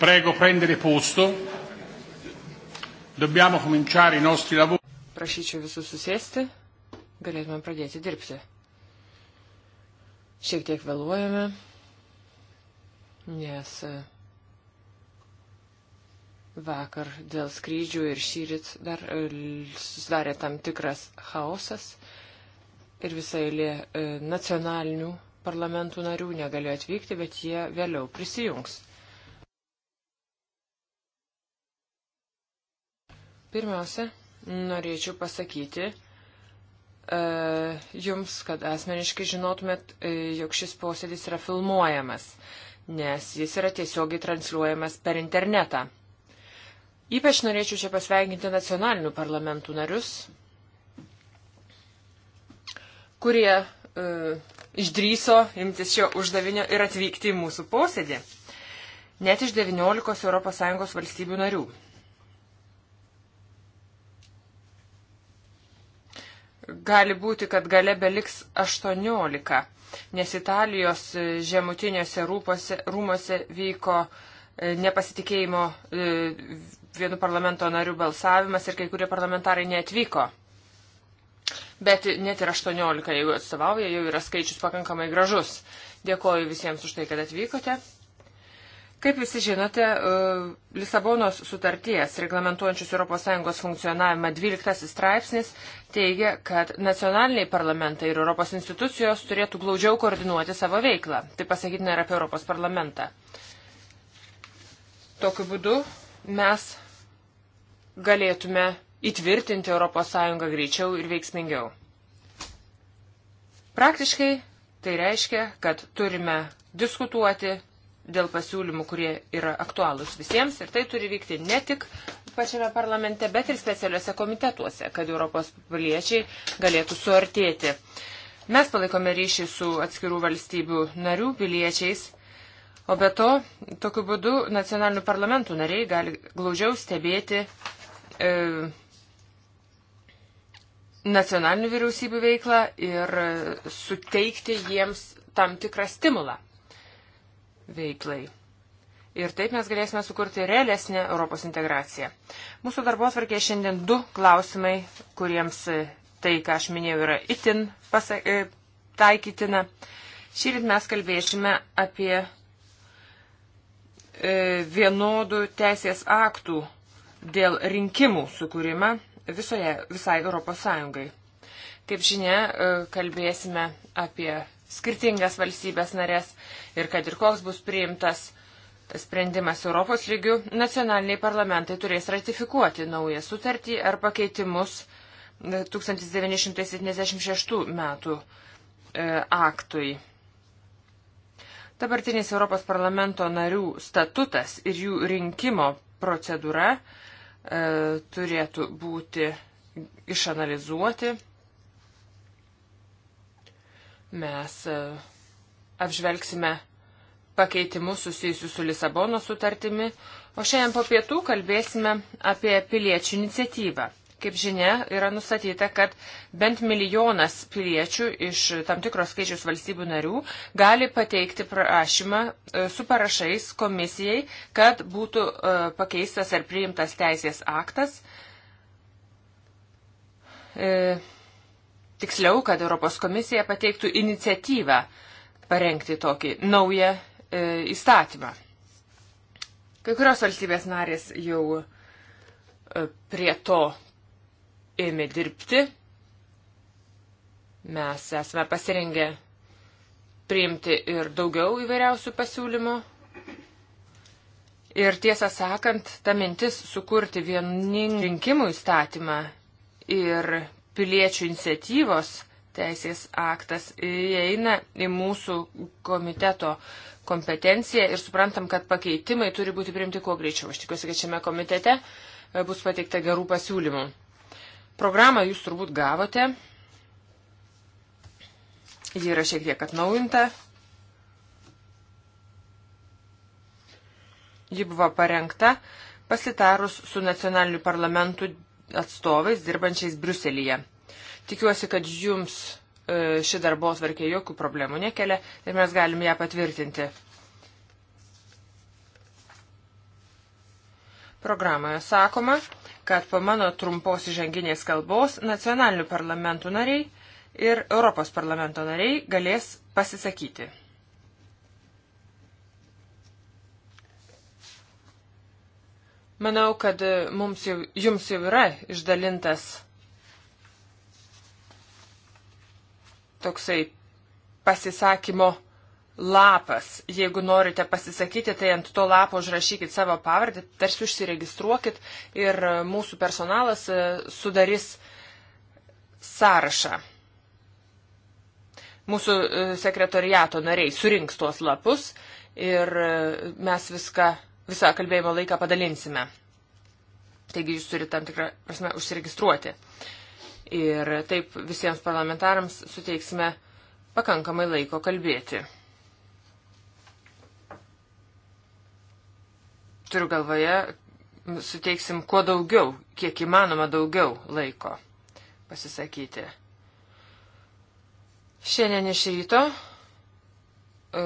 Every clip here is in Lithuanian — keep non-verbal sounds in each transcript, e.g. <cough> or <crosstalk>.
Prego prendere posto. Dobbiamo cominciare i nostri lavori. Prašyčiau visus susėsti. Galėtume pradėti dirbti. Šiek tiek vėluojame, nes e, vakar dėl skrydžių ir šyrit dar e, susidarė tam tikras chaosas ir visai lė e, nacionalinių parlamentų narių negalėjo atvykti, bet jie vėliau prisijungs. Pirmiausia, norėčiau pasakyti e, jums, kad asmeniškai žinotumėt, e, jog šis posėdis yra filmuojamas, nes jis yra tiesiogiai transliuojamas per internetą. Ypač norėčiau čia pasveikinti nacionalinių parlamentų narius, kurie e, išdryso imtis šio uždavinio ir atvykti į mūsų posėdį, net iš 19 ES valstybių narių. gali būti, kad gale beliks 18, nes Italijos e, žemutiniuose rūpose, rūmose vyko e, nepasitikėjimo e, vienu parlamento nariu balsavimas ir kai kurie parlamentarai neatvyko. Bet net ir 18, jeigu atstovauja, jau yra skaičius pakankamai gražus. Dėkoju visiems už tai, kad atvykote. Kaip visi žinote, e, Lisabonos sutarties reglamentuojančius ES funkcionavimą 12 straipsnis teigia, kad nacionaliniai parlamentai ir Europos institucijos turėtų glaudžiau koordinuoti savo veiklą. Tai pasakytina ir apie Europos parlamentą. Tokiu būdu mes galėtume įtvirtinti ES greičiau ir veiksmingiau. Praktiškai tai reiškia, kad turime diskutuoti, dėl pasiūlymų, kurie yra aktualūs visiems. Ir tai turi vykti ne tik pačiame parlamente, bet ir specialiuose komitetuose, kad Europos piliečiai galėtų suartėti. Mes palaikome ryšį su atskirų valstybių narių piliečiais. O be to, tokiu būdu nacionalinių parlamentų nariai gali glaudžiau stebėti e, nacionalinių vyriausybių veiklą ir suteikti jiems tam tikrą stimulą veiklai. Ir taip mes galėsime sukurti realesnę Europos integraciją. Mūsų darbo atvarkė šiandien du klausimai, kuriems tai, ką aš minėjau, yra itin pasak... E, taikytina. Šįryt mes kalbėsime apie e, vienodų teisės aktų dėl rinkimų sukūrimą visoje, visai Europos Sąjungai. Kaip žinia, e, kalbėsime apie skirtingas valstybės narės ir kad ir koks bus priimtas sprendimas Europos lygių, nacionaliniai parlamentai turės ratifikuoti naują sutartį ar pakeitimus 1976 metų e, aktui. Dabartinis Europos parlamento narių statutas ir jų rinkimo procedūra e, turėtų būti išanalizuoti Mes e, apžvelgsime pakeitimus susijusius su Lisabono sutartimi, o šiandien po pietų kalbėsime apie piliečių iniciatyvą. Kaip žinia, yra nustatyta, kad bent milijonas piliečių iš tam tikros skaičius valstybių narių gali pateikti prašymą e, su parašais komisijai, kad būtų e, pakeistas ar priimtas teisės aktas tiksliau, kad Europos komisija pateiktų iniciatyvą parengti tokį naują e, įstatymą. Kai kurios valstybės narės jau e, prie to ėmė dirbti. Mes esame pasirengę priimti ir daugiau įvairiausių pasiūlymų. Ir tiesą sakant, ta mintis sukurti vieningą rinkimų įstatymą ir piliečių iniciatyvos teisės aktas įeina į mūsų komiteto kompetenciją ir suprantam, kad pakeitimai turi būti priimti kuo greičiau. Aš tikiuosi, kad šiame komitete e, bus pateikta gerų pasiūlymų. Programą jūs turbūt gavote. Ji yra šiek tiek atnaujinta. Ji buvo parengta pasitarus su nacionaliniu parlamentu atstovais dirbančiais Briuselyje. Tikiuosi, kad jums e, ši darbo atvarkė jokių problemų nekelia ir mes galime ją patvirtinti. Programoje sakoma, kad po mano trumpos įženginės kalbos nacionalinių parlamentų nariai ir Europos parlamento nariai galės pasisakyti. Manau, kad mums jau, jums jau yra išdalintas toksai pasisakymo lapas. Jeigu norite pasisakyti, tai ant to lapo užrašykit savo pavardę, tarsi užsiregistruokit ir mūsų personalas e, sudarys sąrašą. Mūsų e, sekretoriato nariai surinks tuos lapus ir e, mes viską visą kalbėjimo laiką padalinsime. Taigi jūs turite tam tikrą prasme užsiregistruoti. Ir taip visiems parlamentarams suteiksime pakankamai laiko kalbėti. Turiu galvoje, suteiksim kuo daugiau, kiek įmanoma daugiau laiko pasisakyti. Šiandien iš ryto, e,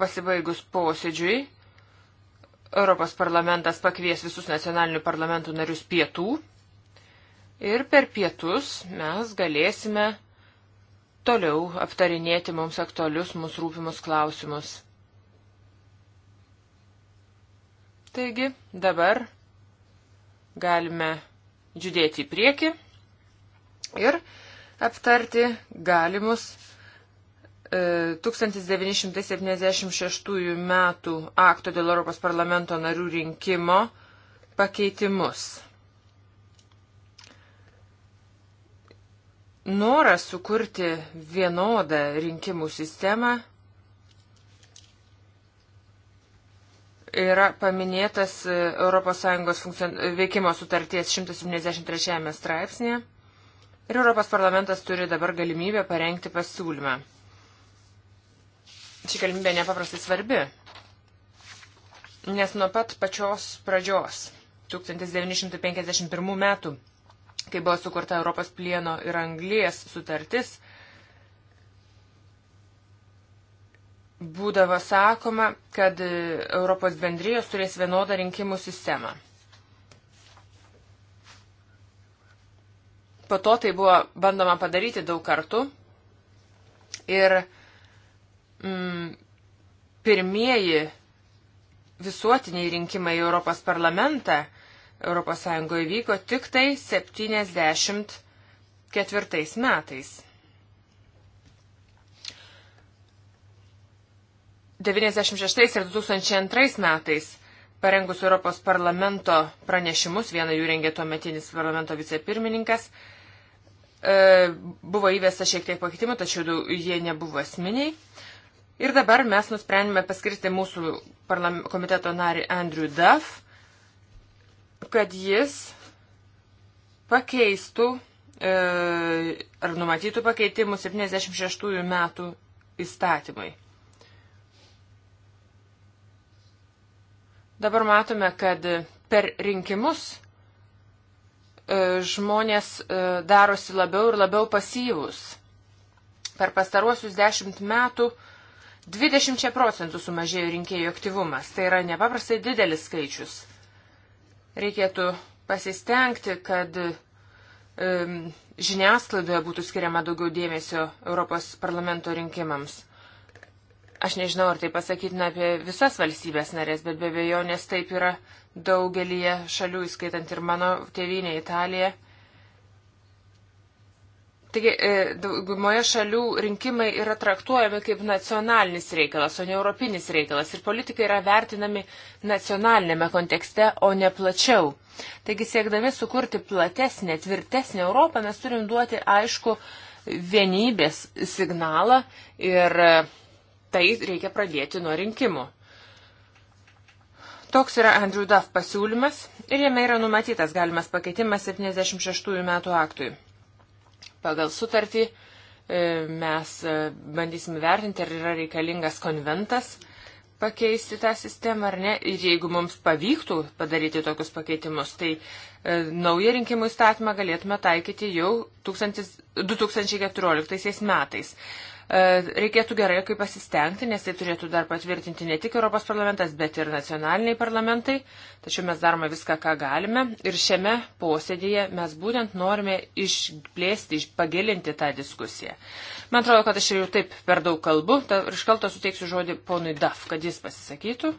pasibaigus posėdžiui, Europos parlamentas pakvies visus nacionalinių parlamentų narius pietų ir per pietus mes galėsime toliau aptarinėti mums aktualius mūsų rūpimus klausimus. Taigi dabar galime judėti į priekį ir aptarti galimus 1976 e, m. akto dėl Europos parlamento narių rinkimo pakeitimus. Noras sukurti vienodą rinkimų sistemą yra paminėtas ES funkcion... veikimo sutarties 173 straipsnėje ir Europos parlamentas turi dabar galimybę parengti pasiūlymą ši galimybė nepaprastai svarbi, nes nuo pat pačios pradžios 1951 metų, kai buvo sukurta Europos plieno ir anglijas sutartis, būdavo sakoma, kad Europos bendrijos turės vienodą rinkimų sistemą. Po to tai buvo bandoma padaryti daug kartų ir mm, pirmieji visuotiniai rinkimai į Europos parlamentą ES vyko tik tai 74 metais. 96 ir 2002 metais parengus Europos parlamento pranešimus, vieną jų rengė tuo metinis parlamento vicepirmininkas, e, buvo įvesta šiek tiek pakeitimų, tačiau jie nebuvo esminiai. Ir dabar mes nusprendėme paskirti mūsų komiteto narį Andrew Duff, kad jis pakeistų e, ar numatytų pakeitimų 76 metų įstatymai. Dabar matome, kad per rinkimus e, žmonės e, darosi labiau ir labiau pasyvus. Per pastaruosius dešimt metų e, 20 procentų sumažėjo rinkėjų aktyvumas. Tai yra nepaprastai didelis skaičius. Reikėtų pasistengti, kad um, žiniasklaidoje būtų skiriama daugiau dėmesio Europos parlamento rinkimams. Aš nežinau, ar tai pasakytina apie visas valstybės narės, bet be abejo, nes taip yra daugelįje šalių, įskaitant ir mano tėvynė Italija. Taigi, e, daugumoje šalių rinkimai yra traktuojami kaip nacionalinis reikalas, o ne europinis reikalas. Ir politikai yra vertinami nacionalinėme kontekste, o ne plačiau. Taigi, siekdami sukurti platesnę, tvirtesnę Europą, mes turim duoti aišku vienybės signalą ir e, tai reikia pradėti nuo rinkimų. Toks yra Andrew Duff pasiūlymas ir jame yra numatytas galimas pakeitimas 76 metų aktui. Pagal sutartį e, mes e, bandysim vertinti, ar yra reikalingas konventas pakeisti tą sistemą ar ne. Ir jeigu mums pavyktų padaryti tokius pakeitimus, tai e, naują rinkimų įstatymą galėtume taikyti jau 2000, 2014 metais. E, reikėtų gerai kaip pasistengti, nes tai turėtų dar patvirtinti ne tik Europos parlamentas, bet ir nacionaliniai parlamentai. Tačiau mes darome viską, ką galime. Ir šiame posėdėje mes būtent norime išplėsti, pagilinti tą diskusiją. Man atrodo, kad aš jau taip per daug kalbu. Ta, iš kalto suteiksiu žodį ponui Daf, kad jis pasisakytų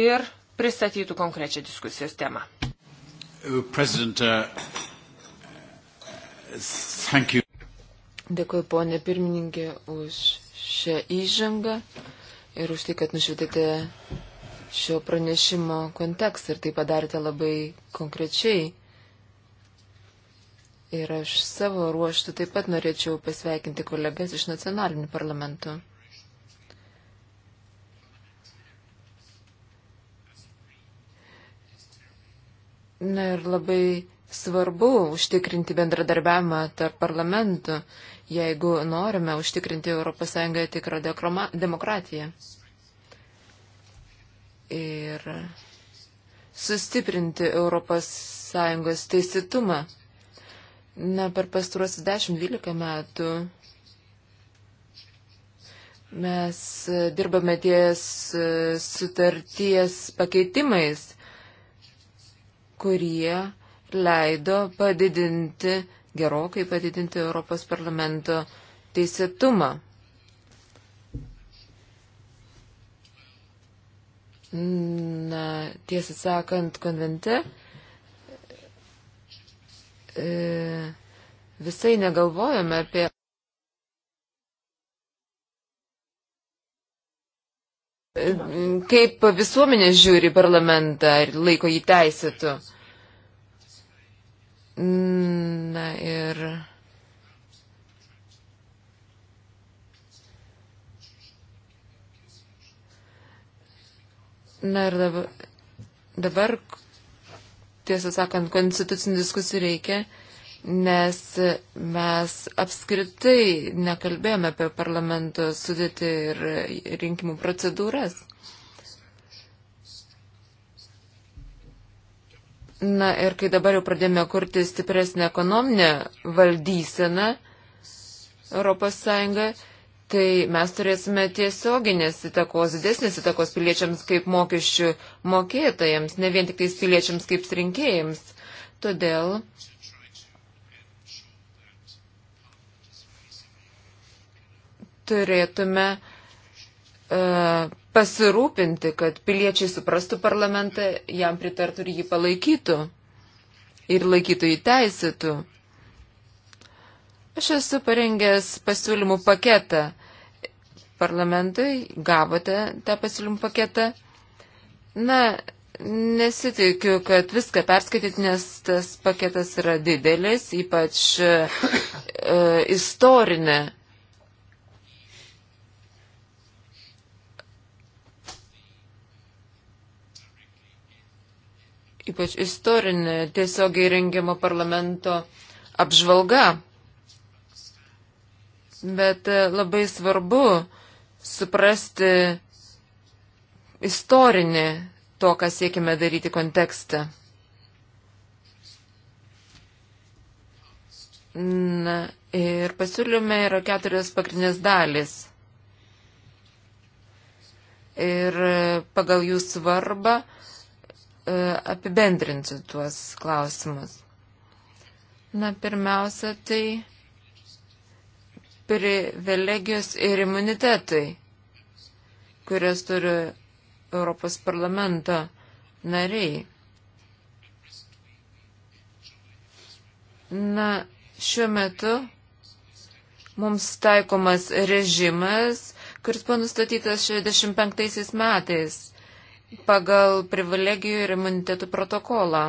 ir pristatytų konkrečią diskusijos temą. Uh, President, uh, thank you. Dėkuoju, ponė pirmininkė, už šią įžangą ir už tai, kad nušvietėte šio pranešimo kontekstą ir tai padarėte labai konkrečiai. Ir aš savo ruoštų taip pat norėčiau pasveikinti kolegas iš nacionalinių parlamentų. Na ir labai svarbu užtikrinti bendradarbiavimą tarp parlamentų jeigu norime užtikrinti ES tikrą demokratiją ir sustiprinti ES teisėtumą. Na, per pastaruosius 10-12 metų mes dirbame ties e, sutarties pakeitimais, kurie leido padidinti gerokai padidinti Europos parlamento teisėtumą. Na, tiesą sakant, konvente e, visai negalvojame apie. Kaip visuomenė žiūri parlamentą ir laiko jį teisėtų. Na ir. Na ir dabar, dabar tiesą sakant, konstitucinių diskusijų reikia, nes mes apskritai nekalbėjome apie parlamento sudėtį ir rinkimų procedūras. Na ir kai dabar jau pradėjome kurti stipresnę ekonominę valdyseną ES, tai mes turėsime tiesioginės įtakos, didesnės įtakos piliečiams kaip mokesčių mokėtojams, ne vien tik tais piliečiams kaip rinkėjams. Todėl turėtume uh, pasirūpinti, kad piliečiai suprastų parlamentą, jam pritartų ir jį palaikytų ir laikytų jį teisėtų. Aš esu parengęs pasiūlymų paketą. Parlamentui gavote tą pasiūlymų paketą. Na, nesitikiu, kad viską perskaityt, nes tas paketas yra didelis, ypač e, istorinė ypač istorinė, tiesiogiai rengiamo parlamento apžvalga. Bet e, labai svarbu suprasti istorinį to, ką siekime daryti kontekstą. Na, ir pasiūlyme yra keturios pagrindinės dalis. Ir e, pagal jų svarbą E, apibendrinsiu tuos klausimus. Na, pirmiausia, tai privilegijos ir imunitetai, kurias turi Europos parlamento nariai. Na, šiuo metu mums taikomas režimas, kuris buvo nustatytas 65 metais pagal privilegijų ir imunitetų protokolą.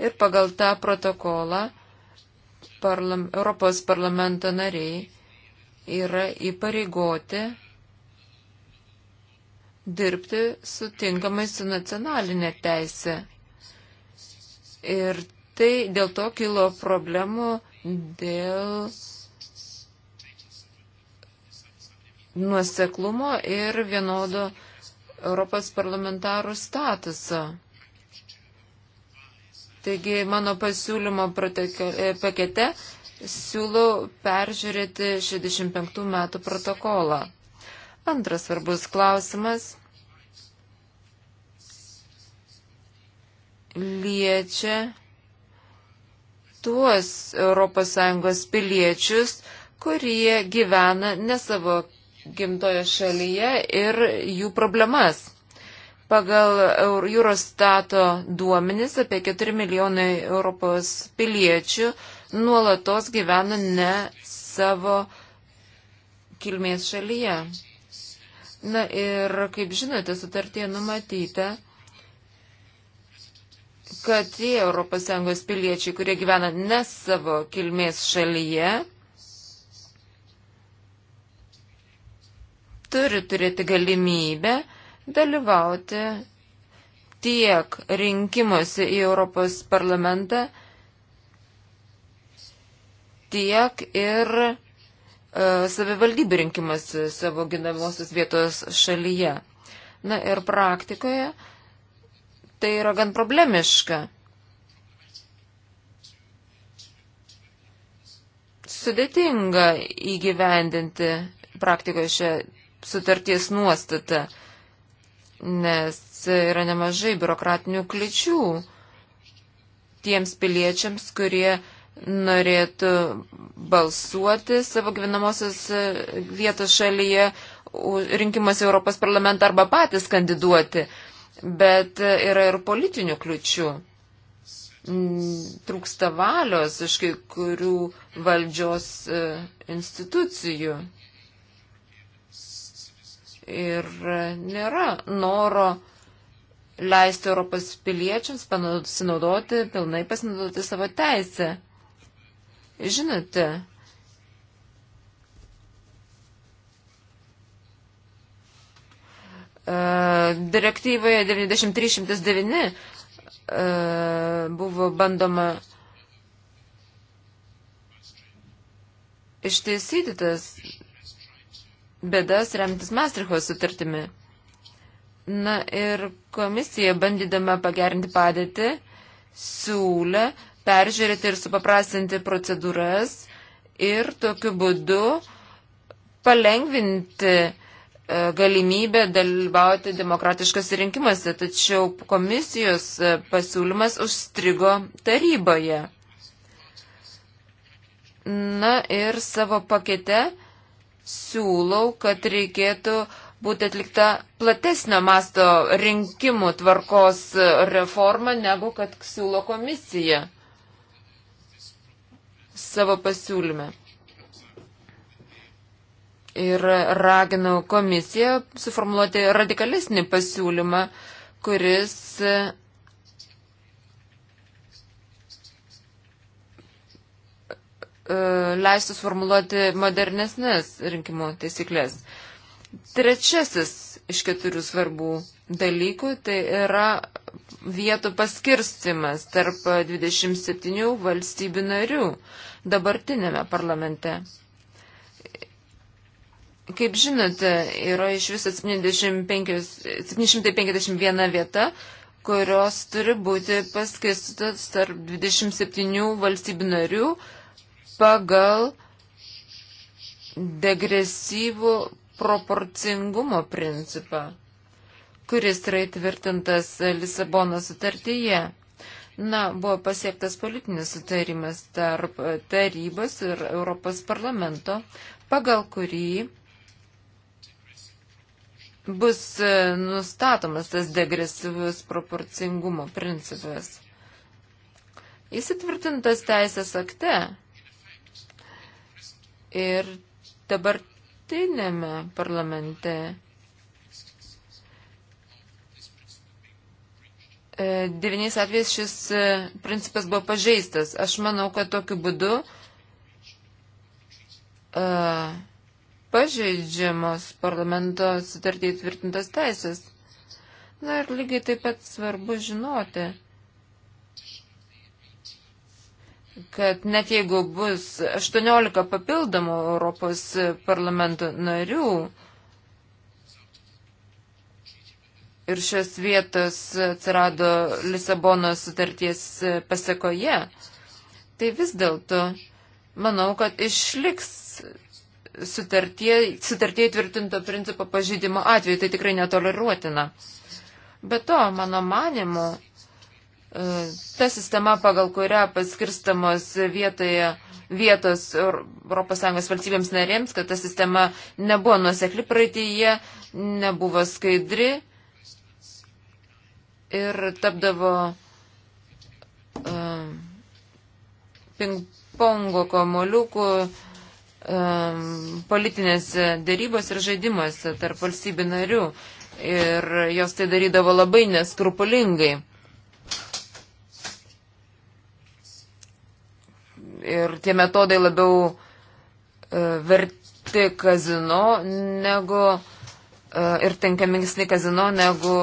Ir pagal tą protokolą parlam, Europos parlamento nariai yra įpareigoti dirbti sutinkamai su nacionalinė teisė. Ir tai dėl to kilo problemų dėl nuoseklumo ir vienodo Europos parlamentarų statusą. Taigi mano pasiūlymo e, pakete siūlau peržiūrėti 65 metų protokolą. Antras svarbus klausimas liečia tuos ES piliečius, kurie gyvena ne savo gimtojo šalyje ir jų problemas. Pagal Eurostato duomenis apie 4 milijonai Europos piliečių nuolatos gyvena ne savo kilmės šalyje. Na ir, kaip žinote, sutartie numatyta, kad tie ES piliečiai, kurie gyvena ne savo kilmės šalyje, turi turėti galimybę dalyvauti tiek rinkimuose į Europos parlamentą, tiek ir e, savivaldybių rinkimuose savo ginamosios vietos šalyje. Na ir praktikoje tai yra gan problemiška. Sudėtinga įgyvendinti praktikoje šią sutarties nuostata, nes yra nemažai biurokratinių kličių tiems piliečiams, kurie norėtų balsuoti savo gyvenamosios vietos šalyje rinkimuose Europos parlamentą arba patys kandiduoti, bet yra ir politinių kliučių. Trūksta valios iš kai kurių valdžios e, institucijų ir nėra noro leisti Europos piliečiams pasinaudoti, pilnai pasinaudoti savo teisę. Žinote, e, direktyvoje 9309 e, buvo bandoma ištaisyti tas bėdas remtis Mastricho sutartimi. Na ir komisija, bandydama pagerinti padėtį, siūlė peržiūrėti ir supaprastinti procedūras ir tokiu būdu palengvinti e, galimybę dalyvauti demokratiškose rinkimuose, tačiau komisijos e, pasiūlymas užstrigo taryboje. Na ir savo pakete siūlau, kad reikėtų būti atlikta platesnio masto rinkimų tvarkos reforma, negu kad siūlo komisija savo pasiūlyme. Ir raginau komisiją suformuoluoti radikalesnį pasiūlymą, kuris E, leistų sformuluoti modernesnės rinkimo taisyklės. Trečiasis iš keturių svarbų dalykų tai yra vietų paskirstimas tarp 27 valstybių narių dabartinėme parlamente. Kaip žinote, yra iš viso 75, 751 vieta, kurios turi būti paskirstytos tarp 27 valstybių narių pagal degresyvų proporcingumo principą, kuris yra įtvirtintas Lisabono sutartyje. Na, buvo pasiektas politinis sutarimas tarp tarybos ir Europos parlamento, pagal kurį bus nustatomas tas degresyvus proporcingumo principas. Jis įtvirtintas teisės akte ir dabartinėme parlamente e, devyniais atvejais šis e, principas buvo pažeistas. Aš manau, kad tokiu būdu uh, pažeidžiamos parlamento sutartį įtvirtintas teisės. Na ir lygiai taip pat svarbu žinoti, kad net jeigu bus 18 papildomų Europos parlamento narių ir šios vietos atsirado Lisabono sutarties pasakoje, tai vis dėlto manau, kad išliks sutartie, sutartie tvirtinto principo pažydimo atveju, tai tikrai netoleruotina. Be to, mano manimu, ta sistema, pagal kurią paskirstamos vietoje vietos ES valstybėms narėms, kad ta sistema nebuvo nuosekli praeitėje, nebuvo skaidri ir tapdavo uh, ping-pongo komoliukų uh, e, politinėse dėrybos ir žaidimuose tarp valstybių narių. Ir jos tai darydavo labai neskrupulingai. ir tie metodai labiau e, verti kazino negu e, ir tinkamingsni kazino negu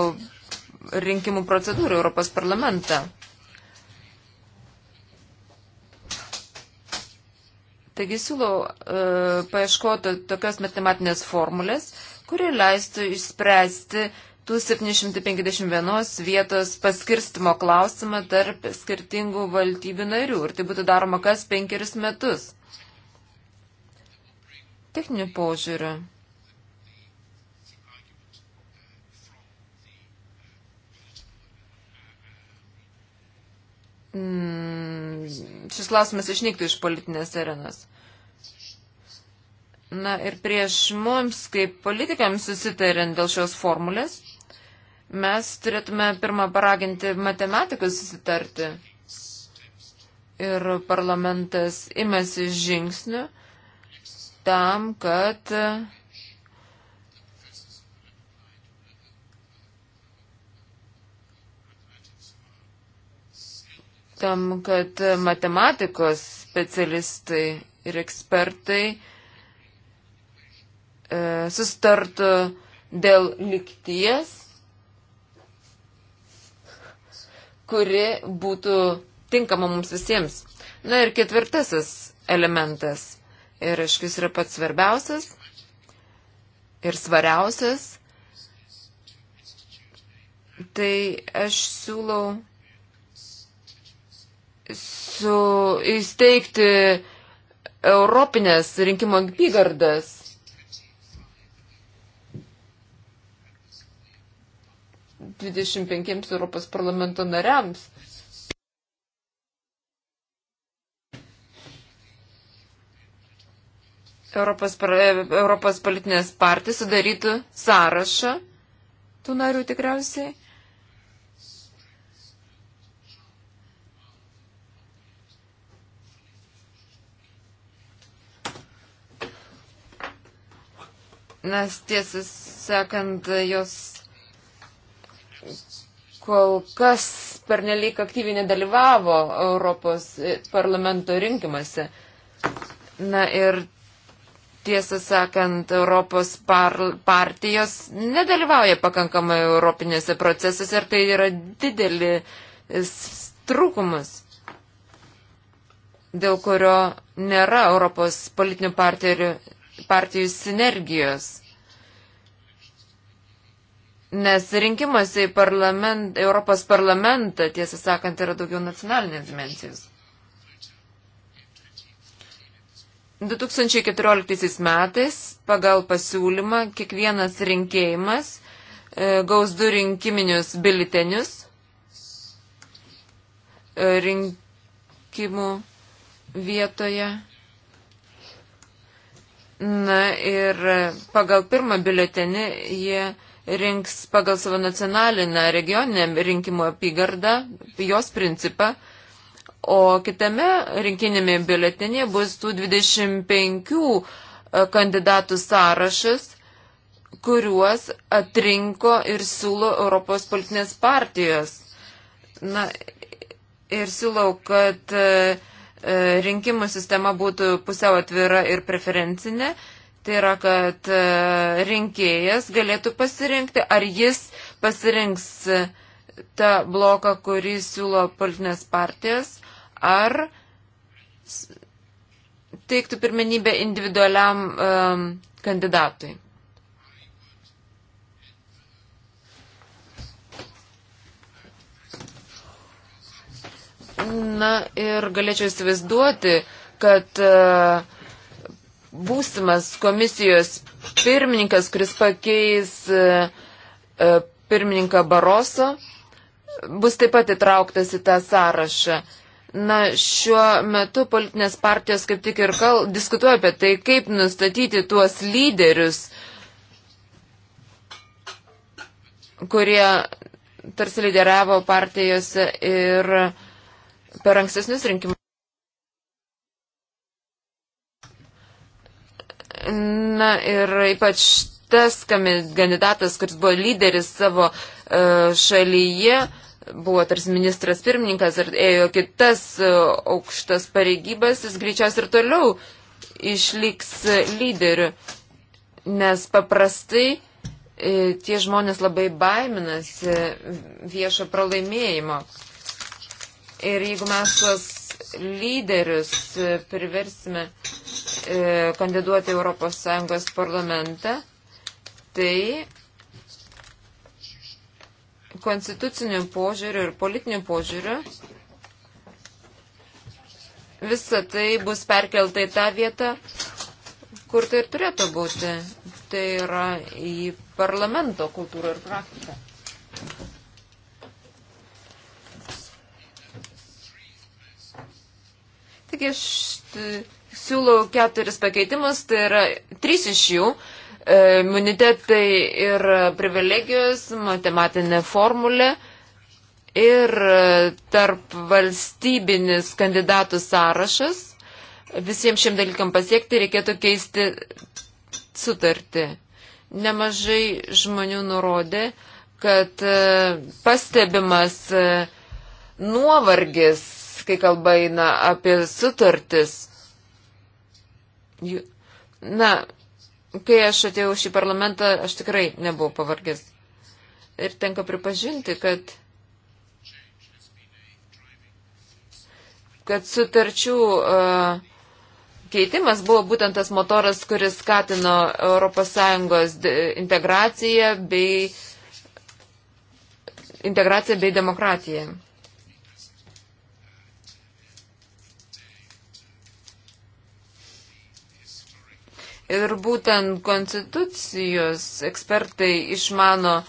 rinkimų procedūrų Europos parlamentą. Taigi siūlau e, paieškoti tokios matematinės formulės, kuri leistų išspręsti 751 vietos paskirstimo klausimą tarp skirtingų valstybių narių ir tai būtų daroma kas penkerius metus. Techninių požiūrių. Mm, šis klausimas išnyktų iš politinės arenos. Na ir prieš mums, kaip politikams susitarint dėl šios formulės, Mes turėtume pirmą paraginti matematikus susitarti. Ir parlamentas imasi žingsnių tam, kad tam, kad matematikos specialistai ir ekspertai e, sustartų dėl likties kuri būtų tinkama mums visiems. Na ir ketvirtasis elementas, ir aišku, jis yra pats svarbiausias ir svariausias, tai aš siūlau su įsteigti Europinės rinkimo apygardas 25 Europos parlamento nariams. Europos, e, Europos politinės partijos sudarytų sąrašą tų narių tikriausiai. Nes tiesą sakant, jos kol kas pernelyg aktyviai nedalyvavo Europos parlamento rinkimuose. Na ir tiesą sakant, Europos par partijos nedalyvauja pakankamai europinėse procesuose ir tai yra didelis trūkumas, dėl kurio nėra Europos politinių partijų, partijų sinergijos. Nes rinkimuose į parlament, Europos parlamentą, tiesą sakant, yra daugiau nacionalinės dimensijos. 2014 metais pagal pasiūlymą kiekvienas rinkėjimas e, gaus du rinkiminius biletenius e, rinkimų vietoje. Na ir pagal pirmą biletenį jie rinks pagal savo nacionalinę regioninę rinkimų apygardą, jos principą, o kitame rinkinėme biuletinėje bus tų 25 e, kandidatų sąrašas, kuriuos atrinko ir siūlo Europos politinės partijos. Na, ir siūlau, kad e, e, rinkimų sistema būtų pusiau atvira ir preferencinė, Tai yra, kad e, rinkėjas galėtų pasirinkti, ar jis pasirinks e, tą bloką, kurį siūlo politinės partijas, ar teiktų pirmenybę individualiam um, kandidatui. Na ir galėčiau įsivaizduoti, kad uh, būsimas komisijos pirmininkas, kuris pakeis e, e, pirmininką Baroso, bus taip pat įtrauktas į tą sąrašą. Na, šiuo metu politinės partijos kaip tik ir kal, diskutuoja apie tai, kaip nustatyti tuos lyderius, kurie tarsi lyderiavo partijose ir per ankstesnius rinkimus. Na ir ypač tas kandidatas, kuris buvo lyderis savo e, šalyje, buvo tarsi ministras pirmininkas ir ėjo kitas e, aukštas pareigybas, jis greičiausiai ir toliau išliks e, lyderiu. Nes paprastai tie žmonės labai baiminasi viešo pralaimėjimo. Ir jeigu mes tuos lyderius priversime e, kandiduoti ES parlamentą, tai konstituciniu požiūriu ir politiniu požiūriu visa tai bus perkelta į tą vietą, kur tai ir turėtų būti. Tai yra į parlamento kultūrą ir praktiką. Taigi aš e, siūlau keturis pakeitimus, tai yra trys iš jų. E, imunitetai ir privilegijos, matematinė formulė ir e, tarp valstybinis kandidatų sąrašas. Visiems šiem dalykam pasiekti reikėtų keisti sutartį. Nemažai žmonių nurodė, kad pastebimas nuovargis kai kalba eina apie sutartis. Na, kai aš atėjau šį parlamentą, aš tikrai nebuvau pavargęs. Ir tenka pripažinti, kad kad sutarčių uh, keitimas buvo būtent tas motoras, kuris skatino ES integraciją bei, integraciją bei demokratiją. Ir būtent konstitucijos ekspertai išmano e,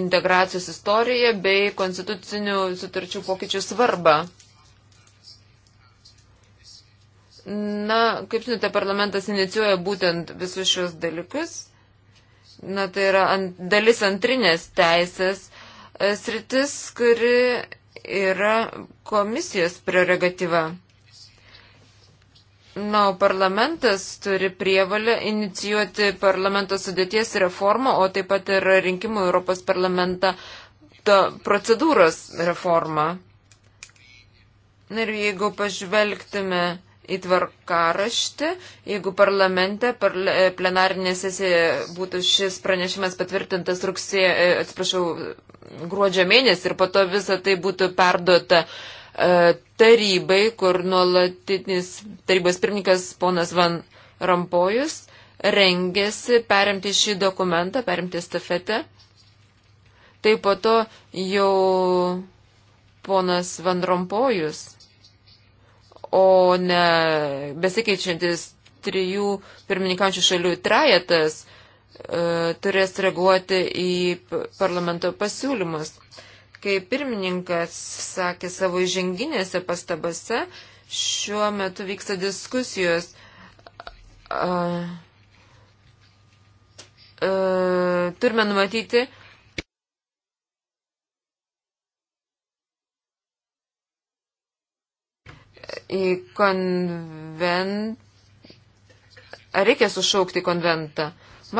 integracijos istoriją bei konstitucinių sutarčių pokyčių svarbą. Na, kaip žinote, parlamentas inicijuoja būtent visus šios dalykus. Na, tai yra ant, dalis antrinės teisės e, sritis, kuri yra komisijos prerogatyva. Na, o parlamentas turi prievalę inicijuoti parlamento sudėties reformą, o taip pat ir rinkimų Europos parlamentą procedūros reformą. Ir jeigu pažvelgtume į tvarkaraštį, jeigu parlamente plenarinė sesija būtų šis pranešimas patvirtintas rugsėjo, e, atsiprašau, gruodžio mėnesį ir po to visa tai būtų perduota uh, E, tarybai, kur nuolatinis tarybos pirmininkas ponas Van Rampojus rengėsi perimti šį dokumentą, perimti stafetę. Tai po to jau ponas Van Rampojus, o ne besikeičiantis trijų pirmininkaujančių šalių trajetas, e, turės reaguoti į parlamento pasiūlymus. Kaip pirmininkas sakė savo įženginėse pastabose, šiuo metu vyksta diskusijos. Uh, uh, turime numatyti į konventą. Ar reikia sušaukti konventą?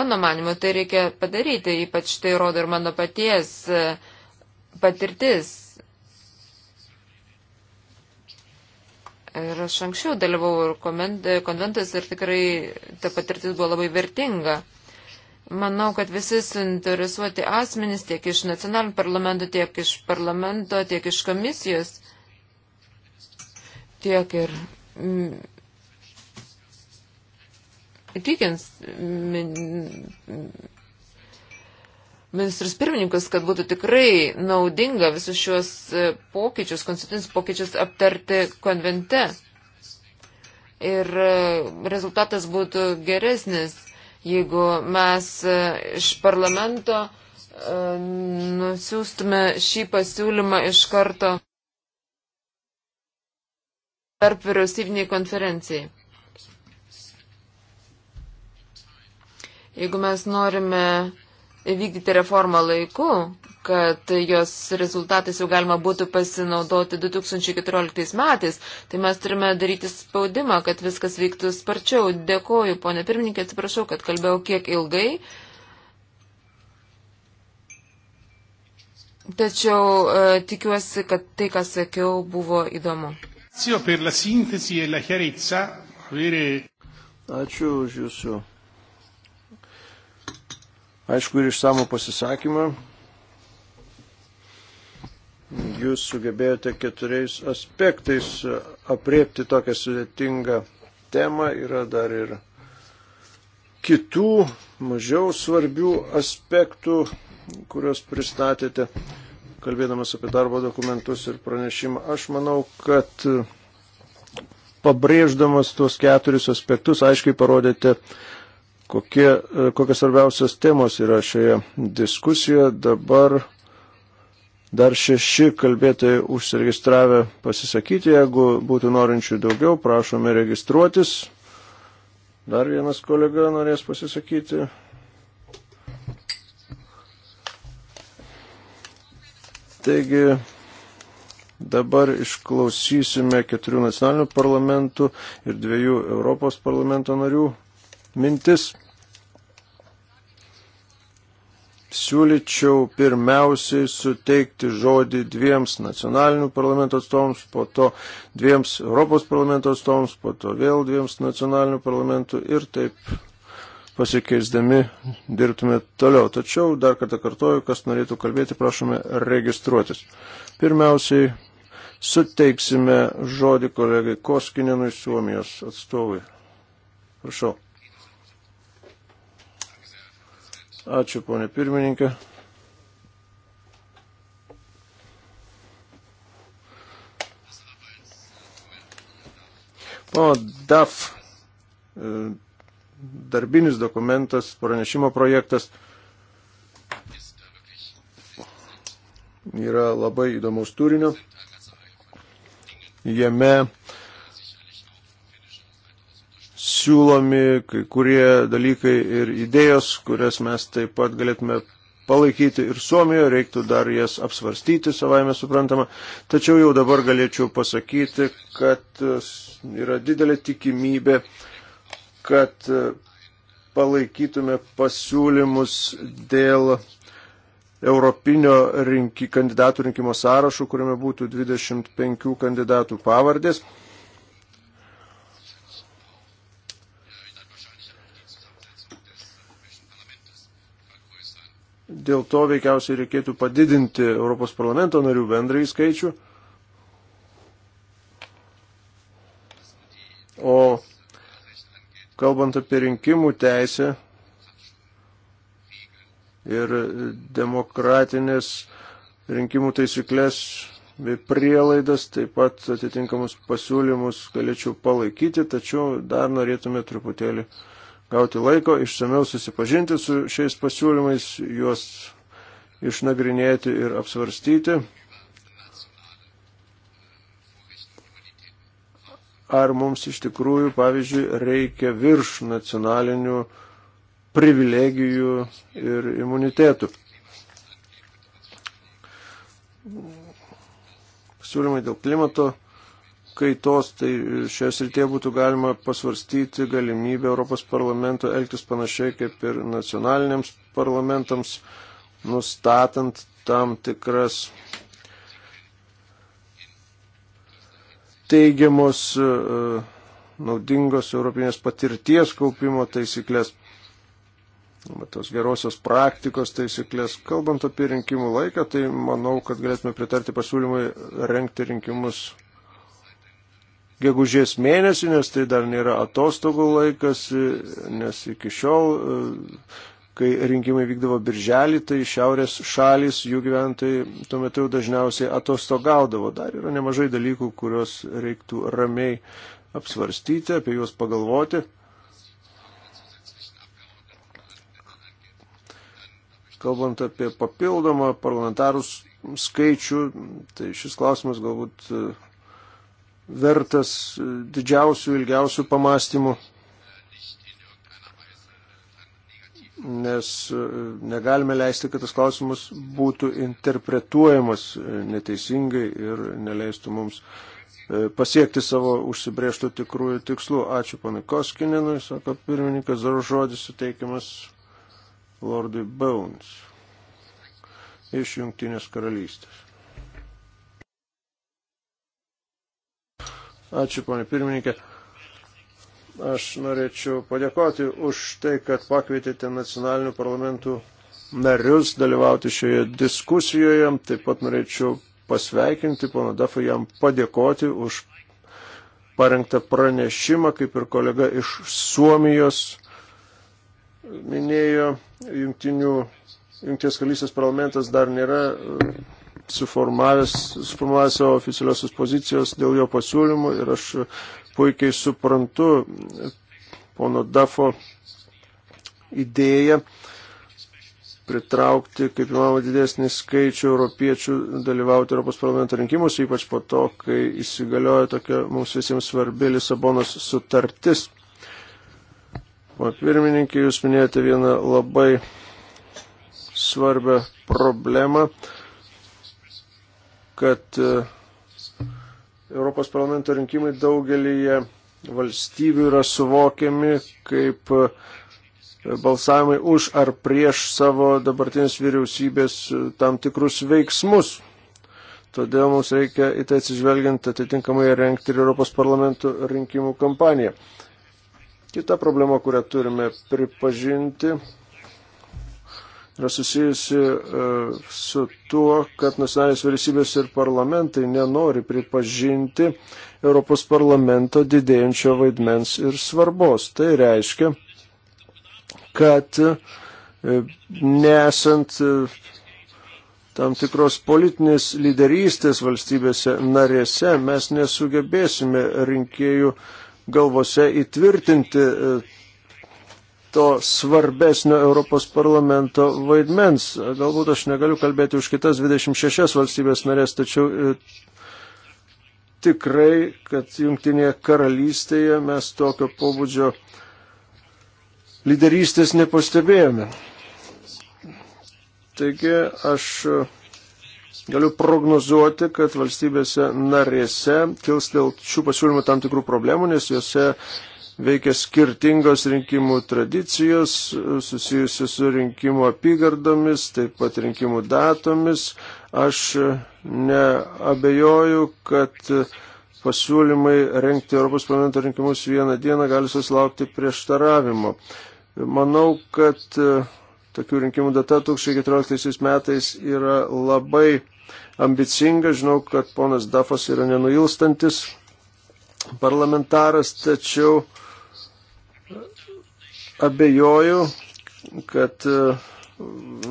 Mano manimu, tai reikia padaryti, ypač tai rodo ir mano paties uh, patirtis. Ir aš anksčiau dalyvau ir konventas ir tikrai ta patirtis buvo labai vertinga. Manau, kad visi suinteresuoti asmenys tiek iš nacionalinių parlamentų, tiek iš parlamento, tiek iš komisijos, tiek ir mm, Tikins min, ministrus pirmininkus, kad būtų tikrai naudinga visus šios e, pokyčius, konstitucinius pokyčius aptarti konvente. Ir e, rezultatas būtų geresnis, jeigu mes e, iš parlamento nusiųstume šį pasiūlymą iš karto tarp vyriausybiniai konferencijai. Jeigu mes norime vykdyti reformą laiku, kad jos rezultatais jau galima būtų pasinaudoti 2014 metais, tai mes turime daryti spaudimą, kad viskas vyktų sparčiau. Dėkoju, ponė pirmininkė, atsiprašau, kad kalbėjau kiek ilgai. Tačiau e, tikiuosi, kad tai, ką sakiau, buvo įdomu. Ačiū e už jūsų aišku, ir išsamų pasisakymą. Jūs sugebėjote keturiais aspektais apriepti tokią sudėtingą temą. Yra dar ir kitų, mažiau svarbių aspektų, kuriuos pristatėte, kalbėdamas apie darbo dokumentus ir pranešimą. Aš manau, kad pabrėždamas tuos keturis aspektus, aiškiai parodėte kokie, e, kokios svarbiausios temos yra šioje diskusijoje. Dabar dar šeši kalbėtojai užsiregistravę pasisakyti. Jeigu būtų norinčių daugiau, prašome registruotis. Dar vienas kolega norės pasisakyti. Taigi, Dabar išklausysime keturių nacionalinių parlamentų ir dviejų Europos parlamento narių mintis. Siūlyčiau pirmiausiai suteikti žodį dviems nacionalinių parlamento atstovams, po to dviems Europos parlamento atstovams, po to vėl dviems nacionalinių parlamentų ir taip pasikeisdami dirbtume toliau. Tačiau dar kartą kartoju, kas norėtų kalbėti, prašome registruotis. Pirmiausiai suteiksime žodį kolegai Koskininui Suomijos atstovui. Prašau. Ačiū, ponė pirmininkė. Pono DAF e, darbinis dokumentas, pranešimo projektas yra labai įdomus turinio. Jame siūlomi kai kurie dalykai ir idėjos, kurias mes taip pat galėtume palaikyti ir Suomijoje, reiktų dar jas apsvarstyti savaime suprantama. Tačiau jau dabar galėčiau pasakyti, kad e, yra didelė tikimybė, kad e, palaikytume pasiūlymus dėl europinio rinki, kandidatų rinkimo sąrašų, kuriame būtų 25 kandidatų pavardės. Dėl to veikiausiai reikėtų padidinti Europos parlamento narių bendrąjį skaičių. O kalbant apie rinkimų teisę ir demokratinės rinkimų taisyklės bei prielaidas, taip pat atitinkamus pasiūlymus galėčiau palaikyti, tačiau dar norėtume truputėlį uh, gauti laiko išsameu susipažinti su šiais pasiūlymais, juos išnagrinėti ir apsvarstyti. Ar mums iš tikrųjų, pavyzdžiui, reikia virš nacionalinių privilegijų ir imunitetų. Siūlymai dėl klimato kaitos, tai šioje srityje būtų galima pasvarstyti galimybę Europos parlamento elgtis panašiai kaip ir nacionaliniams parlamentams, nustatant tam tikras teigiamos e, naudingos europinės patirties kaupimo taisyklės tos gerosios praktikos taisyklės. Kalbant apie rinkimų laiką, tai manau, kad galėtume pritarti pasiūlymui renkti rinkimus gegužės mėnesį, nes tai dar nėra atostogų laikas, nes iki šiol, kai rinkimai vykdavo birželį, tai šiaurės šalis, jų gyventojai tuo metu jau dažniausiai atostogaudavo. Dar yra nemažai dalykų, kuriuos reiktų ramiai apsvarstyti, apie juos pagalvoti. Kalbant apie papildomą parlamentarus skaičių, tai šis klausimas galbūt vertas didžiausių, ilgiausių pamastymų, nes e, negalime leisti, kad tas klausimas būtų interpretuojamas e, neteisingai ir neleistų mums e, pasiekti savo užsibrėžtų tikrųjų tikslų. Ačiū panai Koskininui, sako pirmininkas, dar žodis suteikiamas Lordui Bones iš Junktinės karalystės. Ačiū, ponė pirmininkė. Aš norėčiau padėkoti už tai, kad pakvietėte nacionalinių parlamentų narius dalyvauti šioje diskusijoje. Taip pat norėčiau pasveikinti pono Dafą, jam padėkoti už parengtą pranešimą, kaip ir kolega iš Suomijos minėjo, jungtinių, jungtinės kalysės parlamentas dar nėra suformavęs, suformavęs savo oficialiosios pozicijos dėl jo pasiūlymų ir aš puikiai suprantu pono Dafo idėją pritraukti, kaip įmanoma, didesnį skaičių europiečių dalyvauti Europos parlamento rinkimuose, ypač po to, kai įsigaliojo tokia mums visiems svarbi Lisabonos sutartis. O pirmininkai, jūs minėjote vieną labai svarbią problemą kad e, Europos parlamento rinkimai daugelįje valstybių yra suvokiami kaip e, balsavimai už ar prieš savo dabartinės vyriausybės e, tam tikrus veiksmus. Todėl mums reikia į tai atsižvelgiant atitinkamai renkti ir Europos parlamento rinkimų kampaniją. Kita problema, kurią turime pripažinti, yra susijusi e, su tuo, kad nacionalinės vyriausybės ir parlamentai nenori pripažinti Europos parlamento didėjančio vaidmens ir svarbos. Tai reiškia, kad e, nesant e, tam tikros politinės lyderystės valstybėse narėse mes nesugebėsime rinkėjų galvose įtvirtinti to svarbesnio Europos parlamento vaidmens. Galbūt aš negaliu kalbėti už kitas 26 valstybės narės, tačiau e, tikrai, kad Junktinėje karalystėje mes tokio pobūdžio lyderystės nepastebėjome. Taigi aš e, galiu prognozuoti, kad valstybėse narėse kils dėl šių pasiūlymų tam tikrų problemų, nes juose veikia skirtingos rinkimų tradicijos susijusios su rinkimų apygardomis, taip pat rinkimų datomis. Aš neabejoju, kad pasiūlymai renkti Europos parlamento rinkimus vieną dieną gali susilaukti prieštaravimo. Manau, kad e, tokių rinkimų data 2014 metais yra labai ambicinga. Žinau, kad ponas Dafas yra nenuilstantis parlamentaras, tačiau abejoju, kad e,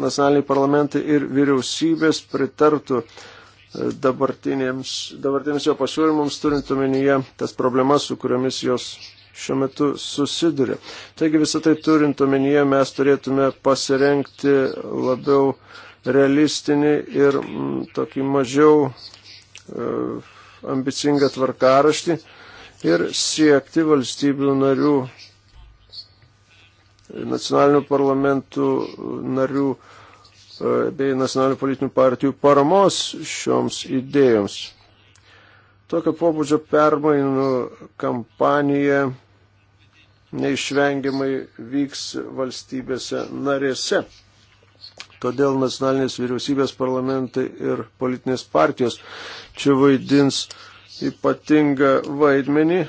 nacionaliniai parlamentai ir vyriausybės pritartų e, dabartinėms, dabartinėms jo pasiūlymams, turint omenyje tas problemas, su kuriomis jos šiuo metu susiduria. Taigi visą tai turint omenyje mes turėtume pasirenkti labiau realistinį ir m, mm, tokį mažiau e, ambicingą tvarkaraštį ir siekti valstybių narių nacionalinių parlamentų narių e, bei nacionalinių politinių partijų paramos šioms idėjoms. Tokio pobūdžio permainų kampanija neišvengiamai vyks valstybėse narėse. Todėl nacionalinės vyriausybės parlamentai ir politinės partijos čia vaidins ypatingą vaidmenį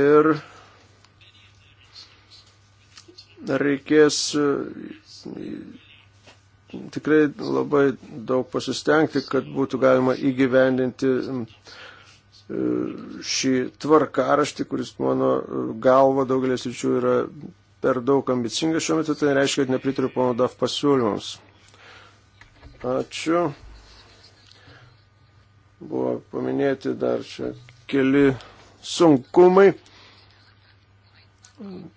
ir reikės e, tikrai labai daug pasistengti, kad būtų galima įgyvendinti e, šį tvarkaraštį, kuris mano galva daugelės ryčių yra per daug ambicingas šiuo metu, tai reiškia, kad nepritariu pono DAF pasiūlymams. Ačiū. Buvo paminėti dar čia keli sunkumai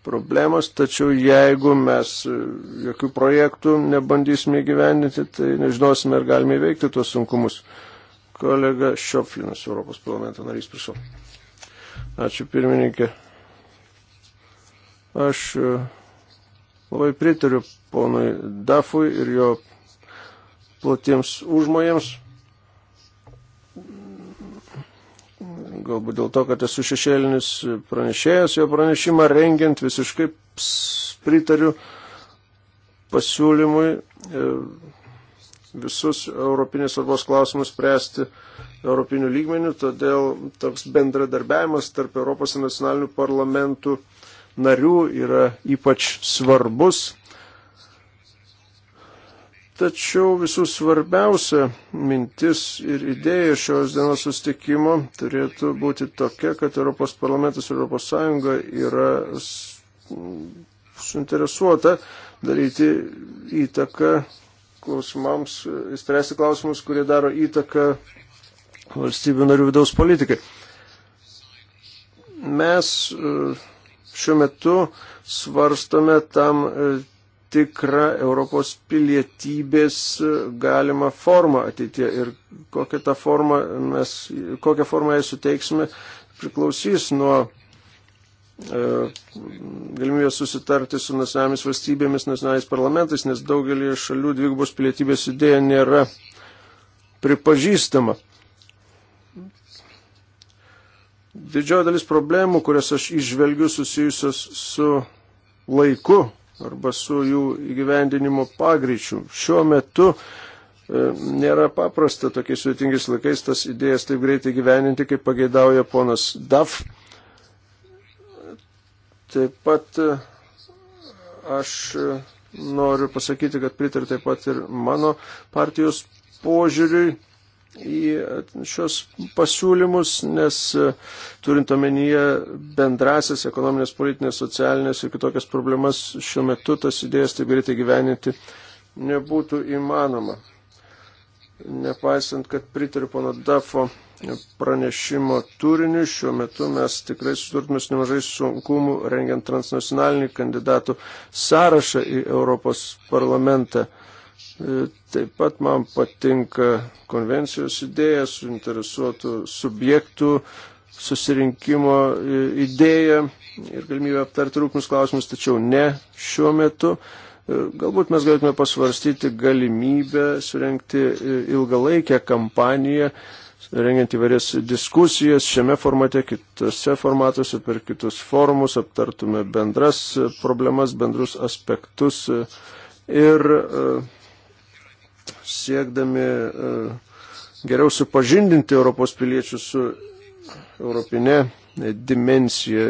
problemos, tačiau jeigu mes e, jokių projektų nebandysime įgyvendinti, tai nežinosime, ar galime įveikti tuos sunkumus. Kolega Šioflinas, Europos parlamento narys, prašau. Ačiū pirmininkė. Aš e, labai pritariu ponui Dafui ir jo platiems užmojams. galbūt dėl to, kad esu šešėlinis pranešėjas, jo pranešimą rengiant visiškai pritariu pasiūlymui e, visus europinės svarbos klausimus spręsti europinių lygmenių, todėl toks bendradarbiavimas tarp Europos nacionalinių parlamentų narių yra ypač svarbus Tačiau visų svarbiausia mintis ir idėja šios dienos sustikimo turėtų būti tokia, kad Europos parlamentas ir Europos Sąjunga yra suinteresuota daryti įtaką klausimams, spręsti klausimus, kurie daro įtaką valstybių narių vidaus politikai. Mes e, šiuo metu svarstome tam e, tikrą Europos pilietybės e, galimą formą ateitie ir kokią tą formą mes, kokią formą jai suteiksime, priklausys nuo e, galimybės susitarti su nacionalinėmis valstybėmis, nacionaliniais parlamentais, nes daugelį šalių dvigubos pilietybės idėja nėra pripažįstama. Didžioji dalis problemų, kurias aš išvelgiu susijusios su laiku, arba su jų įgyvendinimo pagreičiu. Šiuo metu e, nėra paprasta tokiais sudėtingais laikais tas idėjas taip greitai gyveninti, kaip pageidauja ponas Daf. Taip pat e, aš e, noriu pasakyti, kad pritar taip pat ir mano partijos požiūriui į šios pasiūlymus, nes e, turint omenyje bendrasias ekonominės, politinės, socialinės ir kitokias problemas šiuo metu tas idėjas taip greitai gyveninti nebūtų įmanoma. Nepaisant, kad pritariu pono Dafo pranešimo turiniu, šiuo metu mes tikrai susidurtume su nemažai sunkumų rengiant transnacionalinį kandidatų sąrašą į Europos parlamentą. E, taip pat man patinka konvencijos idėja, suinteresuotų subjektų susirinkimo e, idėja ir galimybė aptarti rūpnus klausimus, tačiau ne šiuo metu. E, galbūt mes galėtume pasvarstyti galimybę surenkti ilgalaikę kampaniją, rengiant įvairias diskusijas šiame formate, kitose formatuose, per kitus forumus, aptartume bendras problemas, bendrus aspektus ir uh, siekdami e, geriau supažindinti Europos piliečius su europinė dimensija,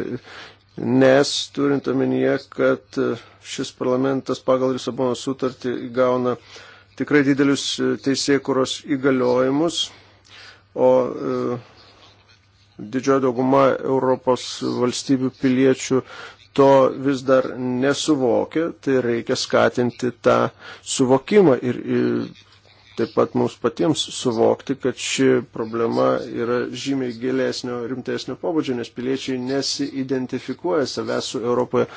nes turint omenyje, kad e, šis parlamentas pagal Lisabono sutartį gauna tikrai didelius e, teisėkuros įgaliojimus, o didžioji dauguma Europos valstybių piliečių to vis dar nesuvokia, tai reikia skatinti tą suvokimą ir, ir taip pat mums patiems suvokti, kad ši problema yra žymiai gilesnio, rimtesnio pobūdžio, nes piliečiai nesiidentifikuoja savęs su Europoje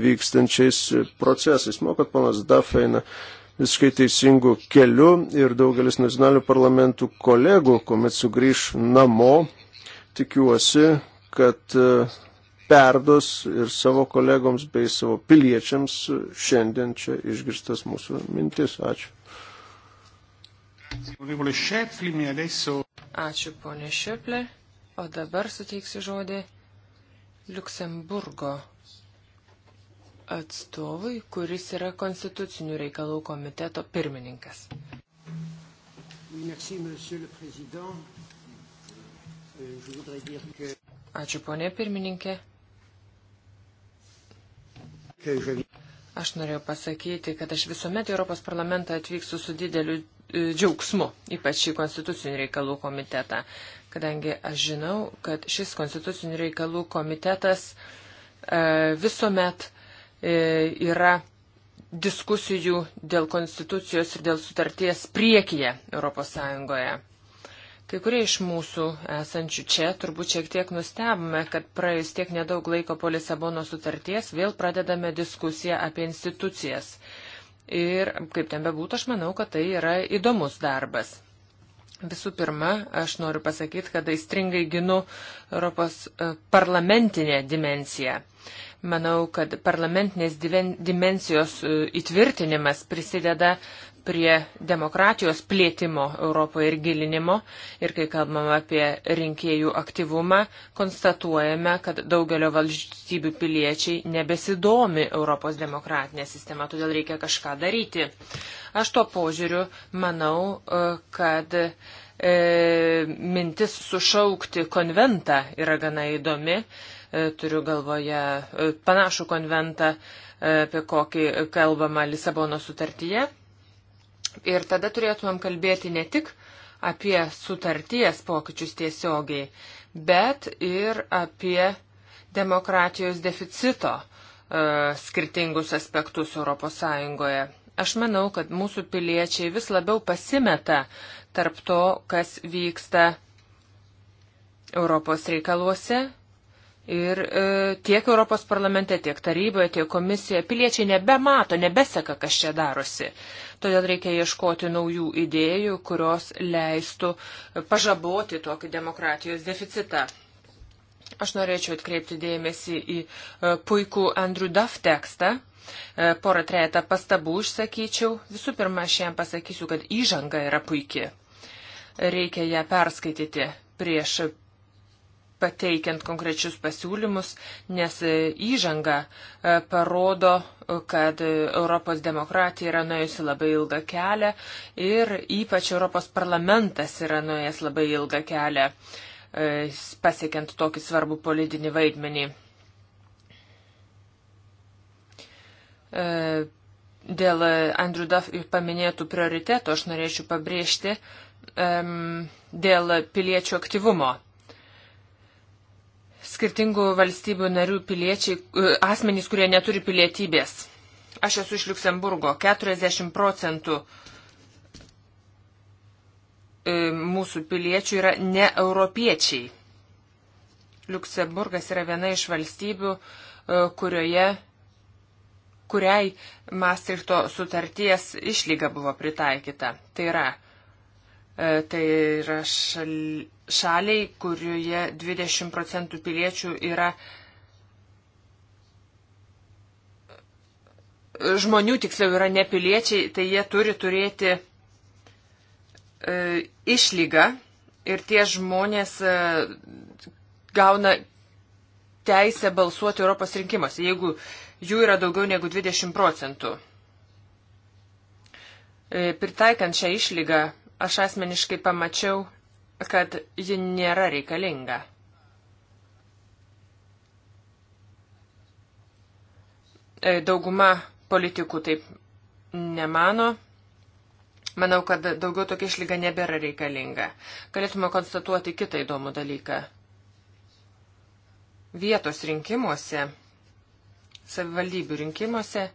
vykstančiais procesais. Manau, kad ponas Dafeina visiškai teisingų kelių ir daugelis nacionalinių parlamentų kolegų, kuomet sugrįž namo, tikiuosi, kad uh, perdos ir savo kolegoms bei savo piliečiams šiandien čia išgirstas mūsų mintis. Ačiū. Ačiū, ponė Šeplė. O dabar suteiksiu žodį Luksemburgo atstovui, kuris yra Konstitucinių reikalų komiteto pirmininkas. Euh, Ačiū, ponė pirmininkė. Aš norėjau pasakyti, kad aš visuomet Europos parlamentą atvyksiu su dideliu e, džiaugsmu, ypač į Konstitucinių reikalų komitetą, kadangi aš žinau, kad šis Konstitucinių reikalų komitetas e, visuomet e, yra diskusijų dėl Konstitucijos ir dėl sutarties priekyje Europos Sąjungoje. Kai kurie iš mūsų esančių čia turbūt šiek tiek nustebome, kad praėjus tiek nedaug laiko po Lisabono sutarties vėl pradedame diskusiją apie institucijas. Ir kaip ten bebūtų, aš manau, kad tai yra įdomus darbas. Visų pirma, aš noriu pasakyti, kad aistringai ginu Europos e, parlamentinę dimenciją. Manau, kad parlamentinės dimensijos e, įtvirtinimas prisideda prie demokratijos plėtimo Europoje ir gilinimo. Ir kai kalbam apie rinkėjų aktyvumą, konstatuojame, kad daugelio valstybių piliečiai nebesidomi Europos demokratinė sistema, todėl reikia kažką daryti. Aš tuo požiūriu manau, e, kad e, mintis sušaukti konventą yra gana įdomi. E, turiu galvoje e, panašų konventą e, apie kokį kalbama Lisabono sutartyje. Ir tada turėtumėm kalbėti ne tik apie sutarties pokyčius tiesiogiai, bet ir apie demokratijos deficito e, skirtingus aspektus ES. Aš manau, kad mūsų piliečiai vis labiau pasimeta tarp to, kas vyksta Europos reikaluose Ir e, tiek Europos parlamente, tiek taryboje, tiek komisijoje piliečiai nebemato, nebeseka, kas čia darosi. Todėl reikia ieškoti naujų idėjų, kurios leistų pažaboti tokį demokratijos deficitą. Aš norėčiau atkreipti dėmesį į e, puikų Andrew Duff tekstą. E, porą trejata pastabų išsakyčiau. Visų pirma, aš jam pasakysiu, kad įžanga yra puikia. Reikia ją perskaityti prieš pateikiant konkrečius pasiūlymus, nes e, įžanga e, parodo, kad Europos demokratija yra nuėjusi labai ilgą kelią ir ypač Europos parlamentas yra nuėjęs labai ilgą kelią, e, pasiekiant tokį svarbų politinį vaidmenį. Dėl Andrew Duff paminėtų prioritetų aš norėčiau pabrėžti dėl piliečių aktyvumo skirtingų valstybių narių piliečiai, e, asmenys, kurie neturi pilietybės. Aš esu iš Luksemburgo. 40 procentų e, mūsų piliečių yra ne europiečiai. Luksemburgas yra viena iš valstybių, e, kurioje, kuriai Maastrichto sutarties išlyga buvo pritaikyta. Tai yra E, tai yra šaliai, kurioje 20 procentų piliečių yra e, žmonių, tiksliau yra nepiliečiai, tai jie turi turėti e, išlygą ir tie žmonės e, gauna teisę balsuoti Europos rinkimuose, jeigu jų yra daugiau negu 20 procentų. E, pritaikant šią išlygą aš asmeniškai pamačiau, kad ji nėra reikalinga. E, dauguma politikų taip nemano. Manau, kad daugiau tokia išlyga nebėra reikalinga. Galėtume konstatuoti kitą įdomų dalyką. Vietos rinkimuose, savivaldybių rinkimuose,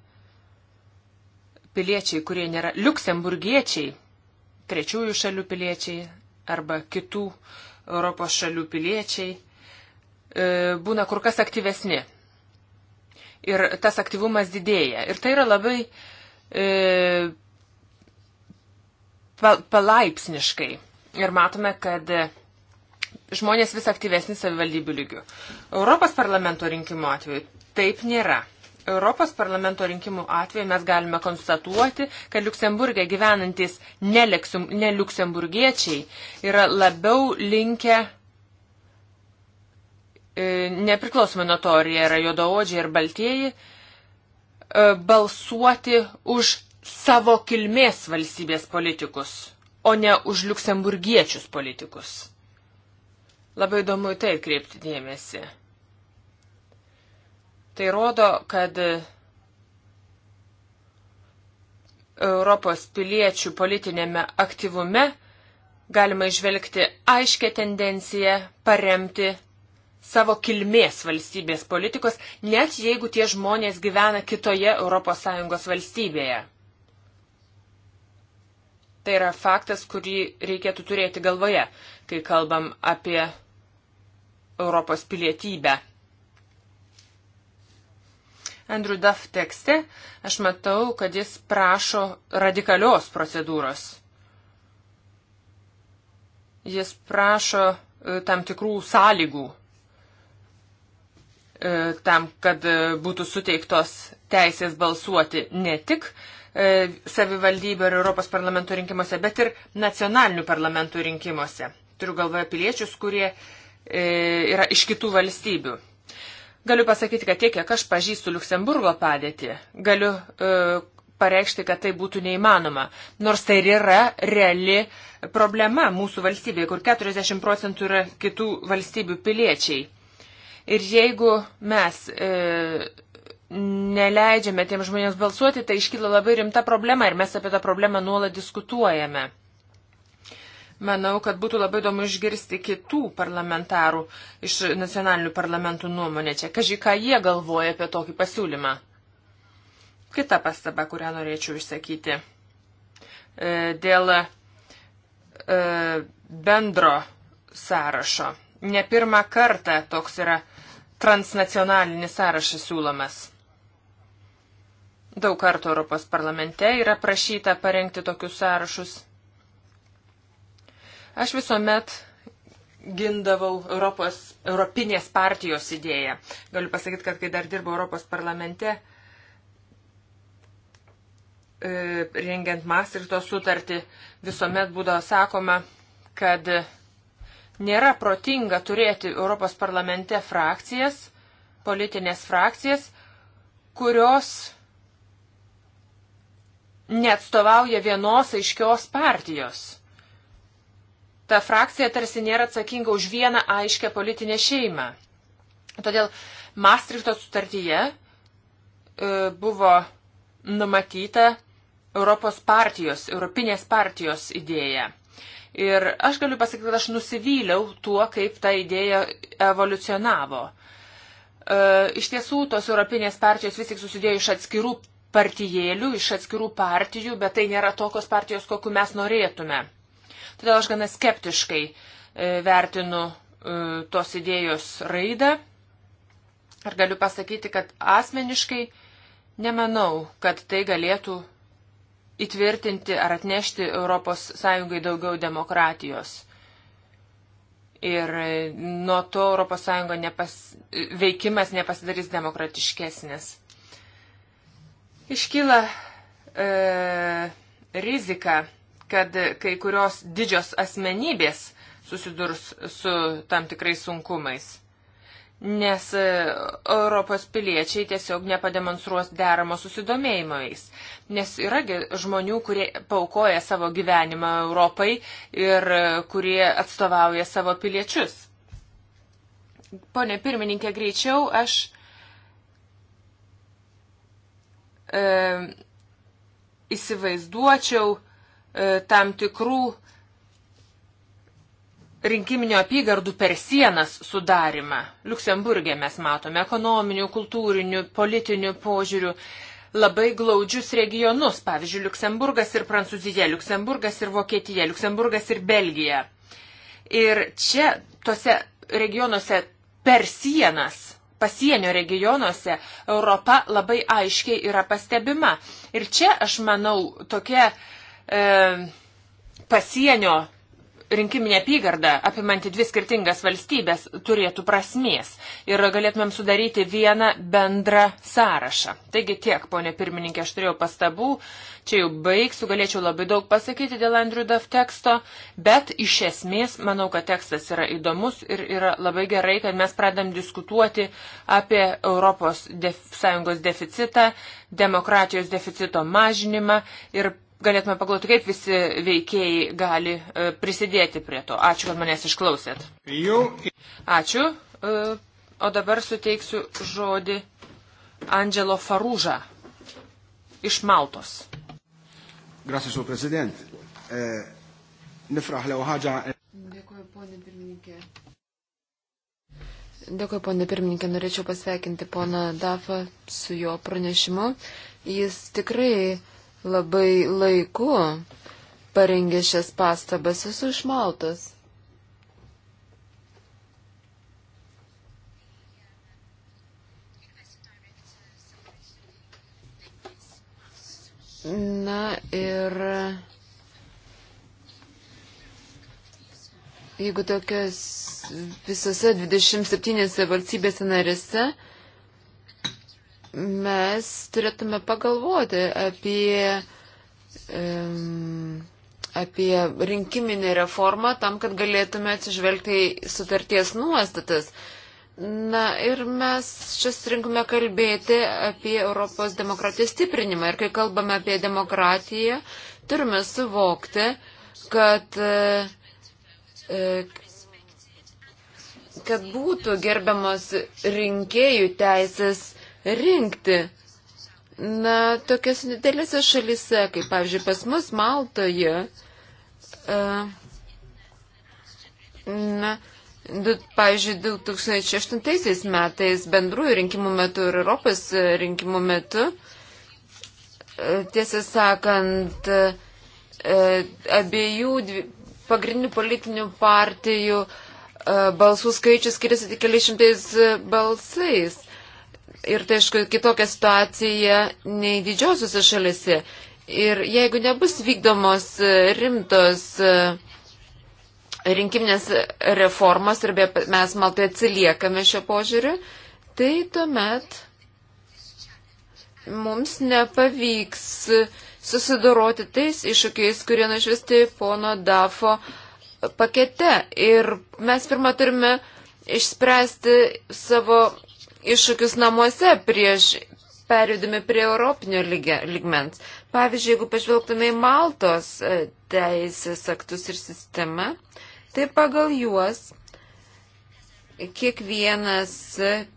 piliečiai, kurie nėra liuksemburgiečiai, trečiųjų šalių piliečiai arba kitų Europos šalių piliečiai e, būna kur kas aktyvesni. Ir tas aktyvumas didėja. Ir tai yra labai e, palaipsniškai. Ir matome, kad e, žmonės vis aktyvesni savivaldybių lygių. Europos parlamento rinkimo atveju taip nėra. Europos parlamento rinkimų atveju mes galime konstatuoti, kad Luksemburgė gyvenantis neliuksemburgiečiai ne yra labiau linkę e, nepriklausomai nuo to, ar jie yra juodaodžiai ar baltieji, e, balsuoti už savo kilmės valstybės politikus, o ne už liuksemburgiečius politikus. Labai įdomu į tai kreipti dėmesį. Tai rodo, kad Europos piliečių politinėme aktyvume galima išvelgti aiškę tendenciją paremti savo kilmės valstybės politikos, net jeigu tie žmonės gyvena kitoje ES valstybėje. Tai yra faktas, kurį reikėtų turėti galvoje, kai kalbam apie Europos pilietybę. Andrew Duff tekste aš matau, kad jis prašo radikalios procedūros. Jis prašo e, tam tikrų sąlygų e, tam, kad e, būtų suteiktos teisės balsuoti ne tik savivaldybių ir Europos parlamento rinkimuose, bet ir nacionalinių parlamentų rinkimuose. Turiu galvoje piliečius, kurie yra iš kitų valstybių. Galiu pasakyti, kad tiek, kiek aš pažįstu Luksemburgo padėtį, galiu e, pareikšti, kad tai būtų neįmanoma. Nors tai ir yra reali problema mūsų valstybėje, kur 40 procentų yra kitų valstybių piliečiai. Ir jeigu mes e, neleidžiame tiem žmonėms balsuoti, tai iškyla labai rimta problema ir mes apie tą problemą nuolat diskutuojame. Manau, kad būtų labai įdomu išgirsti kitų parlamentarų iš nacionalinių parlamentų nuomonę čia. Kaži, ką jie galvoja apie tokį pasiūlymą. Kita pastaba, kurią norėčiau išsakyti. E, dėl e, bendro sąrašo. Ne pirmą kartą toks yra transnacionalinis sąrašas siūlomas. Daug kartų Europos parlamente yra prašyta parengti tokius sąrašus. Aš visuomet gindavau Europos, Europinės partijos idėją. Galiu pasakyti, kad kai dar dirbau Europos parlamente, e, rengiant Maastrichto sutartį, visuomet būdavo sakoma, kad nėra protinga turėti Europos parlamente frakcijas, politinės frakcijas, kurios neatstovauja vienos aiškios partijos ta frakcija tarsi nėra atsakinga už vieną aiškę politinę šeimą. Todėl Maastrichto sutartyje e, buvo numatyta Europos partijos, Europinės partijos idėja. Ir aš galiu pasakyti, kad aš nusivyliau tuo, kaip ta idėja evoliucionavo. E, iš tiesų, tos Europinės partijos vis tik susidėjo iš atskirų partijėlių, iš atskirų partijų, bet tai nėra tokios partijos, kokiu mes norėtume. Todėl aš gana skeptiškai e, vertinu e, tos idėjos raidą. Ir galiu pasakyti, kad asmeniškai nemanau, kad tai galėtų įtvirtinti ar atnešti ES daugiau demokratijos. Ir e, nuo to ES nepas, veikimas nepasidarys demokratiškesnis. Iškyla e, rizika kad kai kurios didžios asmenybės susidurs su tam tikrais sunkumais, nes e, Europos piliečiai tiesiog nepademonstruos deramo susidomėjimais, nes yra žmonių, kurie paukoja savo gyvenimą Europai ir e, kurie atstovauja savo piliečius. Pone pirmininkė, greičiau aš. E, įsivaizduočiau, e, E, tam tikrų rinkiminio apygardų per sienas sudarimą. Luksemburgė mes matome ekonominių, kultūrinių, politinių požiūrių labai glaudžius regionus, pavyzdžiui, Luksemburgas ir Prancūzija, Luksemburgas ir Vokietija, Luksemburgas ir Belgija. Ir čia, tose regionuose per sienas pasienio regionuose Europa labai aiškiai yra pastebima. Ir čia, aš manau, tokia uh, e, pasienio rinkiminė apygarda, apimanti dvi skirtingas valstybės, turėtų prasmės ir galėtumėm sudaryti vieną bendrą sąrašą. Taigi tiek, ponė pirmininkė, aš turėjau pastabų, čia jau baigsiu, galėčiau labai daug pasakyti dėl Andrew Duff teksto, bet iš esmės manau, kad tekstas yra įdomus ir yra labai gerai, kad mes pradam diskutuoti apie Europos def, Sąjungos deficitą, demokratijos deficito mažinimą ir galėtume pagalvoti, kaip visi veikėjai gali e, prisidėti prie to. Ačiū, kad manęs išklausėt. Ačiū. E, o dabar suteiksiu žodį Angelo Farūžą iš Maltos. Gracias, prezidentė. E, Nifraħ lew ħaġa. Dėkuoju, ponė pirmininkė. Dėkuoju, ponė pirmininkė. Norėčiau pasveikinti poną Dafą su jo pranešimu. Jis tikrai labai laiku parengė šias pastabas visų išmaltas. Na ir jeigu tokios visose 27 valstybėse narėse mes turėtume pagalvoti apie, um, apie rinkiminę reformą tam, kad galėtume atsižvelgti į sutarties nuostatas. Na ir mes čia surinkome kalbėti apie Europos demokratijos stiprinimą. Ir kai kalbame apie demokratiją, turime suvokti, kad, e, e, kad būtų gerbiamas rinkėjų teisės rinkti. Na, tokias didelėse šalise, kaip pavyzdžiui pas mus Maltoje, e, na, pavyzdžiui, 2008 metais bendrųjų rinkimų metu ir Europos rinkimų metu, e, tiesą sakant, e, abiejų pagrindinių politinių partijų balsų skaičius skiriasi tik keliais šimtais balsais. Ir tai, aišku, kitokia situacija nei didžiosiuose šalise. Ir jeigu nebus vykdomos e, rimtos e, rinkiminės reformos ir mes maltai atsiliekame šio požiūriu, tai tuomet mums nepavyks susidoroti tais iššūkiais, kurie nušvisti pono Dafo pakete. Ir mes pirmą turime išspręsti savo iššūkius namuose prieš perėdami prie europinio ligmens. Pavyzdžiui, jeigu pažvelgtume į Maltos e, teisės aktus ir sistemą, tai pagal juos kiekvienas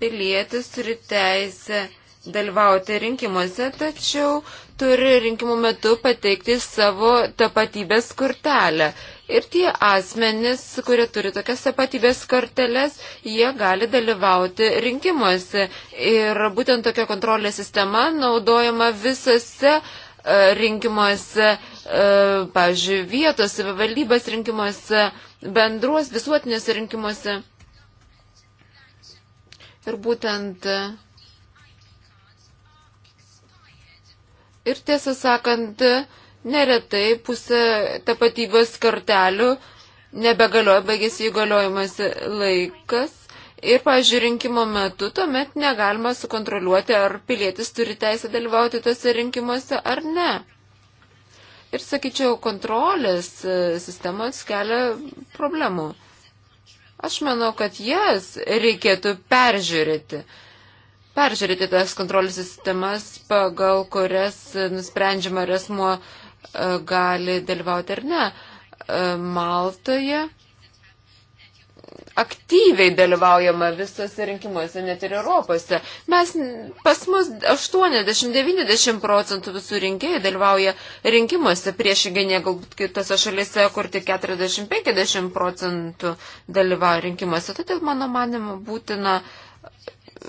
pilietis turi teisę dalyvauti rinkimuose, tačiau turi rinkimų metu pateikti savo tapatybės kortelę. Ir tie asmenys, kurie turi tokias tapatybės korteles, jie gali dalyvauti rinkimuose. Ir būtent tokia kontrolės sistema naudojama visose e, rinkimuose, e, pavyzdžiui, vietos, valdybės rinkimuose, bendruos visuotinėse rinkimuose. Ir būtent Ir tiesą sakant, neretai pusė tapatybės kortelių nebegalioja, baigėsi jų galiojimas laikas. Ir, pažiūrėjau, rinkimo metu tuomet negalima sukontroliuoti, ar pilietis turi teisę dalyvauti tose rinkimuose ar ne. Ir, sakyčiau, kontrolės e, sistemos kelia problemų. Aš manau, kad jas reikėtų peržiūrėti peržiūrėti tas kontrolės sistemas, pagal kurias nusprendžiama, ar asmuo e, gali dalyvauti ar ne. E, Maltoje aktyviai dalyvaujama visose rinkimuose, net ir Europose. Mes, pas mus 80-90 procentų visų rinkėjų dalyvauja rinkimuose, priešingai negalbūt kitose šalise, kur tik 40-50 procentų dalyvauja rinkimuose. Todėl, mano manimo, būtina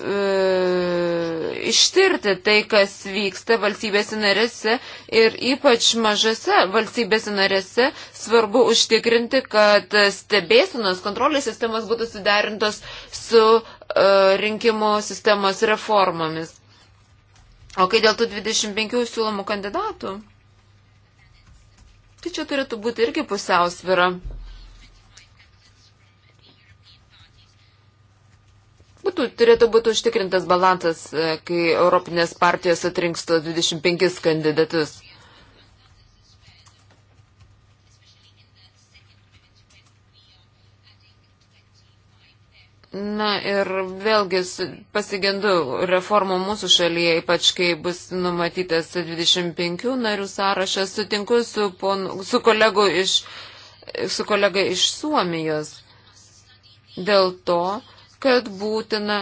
E, ištirti tai, kas vyksta valstybėse narėse ir ypač mažose valstybėse narėse svarbu užtikrinti, kad stebėsinos kontrolės sistemos būtų suderintos su uh, rinkimų sistemos reformomis. O kai dėl tų 25 siūlomų kandidatų, tai čia turėtų būti irgi pusiausvira. būtų, turėtų būti užtikrintas balansas, e, kai Europinės partijos atrinksto 25 kandidatus. Na ir vėlgi pasigendu reformų mūsų šalyje, ypač kai bus numatytas 25 narių sąrašas, sutinku su, pon, su, kolegu iš, su kolega iš Suomijos. Dėl to, kad būtina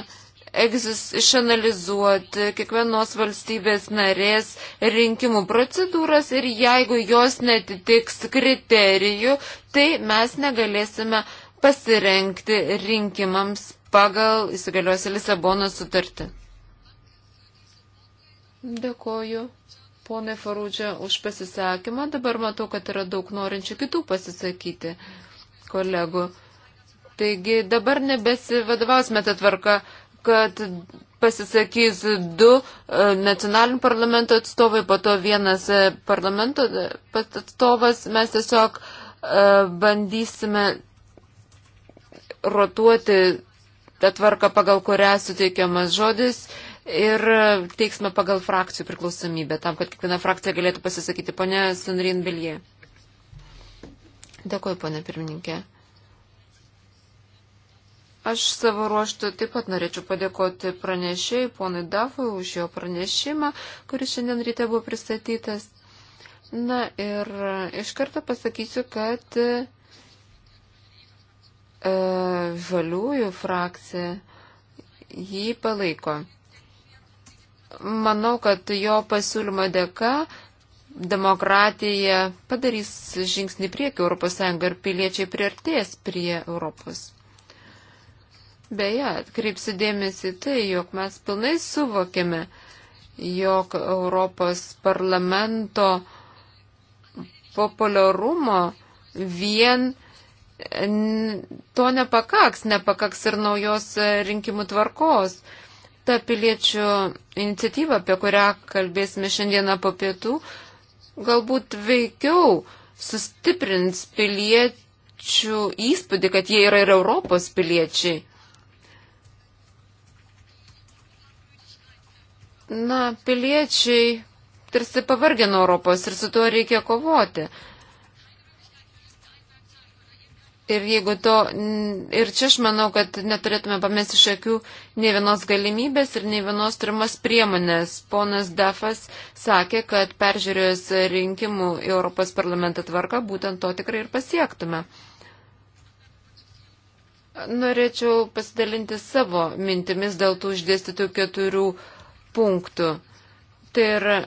egzis, išanalizuoti kiekvienos valstybės narės rinkimų procedūras ir jeigu jos netitiks kriterijų, tai mes negalėsime pasirenkti rinkimams pagal įsigaliuosi Lisabono sutartį. Dėkoju. Pone Farūdžia už pasisakymą. Dabar matau, kad yra daug norinčių kitų pasisakyti kolegų. Taigi dabar nebesivadovausime tą tvarką, kad pasisakys du e, nacionalinių parlamento atstovai, po to vienas e, parlamento e, atstovas. Mes tiesiog bandysime rotuoti tą tvarką, pagal kurią suteikiamas žodis ir teiksime pagal frakcijų priklausomybę, tam, kad kiekviena frakcija galėtų pasisakyti. Pone Sanrin Belie. Dėkuoju, pone pirmininkė. Aš savo ruoštų taip pat norėčiau padėkoti pranešėjai, ponui Dafui, už jo pranešimą, kuris šiandien ryte buvo pristatytas. Na ir e, iš karto pasakysiu, kad e, e, žaliųjų frakcija jį palaiko. Manau, kad jo pasiūlymo dėka demokratija padarys žingsnį priekį Europos Sąjungą ir piliečiai priartės prie Europos. Beje, atkreipsiu dėmesį tai, jog mes pilnai suvokėme, jog Europos parlamento populiarumo vien to nepakaks, nepakaks ir naujos rinkimų tvarkos. Ta piliečių iniciatyva, apie kurią kalbėsime šiandieną po pietų, galbūt veikiau sustiprins piliečių įspūdį, kad jie yra ir Europos piliečiai. na, piliečiai tarsi pavargė nuo Europos ir su tuo reikia kovoti. Ir jeigu to, ir čia aš manau, kad neturėtume pamesti iš akių nei vienos galimybės ir nei vienos turimas priemonės. Ponas Dafas sakė, kad peržiūrėjus rinkimų į Europos parlamentą tvarką, būtent to tikrai ir pasiektume. Norėčiau pasidalinti savo mintimis dėl tų išdėstytų keturių uh, punktų. Tai yra,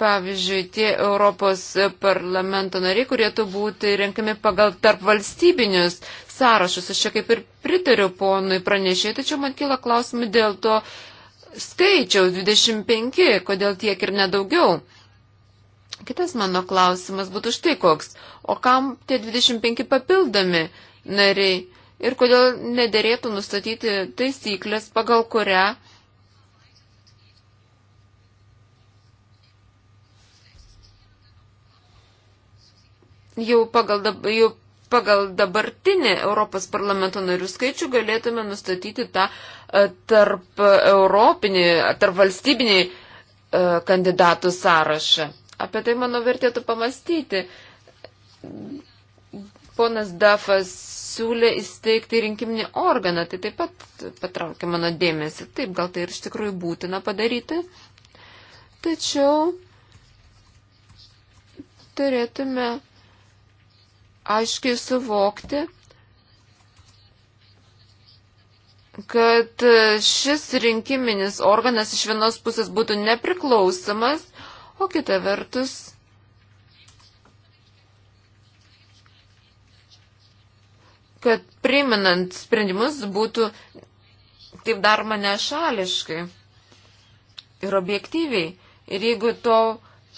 pavyzdžiui, tie Europos parlamento nariai, kurie turėtų būti renkami pagal tarp valstybinius sąrašus. Aš čia kaip ir pritariu ponui pranešėjai, tačiau man kila klausimų dėl to skaičiaus 25, kodėl tiek ir nedaugiau. Kitas mano klausimas būtų štai koks. O kam tie 25 papildomi nariai? Ir kodėl nederėtų nustatyti taisyklės, pagal kurią jau pagal, dab, jau pagal dabartinį Europos parlamento narių skaičių galėtume nustatyti tą e, tarp europinį, tarp valstybinį e, kandidatų sąrašą. Apie tai, manau, vertėtų pamastyti. Ponas Dafas siūlė įsteigti rinkiminį organą, tai taip pat patraukė mano dėmesį. Taip, gal tai ir iš tikrųjų būtina padaryti. Tačiau turėtume aiškiai suvokti, kad šis rinkiminis organas iš vienos pusės būtų nepriklausomas, o kita vertus kad priiminant sprendimus būtų taip daroma nešališkai ir objektyviai. Ir jeigu to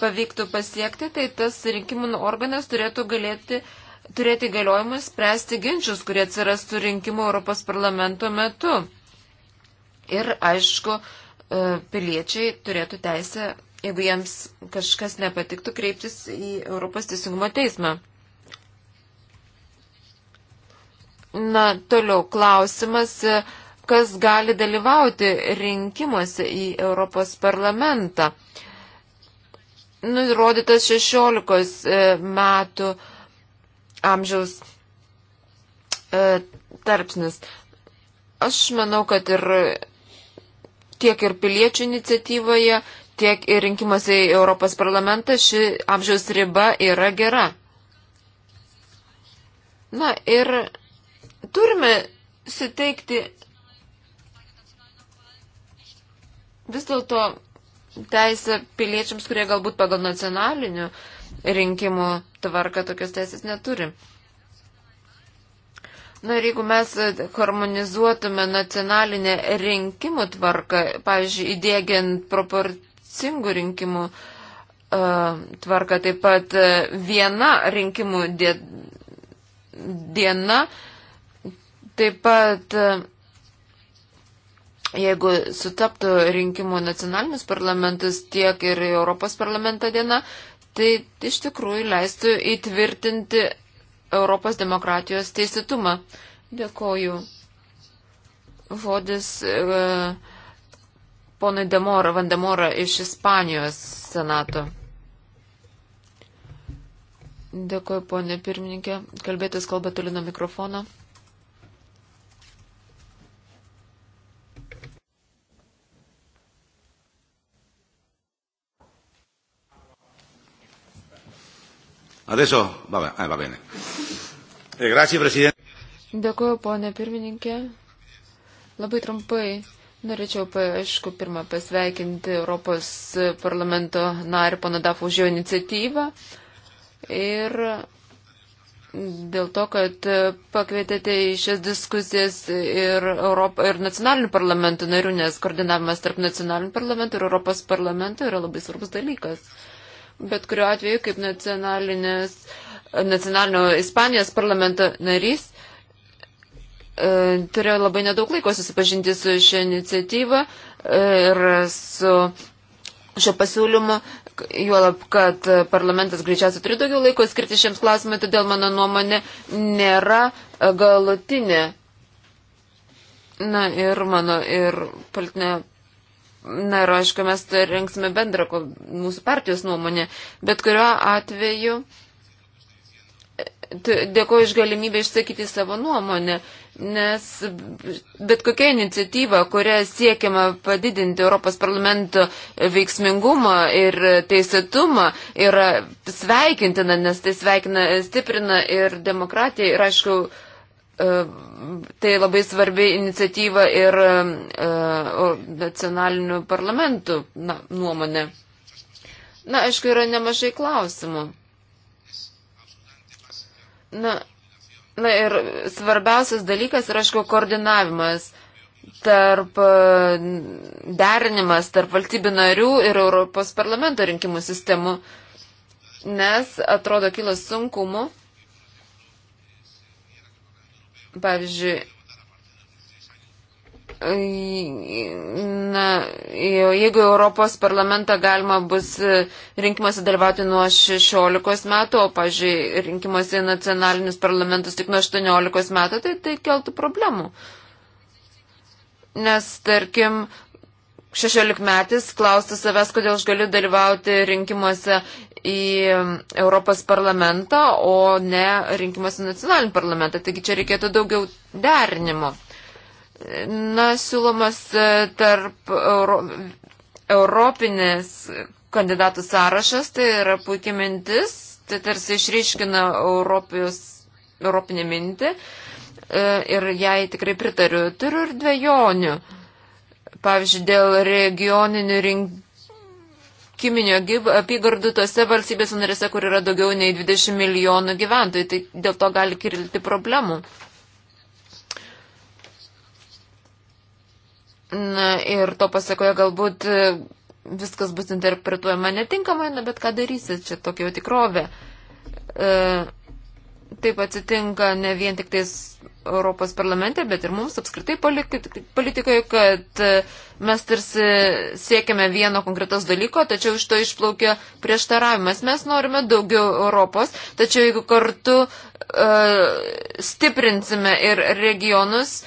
pavyktų pasiekti, tai tas rinkimų organas turėtų galėti uh, turėti galiojimą spręsti ginčius, kurie atsirastų rinkimų Europos parlamento metu. Ir aišku, e, piliečiai turėtų teisę, jeigu jiems kažkas nepatiktų, kreiptis į Europos teisingumo teismą. Na, toliau klausimas, e, kas gali dalyvauti rinkimuose į Europos parlamentą. Nurodytas 16 e, metų amžiaus e, tarpsnis. Aš manau, kad ir tiek ir piliečių iniciatyvoje, tiek ir rinkimuose į Europos parlamentą ši amžiaus riba yra gera. Na ir turime suteikti vis dėlto teisę piliečiams, kurie galbūt pagal nacionalinių uh, rinkimų tvarka tokios teisės neturi. Na ir jeigu mes harmonizuotume nacionalinę rinkimų tvarką, pavyzdžiui, įdėgiant proporcingų rinkimų uh, tvarką, taip pat uh, viena rinkimų die, diena, taip pat uh, jeigu sutaptų rinkimų nacionalinius parlamentus tiek ir Europos parlamento diena, tai iš tikrųjų leistų įtvirtinti Europos demokratijos teisėtumą. Dėkoju. Vodis e, ponui Demora, Vandemora iš Ispanijos senato. Dėkoju, ponė pirmininkė. Kalbėtis kalba toli nuo mikrofono. Adesso, va, eh, va bene. E, grazie, Presidente. Dėkuoju, ponė pirmininkė. Labai trumpai. Norėčiau, aišku, pirmą pasveikinti Europos parlamento narį Panadaf už jo iniciatyvą ir dėl to, kad pakvietėte į šias diskusijas ir, Europą, ir nacionalinių parlamentų narių, nes koordinavimas tarp nacionalinių parlamentų ir Europos parlamentų yra labai svarbus dalykas bet kuriuo atveju kaip nacionalinio Ispanijos parlamento narys e, turėjau labai nedaug laiko susipažinti su šią iniciatyvą e, ir su šio pasiūlymu, juolab, kad parlamentas greičiausiai turi daugiau laiko skirti šiems klausimai, todėl mano nuomonė nėra galutinė. Na ir mano ir politinė Na ir aišku, mes tai renksime bendrą mūsų partijos nuomonę, bet kuriuo atveju e, dėkoju iš galimybę išsakyti savo nuomonę, nes bet kokia iniciatyva, kuria siekiama padidinti Europos parlamento veiksmingumą ir teisėtumą, yra sveikintina, nes tai sveikina, stiprina ir demokratiją ir, aišku, Tai labai svarbi iniciatyva ir e, nacionalinių parlamentų na, nuomonė. Na, aišku, yra nemažai klausimų. Na, na ir svarbiausias dalykas yra, aišku, koordinavimas tarp e, derinimas tarp valstybių narių ir Europos parlamento rinkimų sistemų, nes atrodo kilas sunkumu Pavyzdžiui, Na, jeigu Europos parlamentą galima bus rinkimuose dalyvauti nuo 16 metų, o, pažiūrėjau, rinkimuose į nacionalinius parlamentus tik nuo 18 metų, tai tai keltų problemų. Nes, tarkim, 16-metis klausti savęs, kodėl aš galiu dalyvauti rinkimuose į Europos parlamentą, o ne rinkimuose į nacionalinį parlamentą. Taigi čia reikėtų daugiau derinimo. Na, siūlomas e, tarp Euro, europinės kandidatų sąrašas, tai yra puikia mintis, tai tarsi išryškina Europijos, europinę mintį e, ir jai tikrai pritariu. Turiu ir dviejonių. Uh, Pavyzdžiui, dėl regioninių rinkiminio apygardų tose valstybės narėse, kur yra daugiau nei 20 milijonų gyventojų, tai dėl to gali kilti problemų. Na, ir to pasakoja galbūt e, viskas bus interpretuojama netinkamai, na, bet ką darysi, čia tokia jau tikrovė. E, taip atsitinka ne vien tik tais Europos parlamente, bet ir mums apskritai politikoje, kad e, mes tarsi siekiame vieno konkretos dalyko, tačiau iš to išplaukia prieštaravimas. Mes norime daugiau Europos, tačiau jeigu kartu uh, stiprinsime ir regionus,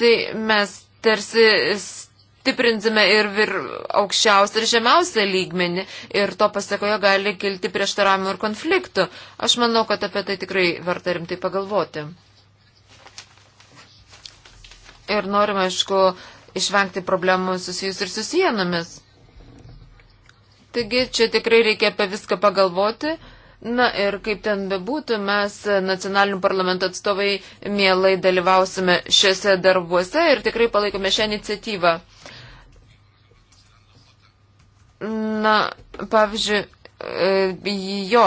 tai mes tarsi stiprinzime ir, ir aukščiausią ir žemiausią lygmenį ir to pasakoje gali kilti prieštaravimų ir konfliktų. Aš manau, kad apie tai tikrai verta rimtai pagalvoti ir norime, aišku, išvengti problemų susijus ir su sienomis. Taigi čia tikrai reikia apie viską pagalvoti. Na ir kaip ten bebūtų, mes nacionalinių parlamento atstovai mielai dalyvausime šiuose darbuose ir tikrai palaikome šią iniciatyvą. Na, pavyzdžiui, e, jo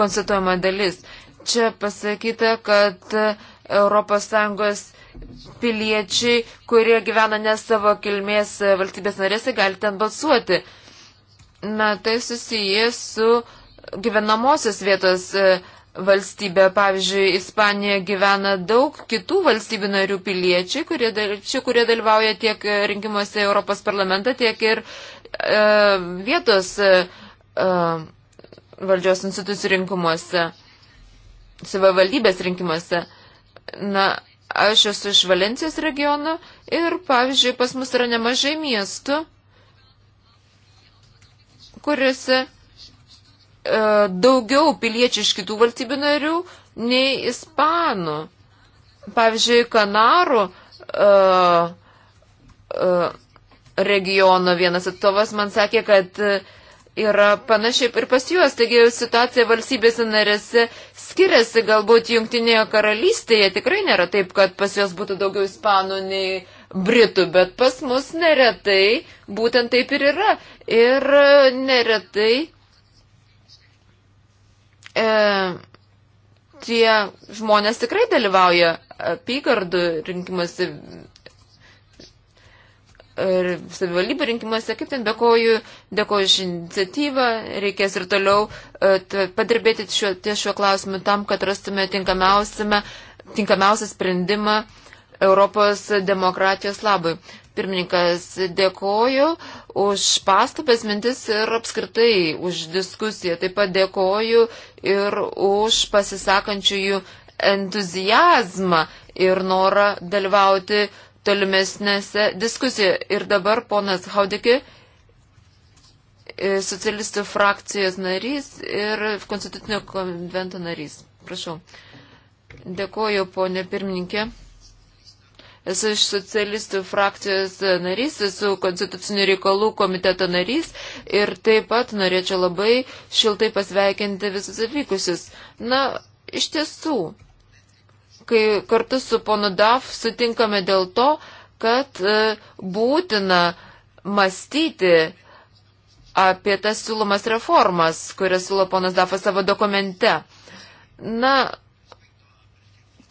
konstatuojama dalis. Čia pasakyta, kad ES piliečiai, kurie gyvena ne savo kilmės e, valstybės narėse, gali ten balsuoti. Na, tai susijęs su gyvenamosios vietos e, valstybė. Pavyzdžiui, Ispanija gyvena daug kitų valstybių narių piliečiai, kurie, čia, kurie dalyvauja tiek e, rinkimuose Europos parlamentą, tiek ir e, vietos e, valdžios institucijų rinkimuose, savivaldybės rinkimuose. Na, Aš esu iš Valencijos regiono ir, pavyzdžiui, pas mus yra nemažai miestų, kuriuose e, daugiau piliečių iš kitų valstybių narių nei ispanų. Pavyzdžiui, Kanarų e, e, regiono vienas atstovas man sakė, kad e, yra panašiai ir pas juos. Taigi situacija valstybėse narėse skiriasi, galbūt jungtinėje karalystėje tikrai nėra taip, kad pas juos būtų daugiau ispanų nei britų, bet pas mus neretai būtent taip ir yra. Ir neretai e, tie žmonės tikrai dalyvauja apygardų rinkimuose savivaldybių rinkimuose, kaip ten dėkoju, dėkoju iš iniciatyvą, reikės ir toliau e, padirbėti šiuo, ties šiuo klausimu tam, kad rastume tinkamiausią sprendimą Europos demokratijos labui. Pirmininkas, dėkoju už pastabės mintis ir apskritai už diskusiją. Taip pat dėkoju ir už pasisakančiųjų entuzijazmą ir norą dalyvauti tolimesnėse diskusijose. Ir dabar ponas Haudikė, e, socialistų frakcijos narys ir konstitucinio konvento narys. Prašau. Dėkuoju, ponė pirmininkė. Esu iš socialistų frakcijos narys, esu konstitucinių reikalų komiteto narys ir taip pat norėčiau labai šiltai pasveikinti visus atvykusius. Na, iš tiesų, kai kartu su ponu DAF sutinkame dėl to, kad e, būtina mąstyti apie tas siūlomas reformas, kurias siūlo ponas Dafas savo dokumente. Na,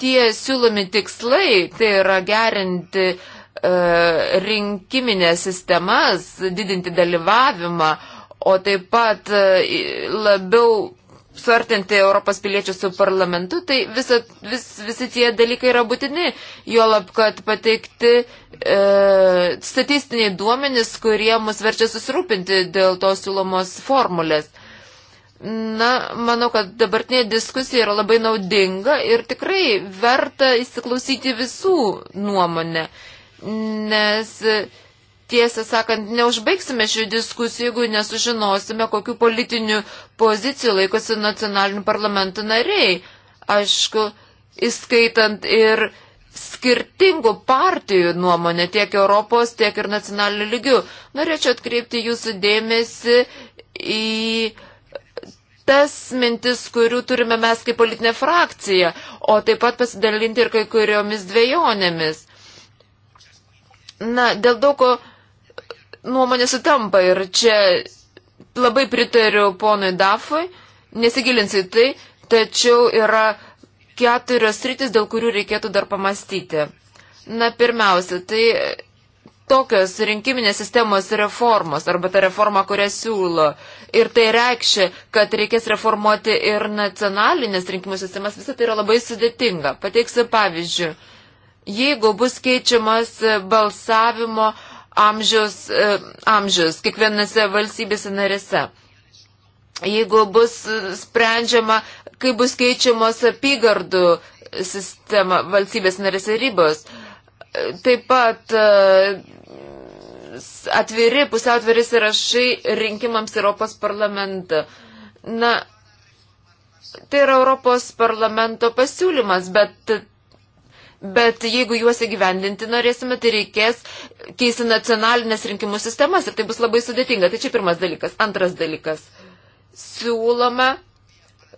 tie siūlomi tikslai, tai yra gerinti e, rinkiminės sistemas, didinti dalyvavimą, o taip pat e, labiau suartinti Europos piliečius su parlamentu, tai visa, vis, visi tie dalykai yra būtini, juolab, kad pateikti e, statistiniai duomenys, kurie mus verčia susirūpinti dėl tos siūlomos formulės. Na, manau, kad dabartinė diskusija yra labai naudinga ir tikrai verta įsiklausyti visų nuomonę, nes. E, tiesą sakant, neužbaigsime šių diskusijų, jeigu nesužinosime, kokiu politiniu poziciju laikosi nacionalinių parlamentų nariai. Aišku, įskaitant ir skirtingų partijų nuomonę tiek Europos, tiek ir nacionalinių lygių. Norėčiau atkreipti jūsų dėmesį į tas mintis, kurių turime mes kaip politinė frakcija, o taip pat pasidalinti ir kai kuriomis dviejonėmis. Na, dėl daug ko nuomonė sutampa ir čia labai pritariu ponui Dafui, nesigilinsiu į tai, tačiau yra keturios rytis, dėl kurių reikėtų dar pamastyti. Na, pirmiausia, tai tokios rinkiminės sistemos reformos arba ta reforma, kurią siūlo. Ir tai reikšia, kad reikės reformuoti ir nacionalinės rinkimų sistemas. Visą tai yra labai sudėtinga. Pateiksiu pavyzdžių. Jeigu bus keičiamas balsavimo uh, amžiaus, e, amžiaus kiekvienose valstybėse narėse. Jeigu bus sprendžiama, kaip bus keičiamos apygardų sistema valstybės narėse ribos. E, taip pat e, atviri, pusiau atviri sąrašai rinkimams Europos parlamentą. Na, tai yra Europos parlamento pasiūlymas, bet bet jeigu juos įgyvendinti norėsime, tai reikės keisti nacionalinės rinkimų sistemas ir tai bus labai sudėtinga. Tai čia pirmas dalykas. Antras dalykas. Siūloma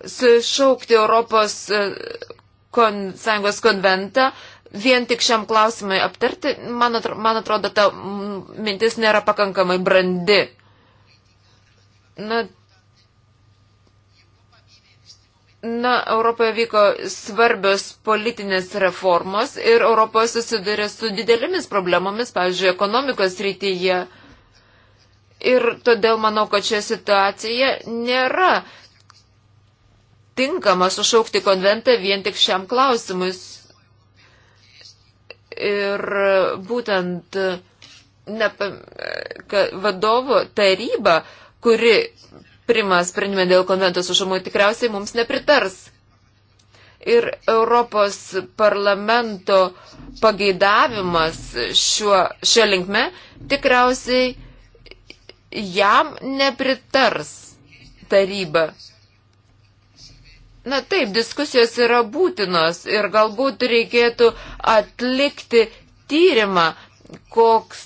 sušaukti Europos e, kon, Sąjungos konventą vien tik šiam klausimui aptarti. Man, atro, man atrodo, ta mintis nėra pakankamai brandi. Na, Na, Europoje vyko svarbios politinės reformos ir Europoje susidurė su didelėmis problemomis, pavyzdžiui, ekonomikos rytyje. Ir todėl manau, kad čia situacija nėra tinkama sušaukti konventą vien tik šiam klausimui. Ir būtent ne, vadovo taryba, kuri prima sprendimą dėl konvento sušamų, tikriausiai mums nepritars. Ir Europos parlamento pageidavimas šiuo, šio linkme tikriausiai jam nepritars taryba. Na taip, diskusijos yra būtinos ir galbūt reikėtų atlikti tyrimą, koks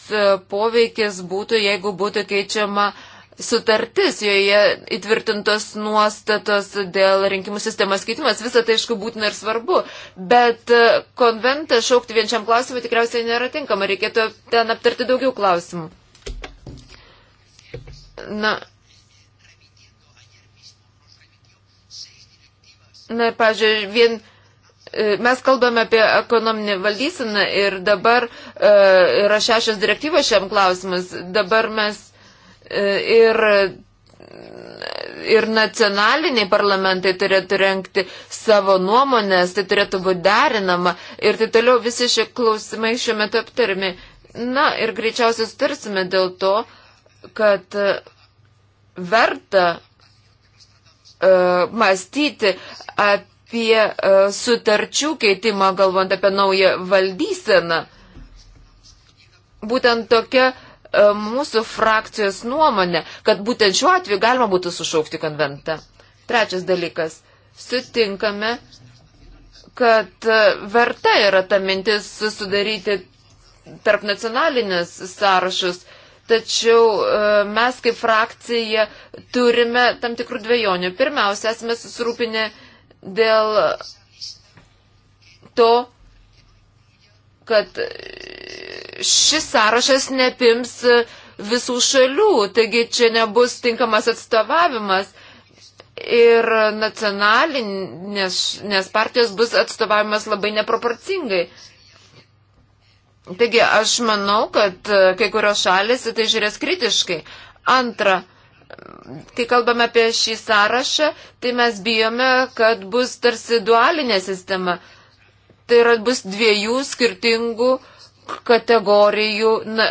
poveikis būtų, jeigu būtų keičiama uh, sutartis, joje įtvirtintos nuostatos dėl rinkimų sistemos keitimas, visą tai aišku būtina ir svarbu, bet e, konventą šaukti vienčiam klausimui tikriausiai nėra tinkama, reikėtų ten aptarti daugiau klausimų. Na. Na ir, pažiūrėjau, vien e, mes kalbame apie ekonominį valdysiną ir dabar e, yra šešios direktyvos šiam klausimas. Dabar mes E, ir, ir nacionaliniai parlamentai turėtų renkti savo nuomonės, tai turėtų būti derinama ir tai toliau visi šie klausimai šiuo metu aptarimi. Na ir greičiausiai sutarsime dėl to, kad verta uh, mąstyti apie uh, sutarčių keitimą, galvant apie naują valdyseną. Būtent tokia uh, E, mūsų frakcijos nuomonė, kad būtent šiuo atveju galima būtų sušaukti konventą. Trečias dalykas. Sutinkame, kad e, verta yra ta mintis sudaryti tarp nacionalinės sąrašus, tačiau e, mes kaip frakcija turime tam tikrų dviejonių. Pirmiausia, esame susirūpinę dėl to, kad šis sąrašas nepims e, visų šalių, taigi čia nebus tinkamas atstovavimas. Ir nacionalinės nes partijos bus atstovavimas labai neproporcingai. Taigi aš manau, kad e, kai kurios šalis tai žiūrės kritiškai. Antra, kai kalbame apie šį sąrašą, tai mes bijome, kad bus tarsi dualinė sistema. Tai yra bus dviejų skirtingų uh, kategorijų na,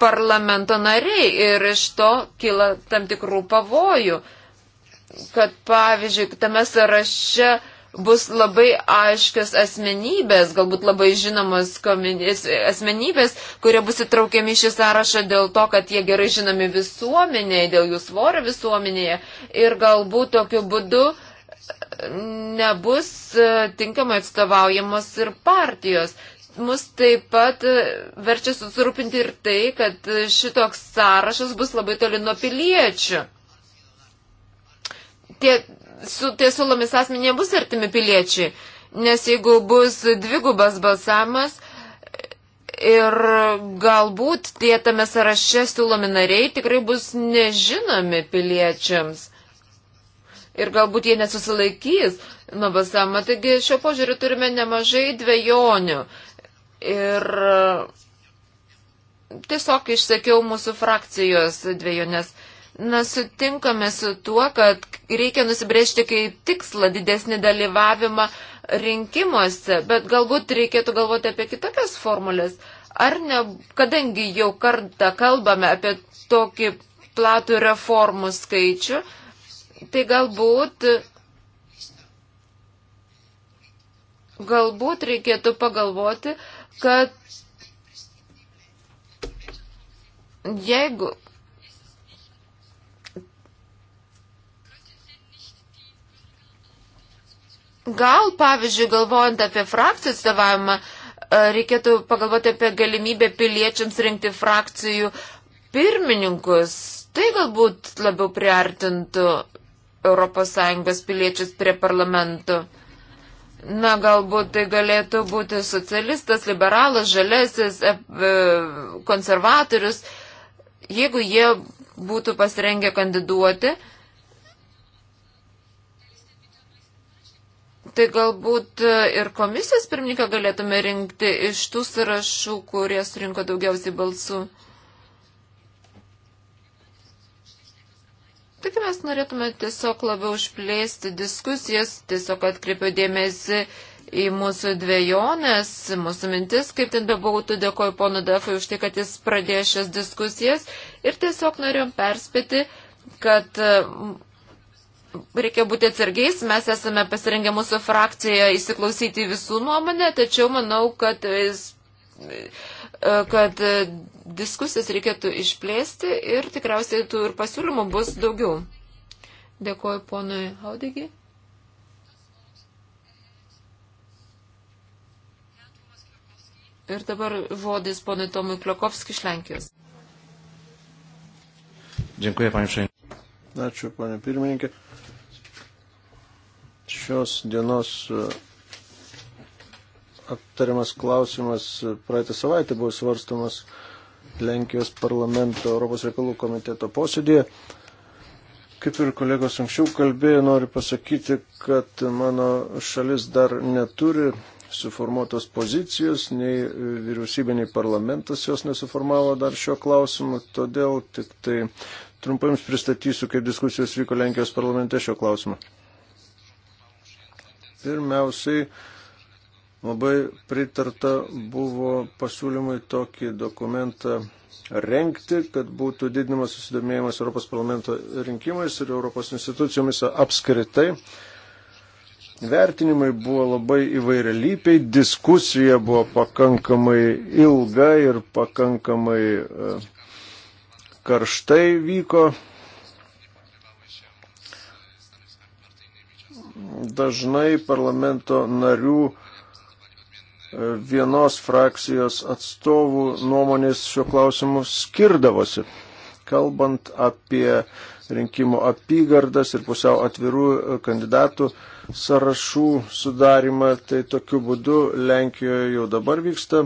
parlamento nariai ir iš to kyla tam tikrų pavojų, kad pavyzdžiui, tame sąraše bus labai aiškios asmenybės, galbūt labai žinomos asmenybės, kurie bus įtraukiami šį sąrašą dėl to, kad jie gerai žinomi visuomenėje, dėl jų svorio visuomenėje ir galbūt tokiu būdu nebus e, tinkamai atstovaujamos ir partijos mus taip pat e, verčia susirūpinti ir tai, kad e, šitoks sąrašas bus labai toli nuo piliečių. Tie, su tiesulomis asmenė bus artimi piliečiai, nes jeigu bus dvigubas balsavimas, e, ir galbūt tie tame sąraše siūlomi nariai tikrai bus nežinomi piliečiams. Ir galbūt jie nesusilaikys nuo balsavimo. Taigi šio požiūriu turime nemažai dviejonių. Ir e, tiesiog išsakiau mūsų frakcijos dviejonės. Na, sutinkame su tuo, kad reikia nusibriežti kaip tikslą didesnį dalyvavimą rinkimuose, bet galbūt reikėtų galvoti apie kitokias formulės. Ar ne, kadangi jau kartą kalbame apie tokį platų reformų skaičių, tai galbūt, galbūt reikėtų pagalvoti, kad jeigu Gal, pavyzdžiui, galvojant apie frakcijų atstovavimą, e, reikėtų pagalvoti apie galimybę piliečiams rinkti frakcijų pirmininkus. Tai galbūt labiau priartintų ES piliečius prie parlamentų. Na, galbūt tai galėtų būti socialistas, liberalas, žalesis, e, e, konservatorius, jeigu jie būtų pasirengę kandiduoti, tai galbūt e, ir komisijos pirmininką galėtume rinkti iš tų sąrašų, kurie surinko daugiausiai balsų. Taigi mes norėtume tiesiog labiau išplėsti diskusijas, tiesiog atkreipiu dėmesį į mūsų dviejonės, mūsų mintis, kaip ten bebūtų, dėkoju ponu Dafui už tai, kad jis pradėjo šias diskusijas ir tiesiog norėjom perspėti, kad mm, reikia būti atsargiais, mes esame pasirengę mūsų frakciją įsiklausyti visų nuomonę, tačiau manau, kad kad e, diskusijas reikėtų išplėsti ir tikriausiai tų ir pasiūlymų bus daugiau. Dėkuoju ponui Haudigi. Ir dabar žodis ponui Tomui Kliokovskį iš Lenkijos. Dziękuję, panie przewodniczący. Ačiū, panie pirmininkė. Šios dienos aptariamas klausimas praeitą savaitę buvo svarstomas Lenkijos parlamento Europos reikalų komiteto posėdėje. Kaip ir kolegos anksčiau kalbėjo, noriu pasakyti, kad mano šalis dar neturi suformuotos pozicijos, nei vyriausybė, nei parlamentas jos nesuformavo dar šio klausimu, todėl tik tai trumpai jums pristatysiu, kaip diskusijos vyko Lenkijos parlamente šio klausimu. Pirmiausiai, Labai pritarta buvo pasiūlymui tokį dokumentą rengti, kad būtų didinamas susidomėjimas Europos parlamento rinkimais ir Europos institucijomis apskritai. Vertinimai buvo labai įvairialypiai, diskusija buvo pakankamai ilga ir pakankamai e, karštai vyko. Dažnai parlamento narių vienos frakcijos atstovų nuomonės šiuo klausimu skirdavosi. Kalbant apie rinkimų apygardas ir pusiau atvirų kandidatų sąrašų sudarimą, tai tokiu būdu Lenkijoje jau dabar vyksta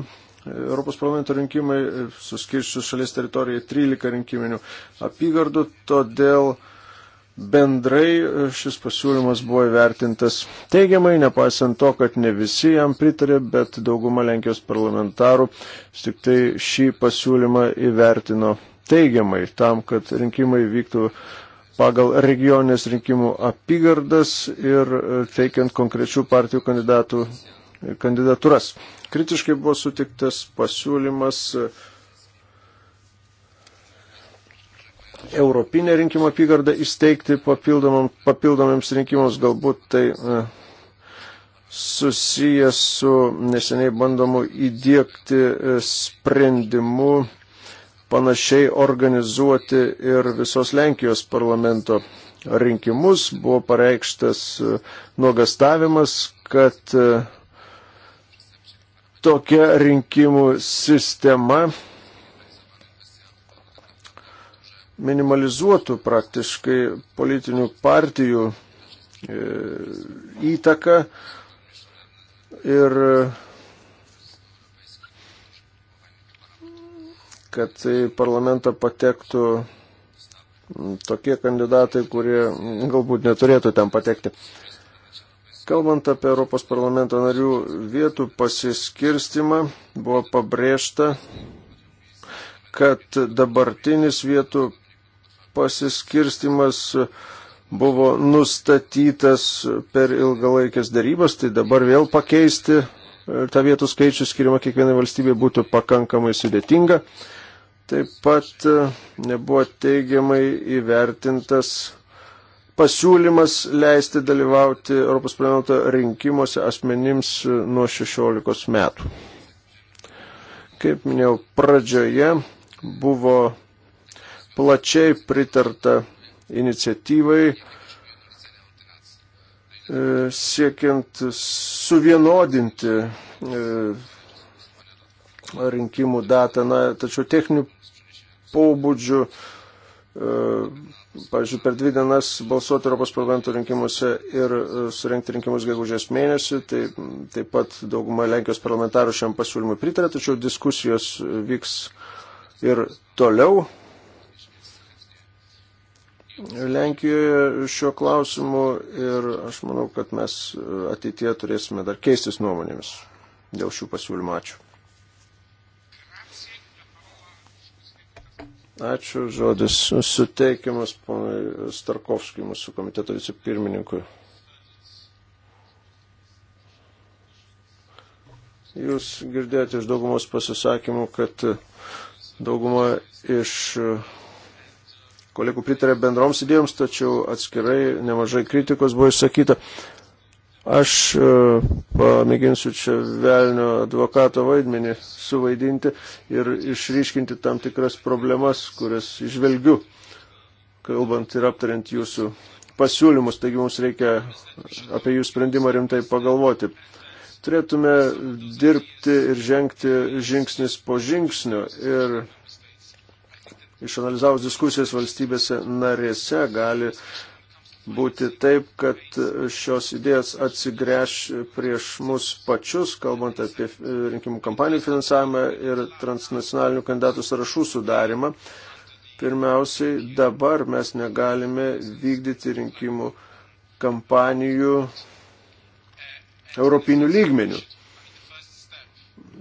Europos parlamento rinkimai, suskirščius šalies teritorijai 13 rinkiminių apygardų, todėl uh, Bendrai e, šis pasiūlymas buvo įvertintas teigiamai, nepaisant to, kad ne visi jam pritarė, bet dauguma Lenkijos parlamentarų tik tai šį pasiūlymą įvertino teigiamai, tam, kad rinkimai vyktų pagal regioninės rinkimų apygardas ir e, teikiant konkrečių partijų kandidatų e, kandidatūras. Kritiškai buvo sutiktas pasiūlymas Europinę rinkimų apygardą įsteigti papildomiems rinkimams, galbūt tai e, susijęs su neseniai bandomu įdėkti e, sprendimu panašiai organizuoti ir visos Lenkijos parlamento rinkimus. Buvo pareikštas e, nuogastavimas, kad tokia rinkimų sistema minimalizuotų praktiškai politinių partijų e, įtaką ir kad į parlamentą patektų tokie kandidatai, kurie galbūt neturėtų ten patekti. Kalbant apie Europos parlamento narių vietų pasiskirstimą, buvo pabrėžta, kad dabartinis vietų pasiskirstimas buvo nustatytas per ilgalaikės darybas, tai dabar vėl pakeisti e, tą vietų skaičių skirimą kiekvienai valstybė būtų pakankamai sudėtinga. Taip pat e, nebuvo teigiamai įvertintas pasiūlymas leisti dalyvauti Europos parlamento rinkimuose asmenims e, nuo 16 metų. Kaip minėjau, pradžioje buvo plačiai pritarta iniciatyvai e, siekiant suvienodinti e, rinkimų datą, na, tačiau techninių pobūdžių, e, pavyzdžiui, per dvi dienas balsuoti Europos parlamento rinkimuose ir surenkti rinkimus gegužės mėnesį, tai taip pat dauguma Lenkijos parlamentarų šiam pasiūlymui pritarė, tačiau diskusijos vyks ir toliau Lenkijoje šiuo klausimu ir aš manau, kad mes ateitie turėsime dar keistis nuomonėmis dėl šių pasiūlymų. Ačiū. Ačiū, žodis suteikiamas ponai Starkovskijui, mūsų komiteto vicepirmininkui. Jūs girdėjote iš daugumos pasisakymų, kad dauguma iš kolegų pritarė bendroms idėjoms, tačiau atskirai nemažai kritikos buvo išsakyta. Aš e, pamėginsiu čia velnio advokato vaidmenį suvaidinti ir išryškinti tam tikras problemas, kurias išvelgiu, kalbant ir aptariant jūsų pasiūlymus, taigi mums reikia apie jų sprendimą rimtai pagalvoti. Turėtume dirbti ir žengti žingsnis po žingsnio ir išanalizavus diskusijas valstybėse narėse, gali būti taip, kad šios idėjas atsigręš prieš mus pačius, kalbant apie rinkimų kampanijų finansavimą ir transnacionalinių kandidatų sąrašų sudarimą. Pirmiausiai, dabar mes negalime vykdyti rinkimų kampanijų europinių lygmenių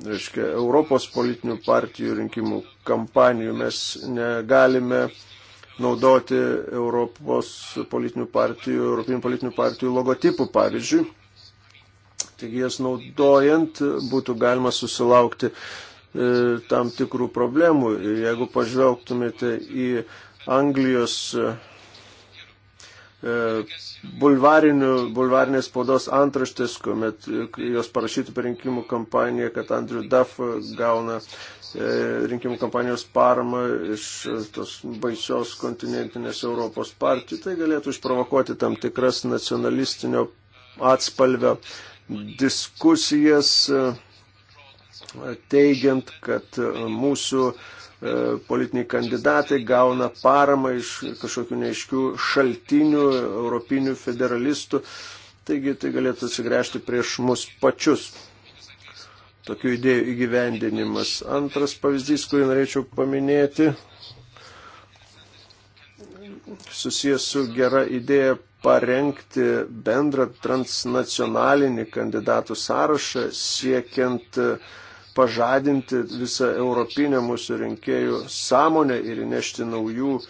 reiškia, Europos politinių partijų rinkimų kampanijų. Mes negalime naudoti Europos politinių partijų, Europinių politinių partijų logotipų, pavyzdžiui. Taigi jas naudojant būtų galima susilaukti e, tam tikrų problemų. Ir jeigu pažvelgtumėte į Anglijos E, bulvarinės spaudos antraštės, kuomet e, jos parašytų per rinkimų kampaniją, kad Andrew Duff gauna e, rinkimų kampanijos paramą iš tos baisios kontinentinės Europos partijų. Tai galėtų išprovokuoti tam tikras nacionalistinio atspalvio diskusijas, teigiant, kad mūsų uh, E, politiniai kandidatai gauna paramą iš kažkokių neaiškių šaltinių, europinių federalistų. Taigi tai galėtų atsigręžti prieš mus pačius. Tokių idėjų įgyvendinimas. Antras pavyzdys, kurį norėčiau paminėti, susijęs su gera idėja parengti bendrą transnacionalinį kandidatų sąrašą siekiant uh, pažadinti visą europinę mūsų rinkėjų sąmonę ir įnešti naujų e,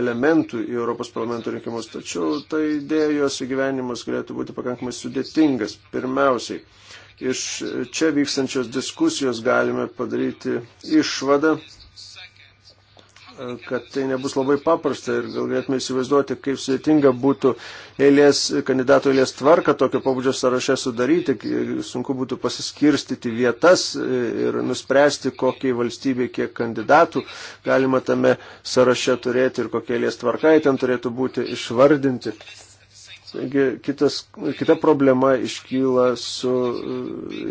elementų į Europos parlamento rinkimus. Tačiau ta idėja, jos įgyvenimas galėtų būti pakankamai sudėtingas. Pirmiausiai, iš čia vykstančios diskusijos galime padaryti išvadą, kad tai nebus labai paprasta ir galėtume įsivaizduoti, kaip sudėtinga būtų eilės, kandidatų eilės tvarka tokio pabudžio sąraše sudaryti, sunku būtų pasiskirstyti vietas ir nuspręsti, kokiai valstybei kiek kandidatų galima tame sąraše turėti ir kokia eilės tvarka ten turėtų būti išvardinti. Taigi, kitas, kita problema iškyla su,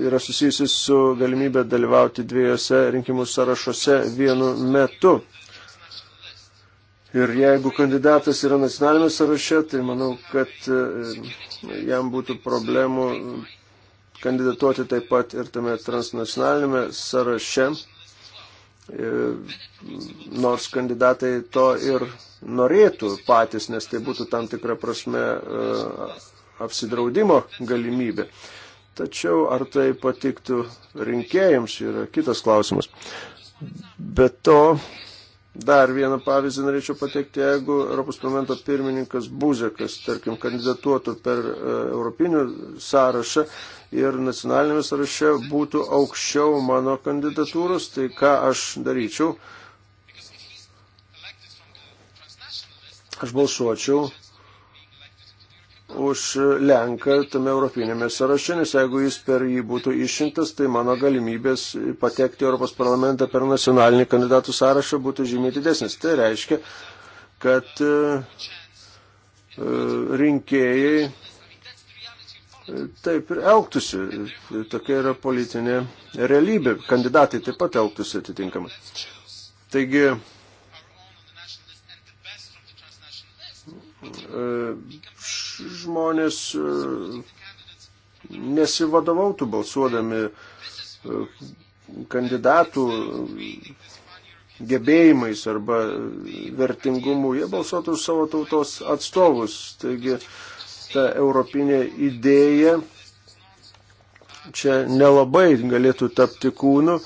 yra susijusi su galimybė dalyvauti dviejose rinkimų sąrašuose vienu metu. Ir jeigu kandidatas yra nacionalinė sąraše, tai manau, kad e, jam būtų problemų kandidatuoti taip pat ir tame transnacionalinėme sąraše, e, nors kandidatai to ir norėtų patys, nes tai būtų tam tikrą prasme e, apsidraudimo galimybė. Tačiau ar tai patiktų rinkėjams yra kitas klausimas. Bet to Dar vieną pavyzdį norėčiau pateikti, jeigu Europos parlamento pirmininkas Buzekas, tarkim, kandidatuotų per e, Europinių sąrašą ir nacionalinėme sąraše būtų aukščiau mano kandidatūros, tai ką aš daryčiau? Aš balsuočiau už Lenką tame europinėme sąraše, nes jeigu jis per jį būtų išrinktas, tai mano galimybės patekti Europos parlamentą per nacionalinį kandidatų sąrašą būtų žymiai didesnis. Tai reiškia, kad e, e, rinkėjai e, taip ir elgtųsi. Tokia yra politinė realybė. Kandidatai taip pat elgtųsi atitinkamai. Taigi, žmonės e, nesivadovautų balsuodami e, kandidatų e, gebėjimais arba vertingumu, jie balsuotų už savo tautos atstovus. Taigi ta europinė idėja čia nelabai galėtų tapti kūnu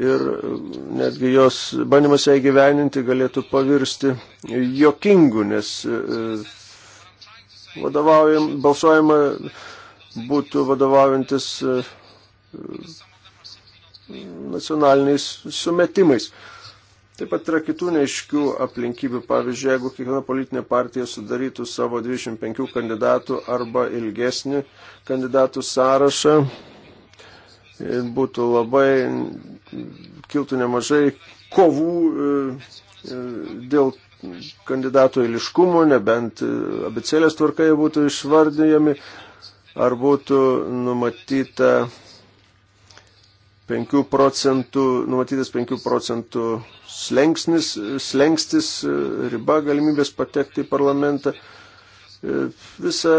ir netgi jos bandymas ją gyveninti galėtų pavirsti jokingu, nes vadovaujam, balsuojama būtų vadovaujantis e, nacionaliniais sumetimais. Taip pat yra kitų neiškių aplinkybių. Pavyzdžiui, jeigu kiekviena politinė partija sudarytų savo 25 kandidatų arba ilgesnį kandidatų sąrašą, e, būtų labai, kiltų nemažai kovų e, dėl kandidatų eiliškumo, nebent e, abicelės tvarka jie būtų išvardyjami, ar būtų numatyta 5 procentų, numatytas 5 procentų slengsnis, slengstis, e, riba galimybės patekti į parlamentą. E, visa,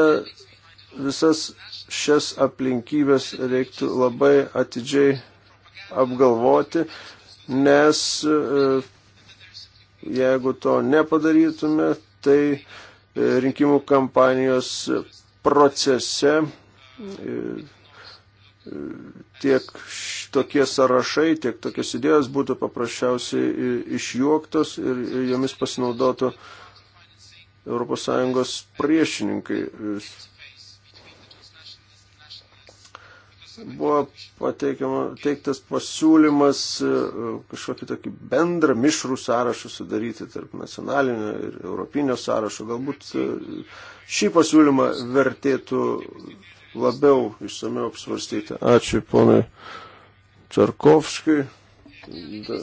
visas šias aplinkybės reiktų labai atidžiai apgalvoti, nes Jeigu to nepadarytume, tai e, rinkimų kampanijos procese e, e, tiek tokie sąrašai, tiek tokios idėjos būtų paprasčiausiai išjuoktos ir jomis pasinaudotų ES priešininkai. buvo pateiktas pasiūlymas e, kažkokį tokį bendrą mišrų sąrašą sudaryti tarp nacionalinio ir europinio sąrašo. Galbūt e, šį pasiūlymą vertėtų labiau išsameu apsvarstyti. Ačiū ponai Čarkovskiui. Da.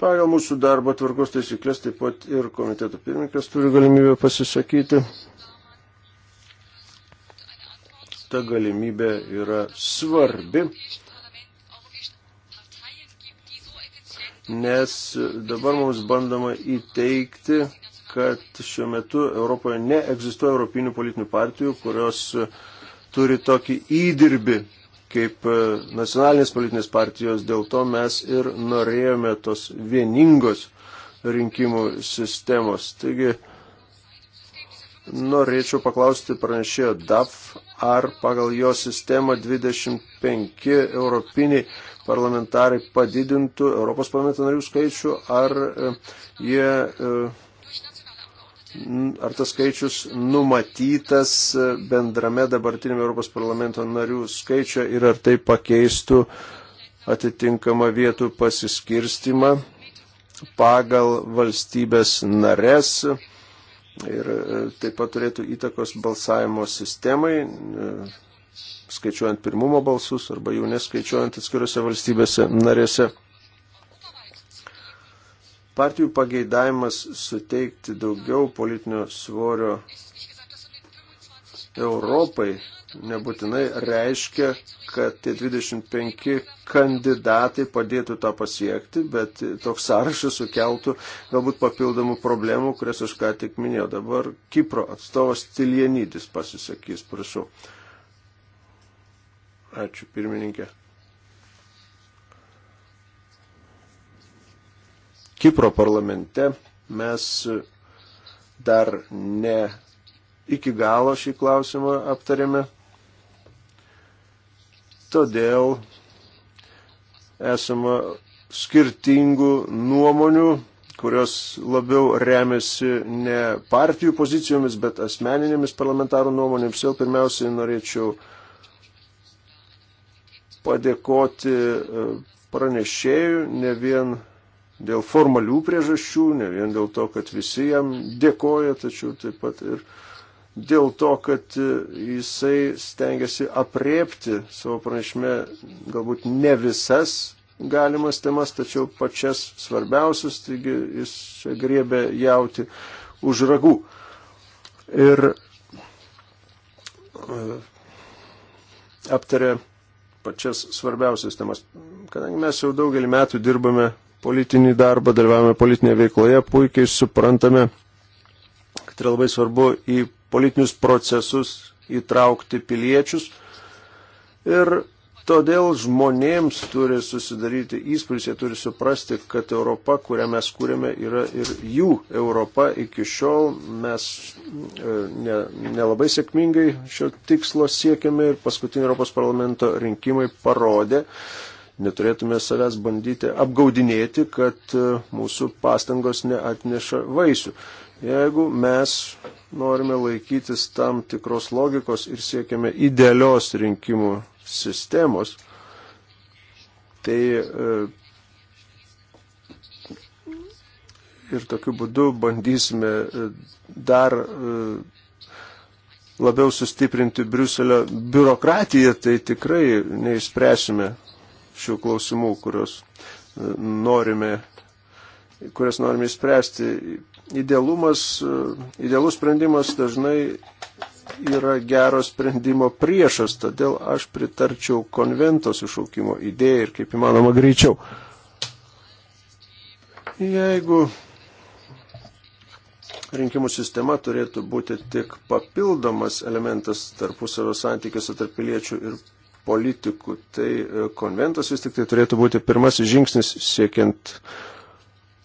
Pagal mūsų darbo tvarkos taisyklės taip pat ir komiteto pirmininkas turi galimybę pasisakyti ta galimybė yra svarbi, nes dabar mums bandoma įteikti, kad šiuo metu Europoje neegzistuoja europinių politinių partijų, kurios turi tokį įdirbį kaip nacionalinės politinės partijos, dėl to mes ir norėjome tos vieningos rinkimų sistemos. Taigi, norėčiau paklausti pranešėjo DAF, ar pagal jo sistemą 25 europiniai parlamentarai padidintų Europos parlamento narių skaičių, ar e, jie. E, ar tas skaičius numatytas e, bendrame dabartinėme Europos parlamento narių skaičiuje ir ar tai pakeistų atitinkamą vietų pasiskirstimą pagal valstybės nares, ir e, taip pat turėtų įtakos balsavimo sistemai, e, skaičiuojant pirmumo balsus arba jų neskaičiuojant atskiriuose valstybėse narėse. Partijų pageidavimas suteikti daugiau politinio svorio Europai nebūtinai reiškia, kad tie 25 kandidatai padėtų tą pasiekti, bet toks sąrašas sukeltų galbūt papildomų problemų, kurias aš ką tik minėjau. Dabar Kipro atstovas Tilienydis pasisakys, prašau. Ačiū, pirmininkė. Kipro parlamente mes dar ne iki galo šį klausimą aptarėme. Todėl esama skirtingų nuomonių, kurios labiau remiasi ne partijų pozicijomis, bet asmeninėmis parlamentarų nuomonėmis. Jau pirmiausiai norėčiau padėkoti e, pranešėjų ne vien dėl formalių priežasčių, ne vien dėl to, kad visi jam dėkoja, tačiau taip pat ir dėl to, kad e, jisai stengiasi apriepti savo pranešime galbūt ne visas galimas temas, tačiau pačias svarbiausias, taigi jis griebė jauti už ragų. Ir e, aptarė pačias svarbiausias temas. Kadangi mes jau daugelį metų dirbame politinį darbą, dalyvavome politinėje veikloje, puikiai suprantame, kad yra labai svarbu į politinius procesus, įtraukti piliečius. Ir todėl žmonėms turi susidaryti įspūdis, jie turi suprasti, kad Europa, kurią mes kūrėme, yra ir jų Europa. Iki šiol mes e, nelabai ne, ne sėkmingai šio tikslo siekėme ir paskutiniai Europos parlamento rinkimai parodė, neturėtume savęs bandyti apgaudinėti, kad e, mūsų pastangos neatneša vaisių. Jeigu mes norime laikytis tam tikros logikos ir siekiame idealios rinkimų sistemos, tai e, ir tokiu būdu bandysime e, dar e, labiau sustiprinti Briuselio biurokratiją, tai tikrai neišspręsime šių klausimų, kurios norime, kurias norime išspręsti idealumas, idealus sprendimas dažnai yra gero sprendimo priešas, todėl aš pritarčiau konvento sušaukimo idėjai ir kaip įmanoma greičiau. Jeigu rinkimų sistema turėtų būti tik papildomas elementas tarpusavio santykiuose tarp piliečių ir politikų, tai konventas vis tik tai turėtų būti pirmasis žingsnis siekiant uh,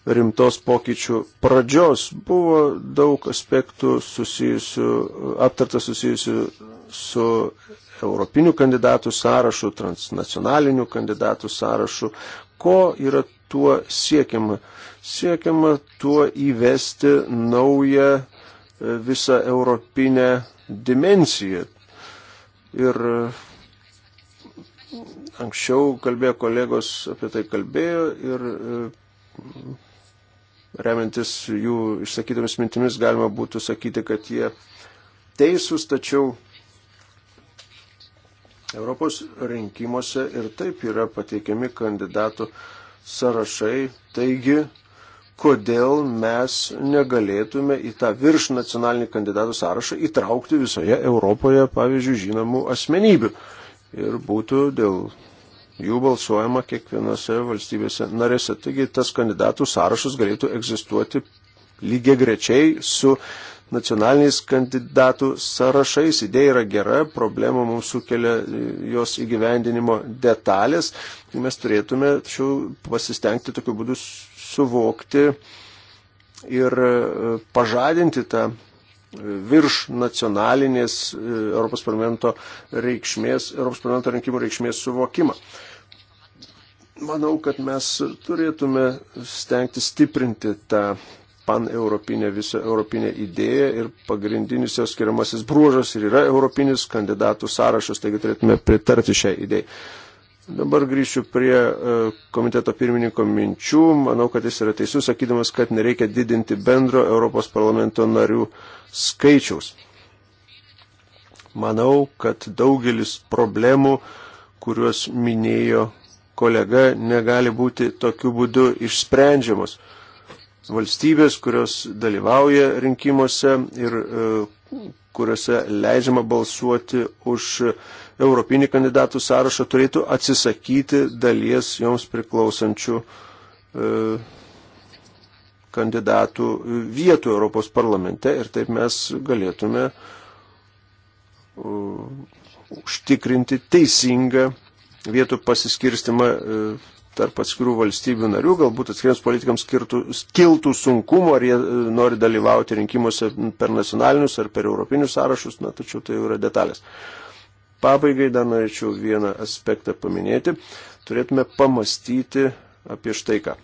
rimtos pokyčių pradžios. Buvo daug aspektų susijusių, aptarta susijusių su europinių kandidatų sąrašu, transnacionalinių kandidatų sąrašu. Ko yra tuo siekiama? Siekiama tuo įvesti naują e, visą europinę dimensiją. Ir e, anksčiau kalbėjo kolegos apie tai kalbėjo ir e, remiantis jų išsakytomis mintimis, galima būtų sakyti, kad jie teisūs, tačiau Europos rinkimuose ir taip yra pateikiami kandidatų sąrašai. Taigi, kodėl mes negalėtume į tą virš nacionalinį kandidatų sąrašą įtraukti visoje Europoje, pavyzdžiui, žinomų asmenybių. Ir būtų dėl jų balsuojama kiekvienose valstybėse narėse. Taigi tas kandidatų sąrašas galėtų egzistuoti lygiai grečiai su nacionaliniais kandidatų sąrašais. Idėja yra gera, problemų mums sukelia e, jos įgyvendinimo detalės. Tai mes turėtume tačiau pasistengti tokiu būdu suvokti ir e, pažadinti tą e, virš nacionalinės Europos parlamento reikšmės, Europos parlamento rinkimų reikšmės suvokimą manau, kad mes turėtume stengti stiprinti tą pan-europinę, visą europinę idėją ir pagrindinis jos skiriamasis bruožas ir yra europinis kandidatų sąrašas, taigi turėtume pritarti šią idėją. Dabar grįšiu prie e, komiteto pirmininko minčių. Manau, kad jis yra teisus, sakydamas, kad nereikia didinti bendro Europos parlamento narių skaičiaus. Manau, kad daugelis problemų, kuriuos minėjo kolega negali būti tokiu būdu išsprendžiamos. Valstybės, kurios dalyvauja rinkimuose ir e, kuriuose leidžiama balsuoti už europinį kandidatų sąrašą, turėtų atsisakyti dalies joms priklausančių e, kandidatų vietų Europos parlamente ir taip mes galėtume e, užtikrinti teisingą vietų pasiskirstimą e, tarp atskirų valstybių narių, galbūt atskiriams politikams skirtų, kiltų sunkumų, ar jie e, nori dalyvauti rinkimuose per nacionalinius ar per europinius sąrašus, na, tačiau tai jau yra detalės. Pabaigai dar norėčiau vieną aspektą paminėti. Turėtume pamastyti apie štai ką.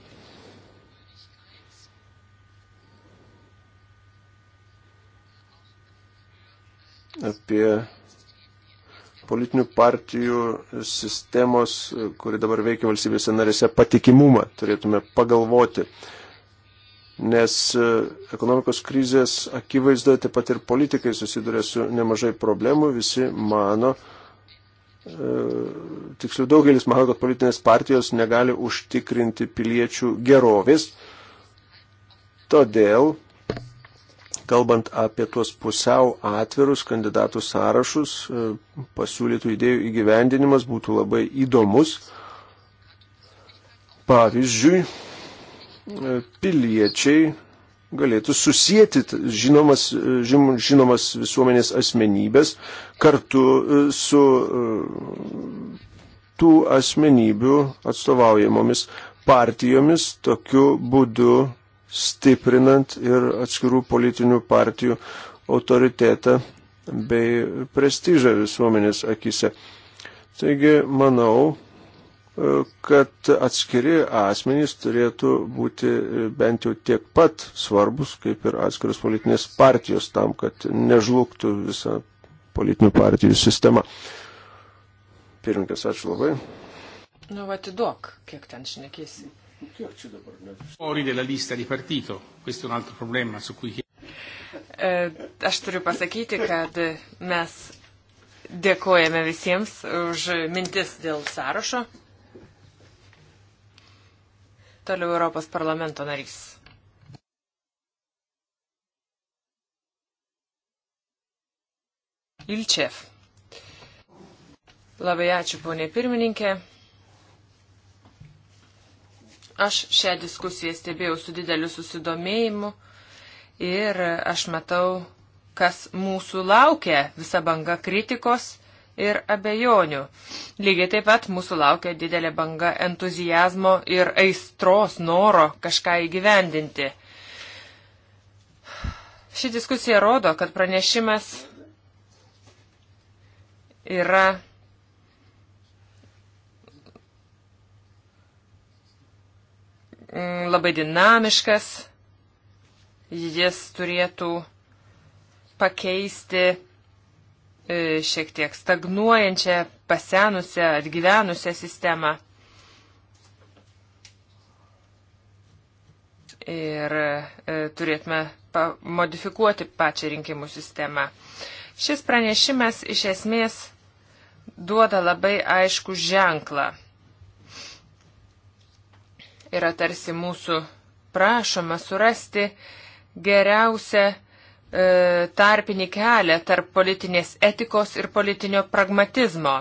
Apie politinių partijų sistemos, kuri dabar veikia valstybėse narėse, patikimumą turėtume pagalvoti. Nes e, ekonomikos krizės akivaizdoje taip pat ir politikai susiduria su nemažai problemų, visi mano, e, tiksliau daugelis mano, kad politinės partijos negali užtikrinti piliečių gerovės. Todėl kalbant apie tuos pusiau atvirus kandidatų sąrašus, e, pasiūlytų idėjų įgyvendinimas būtų labai įdomus. Pavyzdžiui, e, piliečiai galėtų susijęti žinomas, e, žinomas visuomenės asmenybės kartu su tų asmenybių atstovaujamomis partijomis, tokiu būdu stiprinant ir atskirų politinių partijų autoritetą bei prestižą visuomenės akise. Taigi, manau, e, kad atskiri asmenys turėtų būti e, bent jau tiek pat svarbus, kaip ir atskiros politinės partijos, tam, kad nežlugtų visa politinių partijų sistema. Pirmininkas, ačiū labai. Nu, atiduok, kiek ten šnekėsi. Fuori della lista di partito, questo è un altro problema su cui. E, aš turiu pasakyti, kad mes dėkojame visiems už mintis dėl sąrašo. Toliau Europos parlamento narys. Ilčev. Labai ačiū, ponė pirmininkė. Aš šią diskusiją stebėjau su dideliu susidomėjimu ir aš matau, kas mūsų laukia visa banga kritikos ir abejonių. Lygiai taip pat mūsų laukia didelė banga entuzijazmo ir aistros noro kažką įgyvendinti. Ši diskusija rodo, kad pranešimas yra Mm, labai dinamiškas, jis turėtų pakeisti e, šiek tiek stagnuojančią, pasenusią, atgyvenusią sistemą. Ir e, turėtume modifikuoti pačią rinkimų sistemą. Šis pranešimas iš esmės duoda labai aišku ženklą yra tarsi mūsų prašoma surasti geriausią e, tarpinį kelią tarp politinės etikos ir politinio pragmatizmo.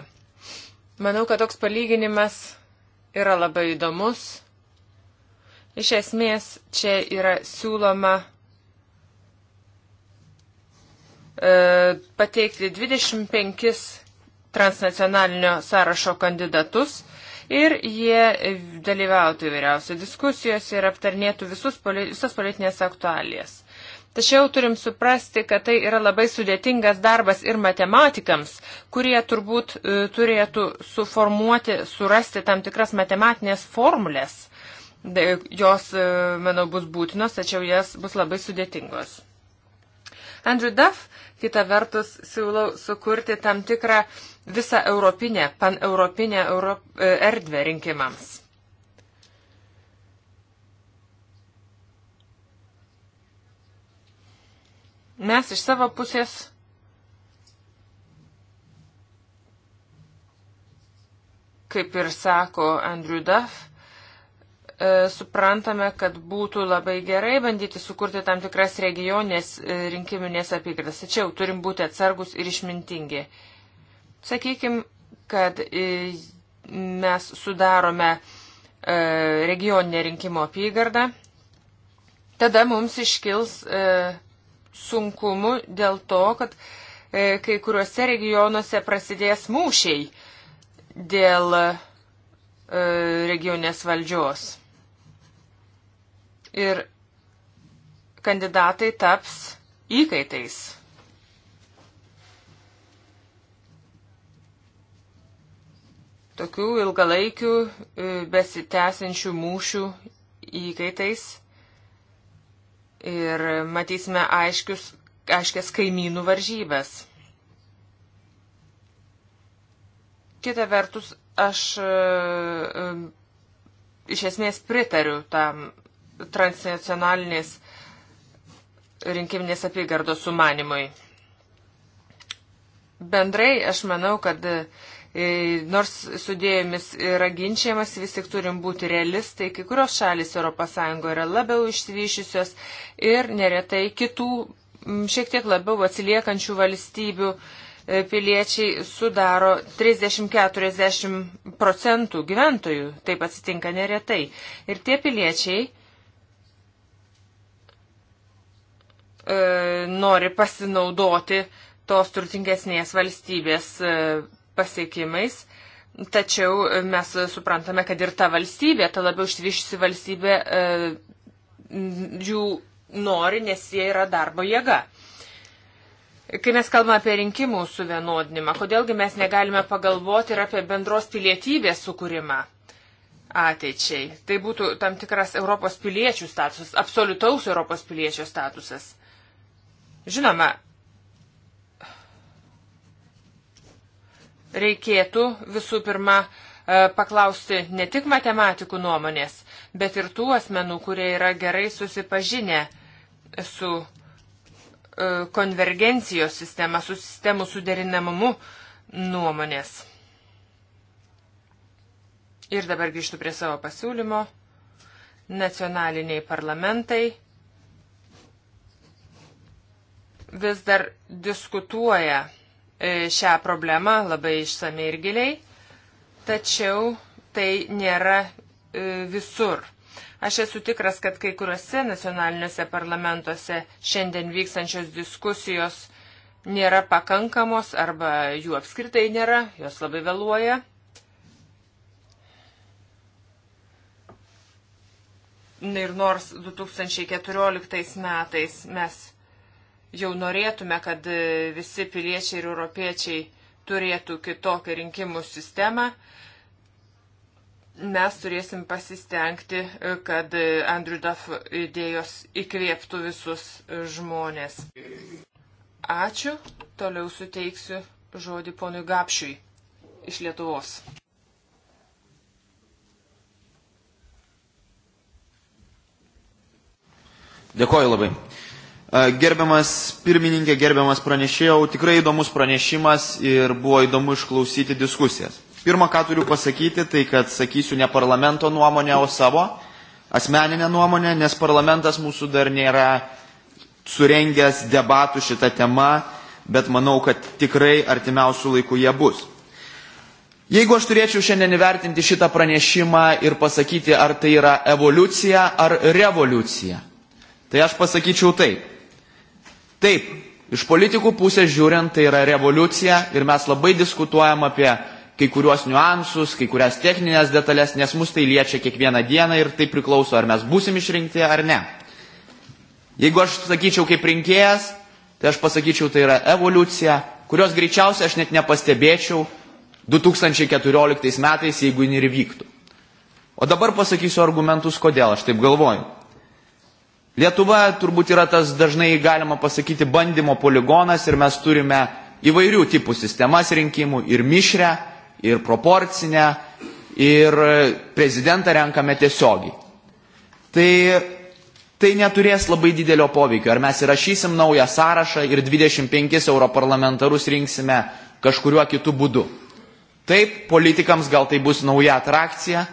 Manau, kad toks palyginimas yra labai įdomus. Iš esmės, čia yra siūloma e, pateikti 25 transnacionalinio sąrašo kandidatus ir jie dalyvautų įvairiausių diskusijose ir aptarnėtų visus, visas politinės aktualijas. Tačiau turim suprasti, kad tai yra labai sudėtingas darbas ir matematikams, kurie turbūt e, turėtų suformuoti, surasti tam tikras matematinės formulės. Jos, e, manau, bus būtinos, tačiau jas bus labai sudėtingos. Andrew Duff Kita vertus, siūlau sukurti tam tikrą visą europinę, paneuropinę Europ... E, erdvę rinkimams. Mes iš savo pusės kaip ir sako Andrew Duff, e, suprantame, kad būtų labai gerai bandyti sukurti tam tikras regionės e, rinkiminės apygardas. Tačiau turim būti atsargus ir išmintingi. Sakykime, kad e, mes sudarome e, regioninę rinkimo apygardą. Tada mums iškils e, sunkumu dėl to, kad e, kai kuriuose regionuose prasidės mūšiai dėl e, regionės valdžios ir kandidatai taps įkaitais. Tokių ilgalaikių e, besitęsiančių mūšių įkaitais ir matysime aiškius, aiškias kaimynų varžybės. Kita vertus, aš e, e, iš esmės pritariu tam transnacionalinės rinkiminės apygardos sumanimui. Bendrai aš manau, kad e, nors sudėjomis yra ginčiamas, vis tik turim būti realistai, kai kurios šalis ES yra labiau išsivyšiusios ir neretai kitų šiek tiek labiau atsiliekančių valstybių e, piliečiai sudaro 30-40 procentų gyventojų, taip atsitinka neretai. Ir tie piliečiai E, nori pasinaudoti tos turtingesnės valstybės e, pasiekimais. Tačiau mes suprantame, kad ir ta valstybė, ta labiau išsivyšusi valstybė, e, jų nori, nes jie yra darbo jėga. Kai mes kalbame apie rinkimų suvienodinimą, kodėlgi mes negalime pagalvoti ir apie bendros pilietybės sukūrimą ateičiai. Tai būtų tam tikras Europos piliečių statusas, absoliutaus Europos piliečio statusas. Žinoma, reikėtų visų pirma e, paklausti ne tik matematikų nuomonės, bet ir tų asmenų, kurie yra gerai susipažinę su e, konvergencijos sistema, su sistemų suderinamumu nuomonės. Ir dabar grįžtu prie savo pasiūlymo. Nacionaliniai parlamentai vis dar diskutuoja e, šią problemą labai išsamei ir giliai, tačiau tai nėra e, visur. Aš esu tikras, kad kai kuriuose nacionaliniuose parlamentuose šiandien vykstančios diskusijos nėra pakankamos arba jų apskritai nėra, jos labai vėluoja. Ir nors 2014 metais mes jau norėtume, kad e, visi piliečiai ir europiečiai turėtų kitokią rinkimų sistemą, mes turėsim pasistengti, e, kad e, Andrew Duff idėjos įkvėptų visus žmonės. Ačiū. Toliau suteiksiu žodį ponui Gapšiui iš Lietuvos. Dėkoju labai. Gerbiamas pirmininkė, gerbiamas pranešėjau, tikrai įdomus pranešimas ir buvo įdomu išklausyti diskusijas. Pirma, ką turiu pasakyti, tai kad sakysiu ne parlamento nuomonę, o savo asmeninę nuomonę, nes parlamentas mūsų dar nėra surengęs debatų šitą temą, bet manau, kad tikrai artimiausių laikų jie bus. Jeigu aš turėčiau šiandien įvertinti šitą pranešimą ir pasakyti, ar tai yra evoliucija ar revoliucija, tai aš pasakyčiau taip. Taip, iš politikų pusės žiūrint, tai yra revoliucija ir mes labai diskutuojam apie kai kuriuos niuansus, kai kurias techninės detalės, nes mus tai liečia kiekvieną dieną ir tai priklauso, ar mes busim išrinkti ar ne. Jeigu aš sakyčiau kaip rinkėjas, tai aš pasakyčiau, tai yra evoliucija, kurios greičiausiai aš net nepastebėčiau 2014 metais, jeigu ji ir vyktų. O dabar pasakysiu argumentus, kodėl aš taip galvoju. Lietuva turbūt yra tas dažnai galima pasakyti bandymo poligonas ir mes turime įvairių tipų sistemas rinkimų ir mišrę, ir proporcinę, ir e, prezidentą renkame tiesiogiai. Tai, tai neturės labai didelio poveikio. Ar mes įrašysim naują sąrašą ir 25 europarlamentarus rinksime kažkuriuo kitų būdu. Taip, politikams gal tai bus nauja atrakcija,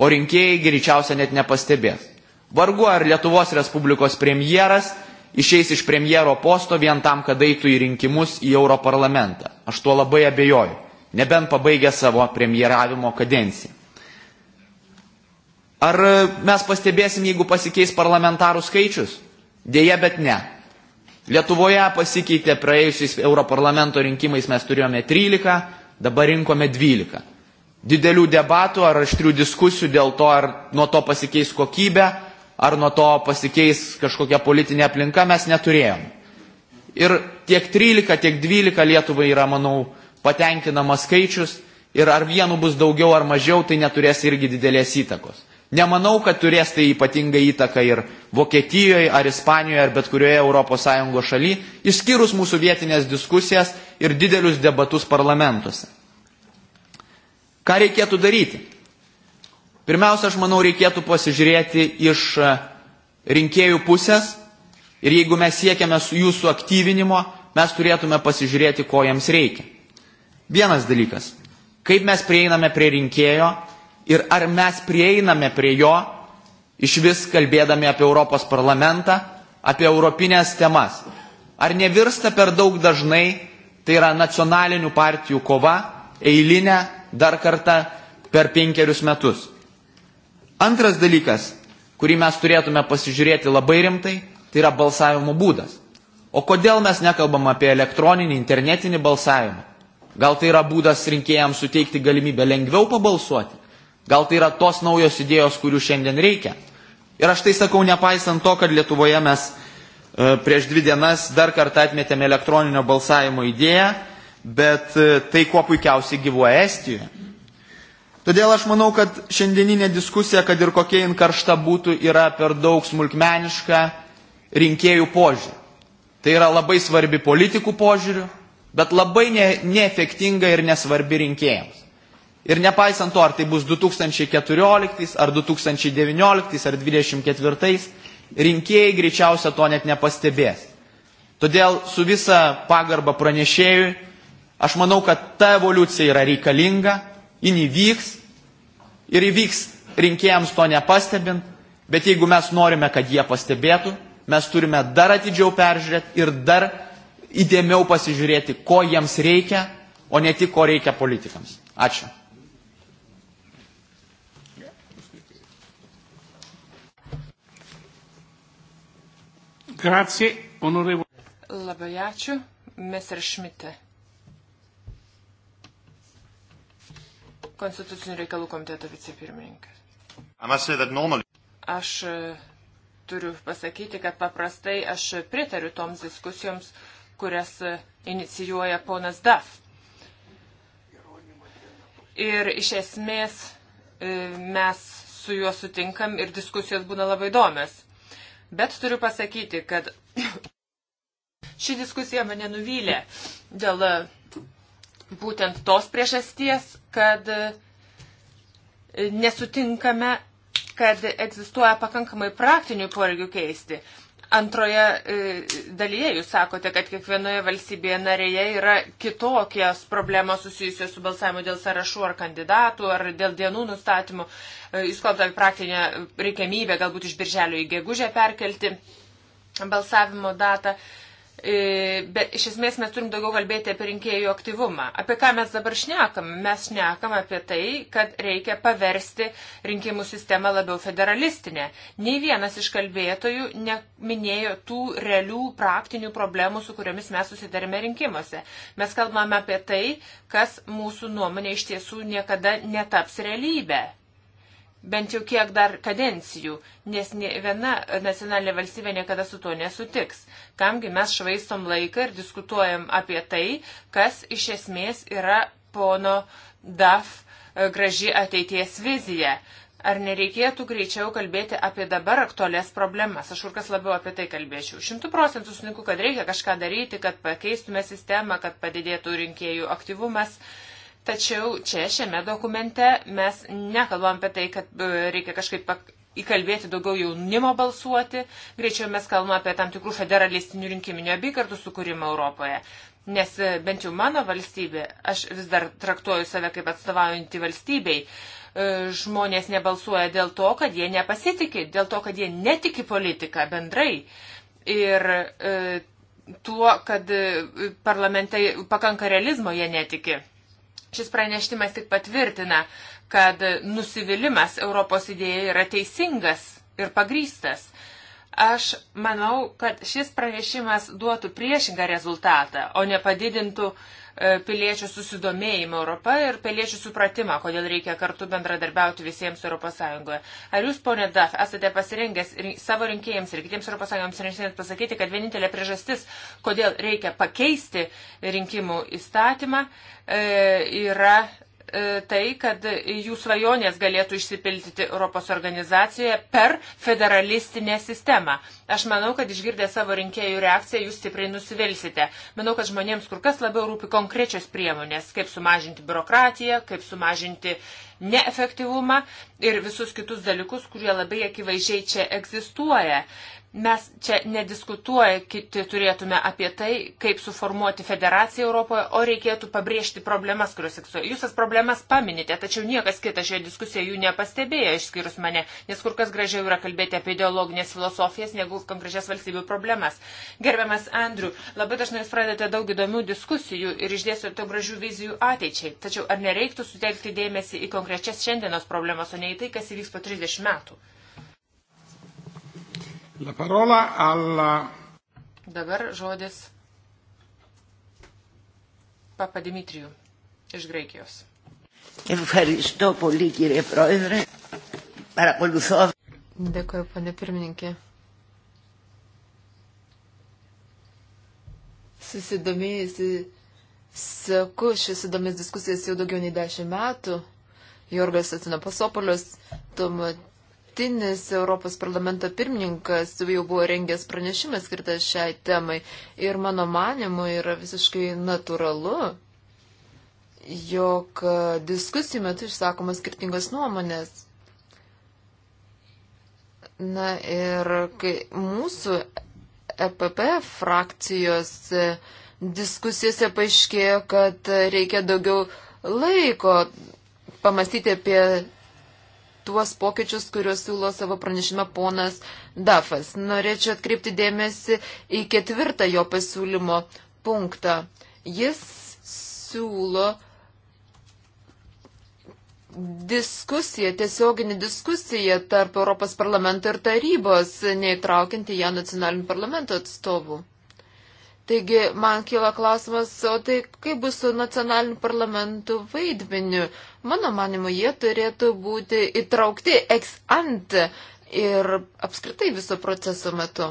o rinkėjai greičiausia net nepastebės. Vargu ar Lietuvos Respublikos premjeras išeis iš premjero posto vien tam, kad eitų į rinkimus į Europarlamentą. Aš tuo labai abejoju, nebent pabaigė savo premjeravimo kadenciją. Ar e, mes pastebėsim, jeigu pasikeis parlamentarų skaičius? Deja, bet ne. Lietuvoje pasikeitė praėjusiais Europarlamento rinkimais mes turėjome 13, dabar rinkome 12. Didelių debatų ar aštrių diskusijų dėl to, ar nuo to pasikeis kokybė, ar nuo to pasikeis kažkokia politinė aplinka, mes neturėjom. Ir tiek 13, tiek 12 Lietuvai yra, manau, patenkinamas skaičius ir ar vienu bus daugiau ar mažiau, tai neturės irgi didelės įtakos. Nemanau, kad turės tai ypatingą įtaką ir Vokietijoje, ar Ispanijoje, ar bet kurioje ES šaly, išskyrus mūsų vietinės diskusijas ir didelius debatus parlamentuose. Ką reikėtų daryti? Pirmiausia, aš manau, reikėtų pasižiūrėti iš e, rinkėjų pusės ir jeigu mes siekiame jų suaktyvinimo, mes turėtume pasižiūrėti, ko jiems reikia. Vienas dalykas - kaip mes prieiname prie rinkėjo ir ar mes prieiname prie jo iš vis kalbėdami apie Europos parlamentą, apie europinės temas. Ar nevirsta per daug dažnai, tai yra nacionalinių partijų kova, eilinė dar kartą per penkerius metus. Antras dalykas, kurį mes turėtume pasižiūrėti labai rimtai, tai yra balsavimo būdas. O kodėl mes nekalbam apie elektroninį, internetinį balsavimą? Gal tai yra būdas rinkėjams suteikti galimybę lengviau pabalsuoti? Gal tai yra tos naujos idėjos, kurių šiandien reikia? Ir aš tai sakau, nepaisant to, kad Lietuvoje mes e, prieš dvi dienas dar kartą atmetėme elektroninio balsavimo idėją, bet e, tai kuo puikiausiai gyvuoja Estijoje. Todėl aš manau, kad šiandieninė diskusija, kad ir kokia jin karšta būtų, yra per daug smulkmeniška rinkėjų požiūrį. Tai yra labai svarbi politikų požiūrių, bet labai ne, neefektinga ir nesvarbi rinkėjams. Ir nepaisant to, ar tai bus 2014, ar 2019, ar 2024, rinkėjai greičiausia to net nepastebės. Todėl su visa pagarba pranešėjui, aš manau, kad ta evoliucija yra reikalinga jin įvyks ir įvyks rinkėjams to nepastebint, bet jeigu mes norime, kad jie pastebėtų, mes turime dar atidžiau peržiūrėti ir dar įdėmiau pasižiūrėti, ko jiems reikia, o ne tik ko reikia politikams. Ačiū. Grazie, onorevole. Labai ačiū, Messer Šmitė. Konstitucinių reikalų komiteto vicepirmininkas. Aš e, turiu pasakyti, kad paprastai aš pritariu toms diskusijoms, kurias e, inicijuoja ponas DAF. Ir iš esmės e, mes su juo sutinkam ir diskusijos būna labai įdomios. Bet turiu pasakyti, kad <coughs> ši diskusija mane nuvylė dėl būtent tos priežasties, kad e, nesutinkame, kad egzistuoja pakankamai praktinių poreigių keisti. Antroje e, dalyje jūs sakote, kad kiekvienoje valstybėje narėje yra kitokios problemos susijusios su balsavimu dėl sąrašų ar kandidatų, ar dėl dienų nustatymų. E, jūs kalbate apie praktinę reikiamybę galbūt iš birželio į gegužę perkelti balsavimo datą. E, Bet iš esmės mes turim daugiau kalbėti apie rinkėjų aktyvumą. Apie ką mes dabar šnekam? Mes šnekam apie tai, kad reikia paversti rinkimų sistemą labiau federalistinę. Nei vienas iš kalbėtojų neminėjo tų realių praktinių problemų, su kuriomis mes susidarėme rinkimuose. Mes kalbame apie tai, kas mūsų nuomonė iš tiesų niekada netaps realybė bent jau kiek dar kadencijų, nes ne viena nacionalinė valstybė niekada su tuo nesutiks. Kamgi mes švaistom laiką ir diskutuojam apie tai, kas iš esmės yra pono DAF e, graži ateities vizija. Ar nereikėtų greičiau kalbėti apie dabar aktualias problemas? Aš kur kas labiau apie tai kalbėčiau. Šimtų procentų sutinku, kad reikia kažką daryti, kad pakeistume sistemą, kad padidėtų rinkėjų aktyvumas. Uh, tačiau čia šiame dokumente mes nekalbam apie tai, kad e, reikia kažkaip įkalbėti daugiau jaunimo balsuoti, greičiau mes kalbame apie tam tikrų federalistinių rinkiminių apygardų sukūrimą Europoje. Nes e, bent jau mano valstybė, aš vis dar traktuoju save kaip atstovaujantį valstybei, e, žmonės nebalsuoja dėl to, kad jie nepasitikė, dėl to, kad jie netiki politiką bendrai. Ir tuo, kad parlamentai pakanka realizmo jie netiki. Šis praneštimas tik patvirtina, kad nusivylimas Europos idėja yra teisingas ir pagrystas. Aš manau, kad šis pranešimas duotų priešingą rezultatą, o ne padidintų uh, piliečių susidomėjimą Europą ir piliečių supratimą, kodėl reikia kartu bendradarbiauti visiems ES. Ar jūs, ponė Daf, esate pasirengęs savo rinkėjams ir kitiems ES rinkėjams pasakyti, kad vienintelė priežastis, kodėl reikia pakeisti rinkimų įstatymą, e, yra E, tai, kad jų svajonės galėtų išsipildyti Europos organizacijoje per federalistinę sistemą. Aš manau, kad išgirdę savo rinkėjų reakciją jūs stipriai nusivilsite. Manau, kad žmonėms kur kas labiau rūpi konkrečios priemonės, kaip sumažinti biurokratiją, kaip sumažinti neefektyvumą ir visus kitus dalykus, kurie labai akivaizdžiai čia egzistuoja. Mes čia nediskutuoja, kiti turėtume apie tai, kaip suformuoti federaciją Europoje, o reikėtų pabrėžti problemas, kurios egzistuoja. Jūs tas problemas paminite, tačiau niekas kitas šioje diskusijoje jų nepastebėjo, išskyrus mane, nes kur kas gražiau yra kalbėti apie ideologinės filosofijas, negu konkrečias valstybių problemas. Gerbiamas Andriu, labai dažnai jūs pradedate daug įdomių diskusijų ir išdėstėte gražių vizijų ateičiai, tačiau ar nereiktų sutelkti dėmesį į konkrečias šiandienos problemas, o ne į tai, kas įvyks po 30 metų? La parola alla. Dabar žodis Papadimitrijų iš Graikijos. Ευχαριστώ πολύ κύριε Πρόεδρε. Παρακολουθώ. Dėkuoju, pane pirmininkė. Susidomėjusi, seku šis įdomis diskusijas jau daugiau nei dešimt metų. Jorgas Atinopasopolius, tuomet ankstinis Europos parlamento pirmininkas jau buvo rengęs pranešimą skirtą šiai temai. Ir mano manimu yra visiškai natūralu, jog diskusijų metu išsakomas skirtingos nuomonės. Na ir kai mūsų EPP frakcijos diskusijose paaiškėjo, kad reikia daugiau laiko pamastyti apie tuos pokyčius, kuriuos siūlo savo pranešime ponas Dafas. Norėčiau atkreipti dėmesį į ketvirtą jo pasiūlymo punktą. Jis siūlo diskusiją, tiesioginį diskusiją tarp Europos parlamento ir tarybos, neįtraukiant į ją nacionalinių parlamento atstovų. Taigi man kyla klausimas, o tai kaip bus su nacionaliniu parlamentu vaidmeniu? Mano manimu, jie turėtų būti įtraukti ex ante ir apskritai viso proceso metu.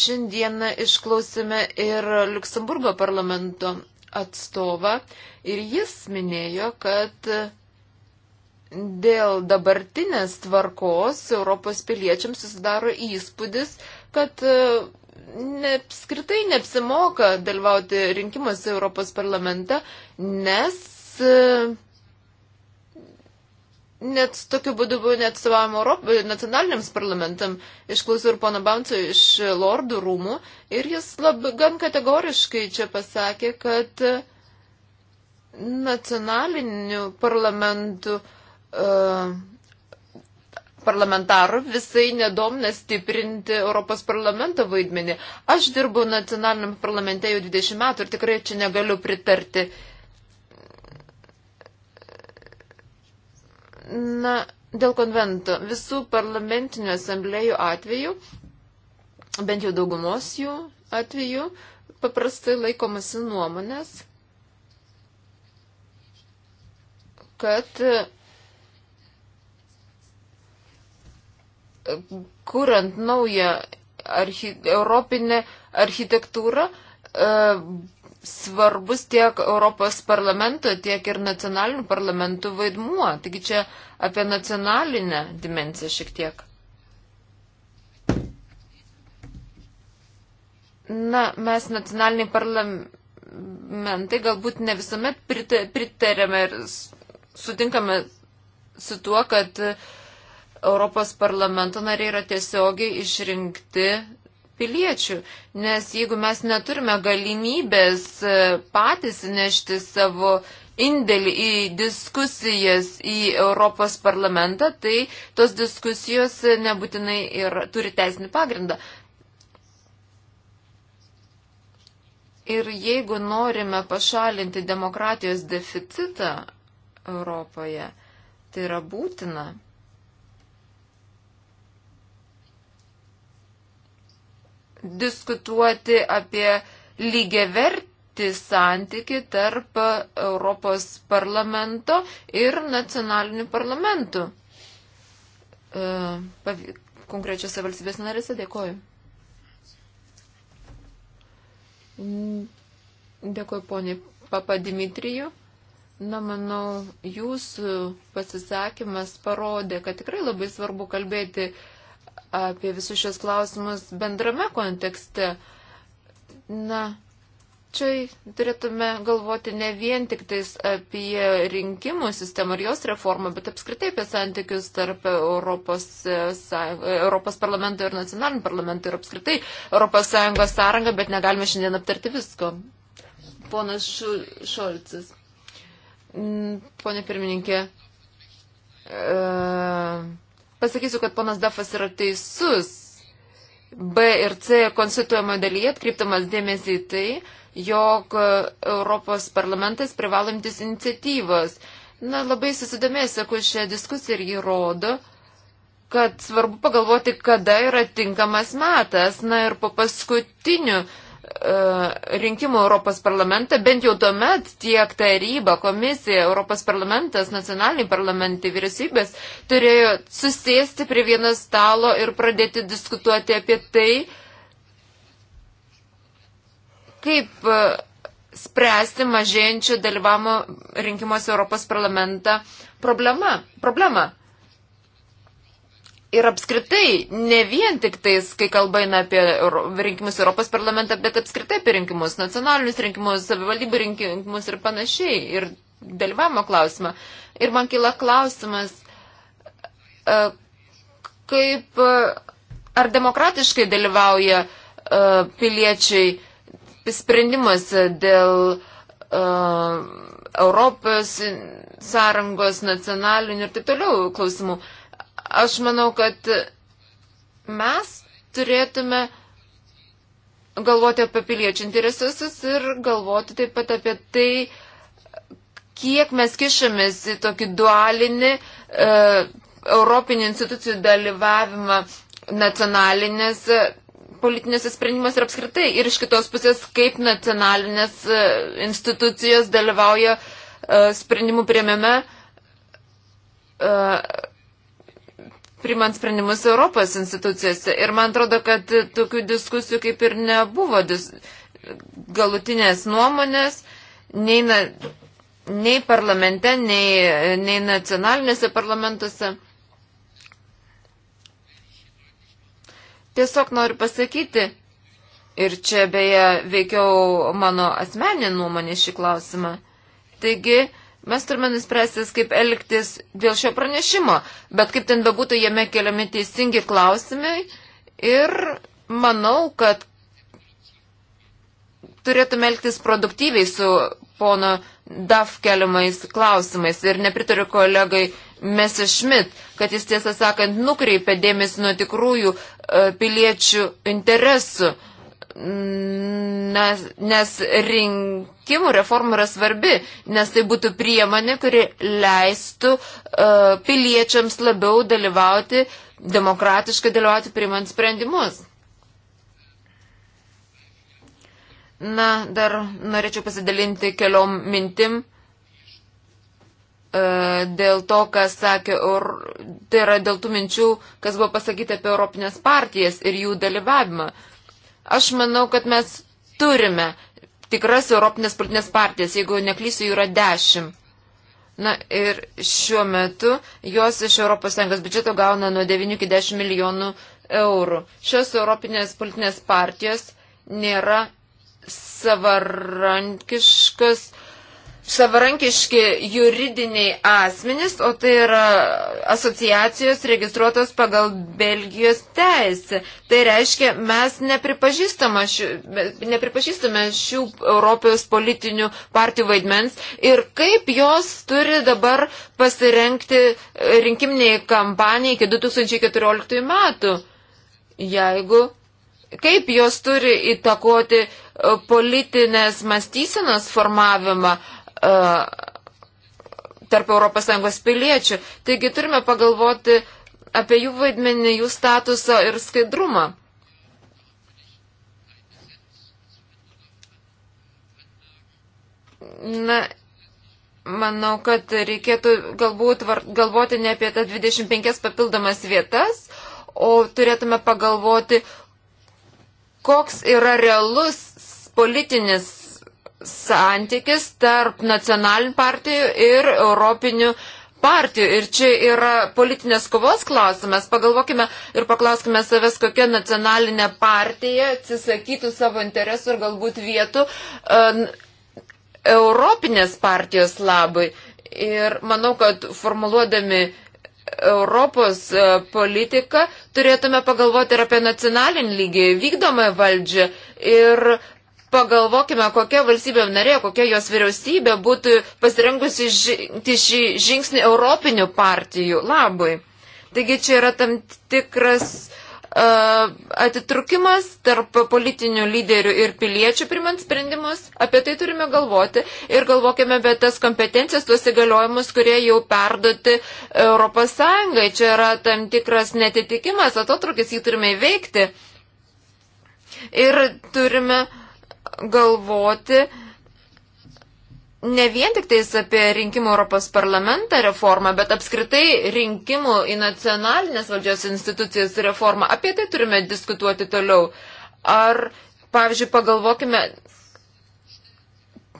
Šiandieną išklausime ir Luksemburgo parlamento atstovą ir jis minėjo, kad dėl dabartinės tvarkos Europos piliečiams susidaro įspūdis, kad apskritai neapsimoka dalyvauti rinkimuose Europos parlamente, nes e, net tokiu būdu buvo neatstovaujama nacionaliniams parlamentam. Išklausiau ir pono Bamco iš Lordų rūmų ir jis lab, gan kategoriškai čia pasakė, kad nacionalinių parlamentų uh, parlamentarų visai nedomna stiprinti Europos parlamento vaidmenį. Aš dirbu nacionaliniam parlamente jau 20 metų ir tikrai čia negaliu pritarti. Na, dėl konvento. Visų parlamentinių asamblėjų atveju, bent jau daugumos jų atveju, paprastai laikomasi nuomonės, kad kuriant naują archi europinę architektūrą, e, svarbus tiek Europos parlamento, tiek ir nacionalinių parlamentų vaidmuo. Taigi čia apie nacionalinę dimenciją šiek tiek. Na, mes nacionaliniai parlamentai galbūt ne visuomet pritarėme ir sutinkame su tuo, kad uh, Europos parlamento nariai yra tiesiogiai išrinkti piliečių, nes jeigu mes neturime galimybės e, patys nešti savo indėlį į diskusijas į Europos parlamentą, tai tos diskusijos nebūtinai ir turi teisinį pagrindą. Ir jeigu norime pašalinti demokratijos deficitą Europoje, tai yra būtina diskutuoti apie lygiavertį santyki tarp Europos parlamento ir nacionalinių parlamentų. E, konkrečiose valstybės narėse dėkoju. Dėkoju, ponė Papa Dimitrijų. Na, manau, jūsų pasisakymas parodė, kad tikrai labai svarbu kalbėti uh, apie visus šios klausimus bendrame kontekste. Na, čia turėtume galvoti ne vien tik tais apie rinkimų sistemą ir jos reformą, bet apskritai apie santykius tarp Europos, Europos parlamento ir nacionalinių parlamentų ir apskritai Europos Sąjungos sąrangą, bet negalime šiandien aptarti visko. Ponas Šolcis. Pone pirmininkė. Uh pasakysiu, kad ponas Dafas yra teisus. B ir C konstituojamo dalyje atkreiptamas dėmesį į tai, jog Europos parlamentas privalantis iniciatyvos. Na, labai susidomėjęs, sakau, šią diskusiją ir jį rodo, kad svarbu pagalvoti, kada yra tinkamas metas. Na ir po paskutinių E, rinkimų Europos parlamentą, bent jau tuomet tiek taryba, komisija, Europos parlamentas, nacionaliniai parlamentai, vyriausybės turėjo susėsti prie vieno stalo ir pradėti diskutuoti apie tai, kaip e, spręsti mažėjančių dalyvavimo rinkimuose Europos parlamentą problemą. problemą ir apskritai, ne vien tik tais, kai kalba eina apie rinkimus Europos parlamentą, bet apskritai apie rinkimus, nacionalinius rinkimus, savivaldybių rinkimus ir panašiai, ir dalyvavimo klausimą. Ir man kyla klausimas, e, kaip, e, ar demokratiškai dalyvauja e, piliečiai sprendimuose dėl Europos sąrangos, nacionalinių ir taip toliau klausimų. Aš manau, kad mes turėtume galvoti apie piliečių interesus ir galvoti taip pat apie tai, kiek mes kišamės į tokį dualinį e, Europinių institucijų dalyvavimą nacionalinėse politinėse sprendimuose ir apskritai. Ir iš kitos pusės, kaip nacionalinės e, institucijos dalyvauja e, sprendimų prieimėme. E, primant sprendimus Europos institucijose. Ir man atrodo, kad tokių diskusijų kaip ir nebuvo dis, galutinės nuomonės, nei, na, nei parlamente, nei, nei nacionalinėse parlamentuose. Tiesiog noriu pasakyti, ir čia beje veikiau mano asmeninė nuomonė šį klausimą. Taigi, Mes turime nuspręsti, kaip elgtis dėl šio pranešimo, bet kaip ten bebūtų, jame keliami teisingi klausimai ir manau, kad turėtume elgtis produktyviai su pono DAF keliamais klausimais ir nepritariu kolegai Mese Schmidt, kad jis tiesą sakant nukreipia dėmesį nuo tikrųjų e, piliečių interesų. Uh, Nes, nes rinkimų reforma yra svarbi, nes tai būtų priemonė, kuri leistų uh, piliečiams labiau dalyvauti, demokratiškai dalyvauti priimant sprendimus. Na, dar norėčiau pasidalinti keliom mintim uh, dėl to, kas sakė, or, tai yra dėl tų minčių, kas buvo pasakyta apie Europinės partijas ir jų dalyvavimą. Uh, Aš manau, kad mes turime tikras Europinės politinės partijas, jeigu neklysiu, jų yra dešimt. Na ir šiuo metu jos iš ES biudžeto gauna nuo 9 iki 10 milijonų eurų. Šios Europinės politinės partijos nėra savarankiškas savarankiški juridiniai asmenys, o tai yra asociacijos registruotos pagal Belgijos teisę. Tai reiškia, mes nepripažįstame šių, nepripažįstame šių Europos politinių partijų vaidmens ir kaip jos turi dabar pasirenkti rinkiminiai kampanijai iki 2014 metų, jeigu kaip jos turi įtakoti e, politinės mąstysenos formavimą, E, tarp ES piliečių. Taigi turime pagalvoti apie jų vaidmenį, jų statusą ir skaidrumą. Na, manau, kad reikėtų galbūt galvoti ne apie tas 25 papildomas vietas, o turėtume pagalvoti, koks yra realus politinis santykis tarp nacionalinių partijų ir europinių partijų. Ir čia yra politinės kovos klausimas. Pagalvokime ir paklauskime savęs, kokia nacionalinė partija atsisakytų savo interesų ir galbūt vietų uh, europinės partijos labai. Ir manau, kad formuluodami Europos uh, politiką turėtume pagalvoti ir apie nacionalinį lygį, vykdomąją valdžią ir uh, pagalvokime, kokia valstybė narė, kokia jos vyriausybė būtų pasirengusi žengti šį žingsnį europinių partijų labui. Taigi čia yra tam tikras uh, e, atitrukimas tarp politinių lyderių ir piliečių primant sprendimus. Apie tai turime galvoti ir galvokime apie tas kompetencijas, tuos įgaliojimus, kurie jau perduoti Europos Sąjungai. Čia yra tam tikras netitikimas, atotrukis, jį turime įveikti. Ir turime uh, galvoti ne vien tik tais apie rinkimų Europos parlamentą reformą, bet apskritai rinkimų į nacionalinės valdžios institucijas reformą. Apie tai turime diskutuoti toliau. Ar, pavyzdžiui, pagalvokime,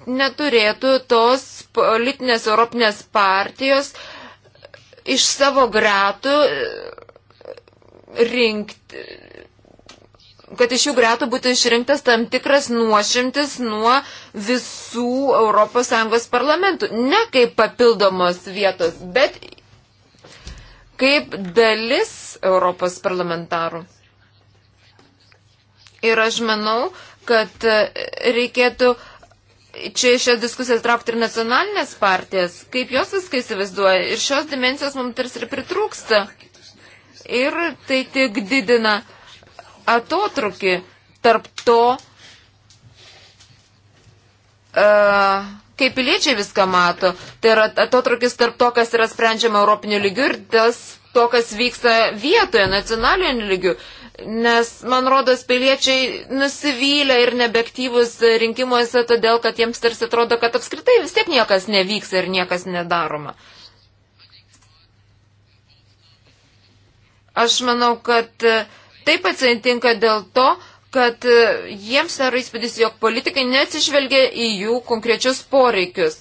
neturėtų tos politinės Europinės partijos iš savo gretų rinkti, kad iš jų gretų būtų išrinktas tam tikras nuošimtis nuo visų ES parlamentų. Ne kaip papildomos vietos, bet kaip dalis Europos parlamentarų. Ir aš manau, kad reikėtų čia iš šios diskusijos traukti ir nacionalinės partijas, kaip jos viską įsivaizduoja. Ir šios dimensijos mums tarsi ir pritrūksta. Ir tai tik didina uh, atotrukį tarp to, uh, e, kaip piliečiai viską mato. Tai yra atotrukis tarp to, kas yra sprendžiama Europinių lygių ir tas, to, kas vyksta vietoje, nacionalinių lygių. Nes, man rodos, piliečiai nusivylę ir nebeaktyvus rinkimuose, todėl, kad jiems tarsi atrodo, kad apskritai vis tiek niekas nevyks ir niekas nedaroma. Aš manau, kad uh, Taip atsitinka dėl to, kad e, jiems yra įspūdis, jog politikai neatsižvelgia į jų konkrečius poreikius.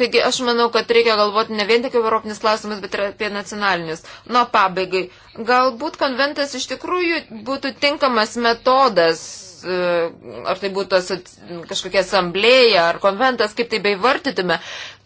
Taigi aš manau, kad reikia galvoti ne vien tik europinis klausimas, bet ir apie nacionalinius. Na, pabaigai. Galbūt konventas iš tikrųjų būtų tinkamas metodas, e, ar tai būtų kažkokia asamblėja, ar konventas, kaip tai beivartytume.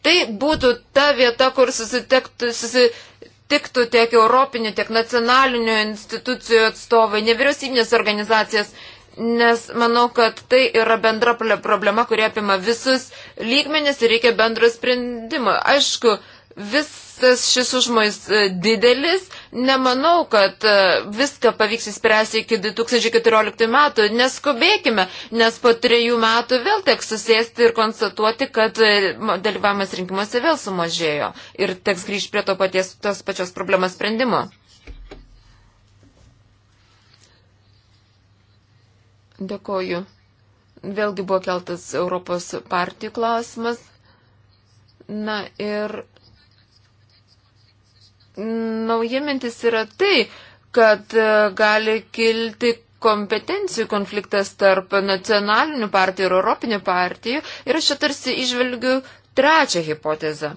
Tai būtų ta vieta, kur susitektų, susitektų tiktų tiek europinių, tiek nacionalinių institucijų atstovai, nevyriausybinės organizacijas, nes manau, kad tai yra bendra problema, kurie apima visus lygmenis ir reikia bendro sprendimo. Aišku, visas šis užmojas e, didelis, nemanau, kad e, viską pavyks įspręsti iki 2014 metų. Neskubėkime, nes po trejų metų vėl teks susėsti ir konstatuoti, kad e, dalyvavimas rinkimuose vėl sumažėjo ir teks grįžti prie to paties, tos pačios problemos sprendimo. Dėkoju. Vėlgi buvo keltas Europos partijų klausimas. Na ir nauja mintis yra tai, kad e, gali kilti kompetencijų konfliktas tarp nacionalinių partijų ir europinių partijų. Ir aš čia tarsi išvelgiu trečią hipotezę.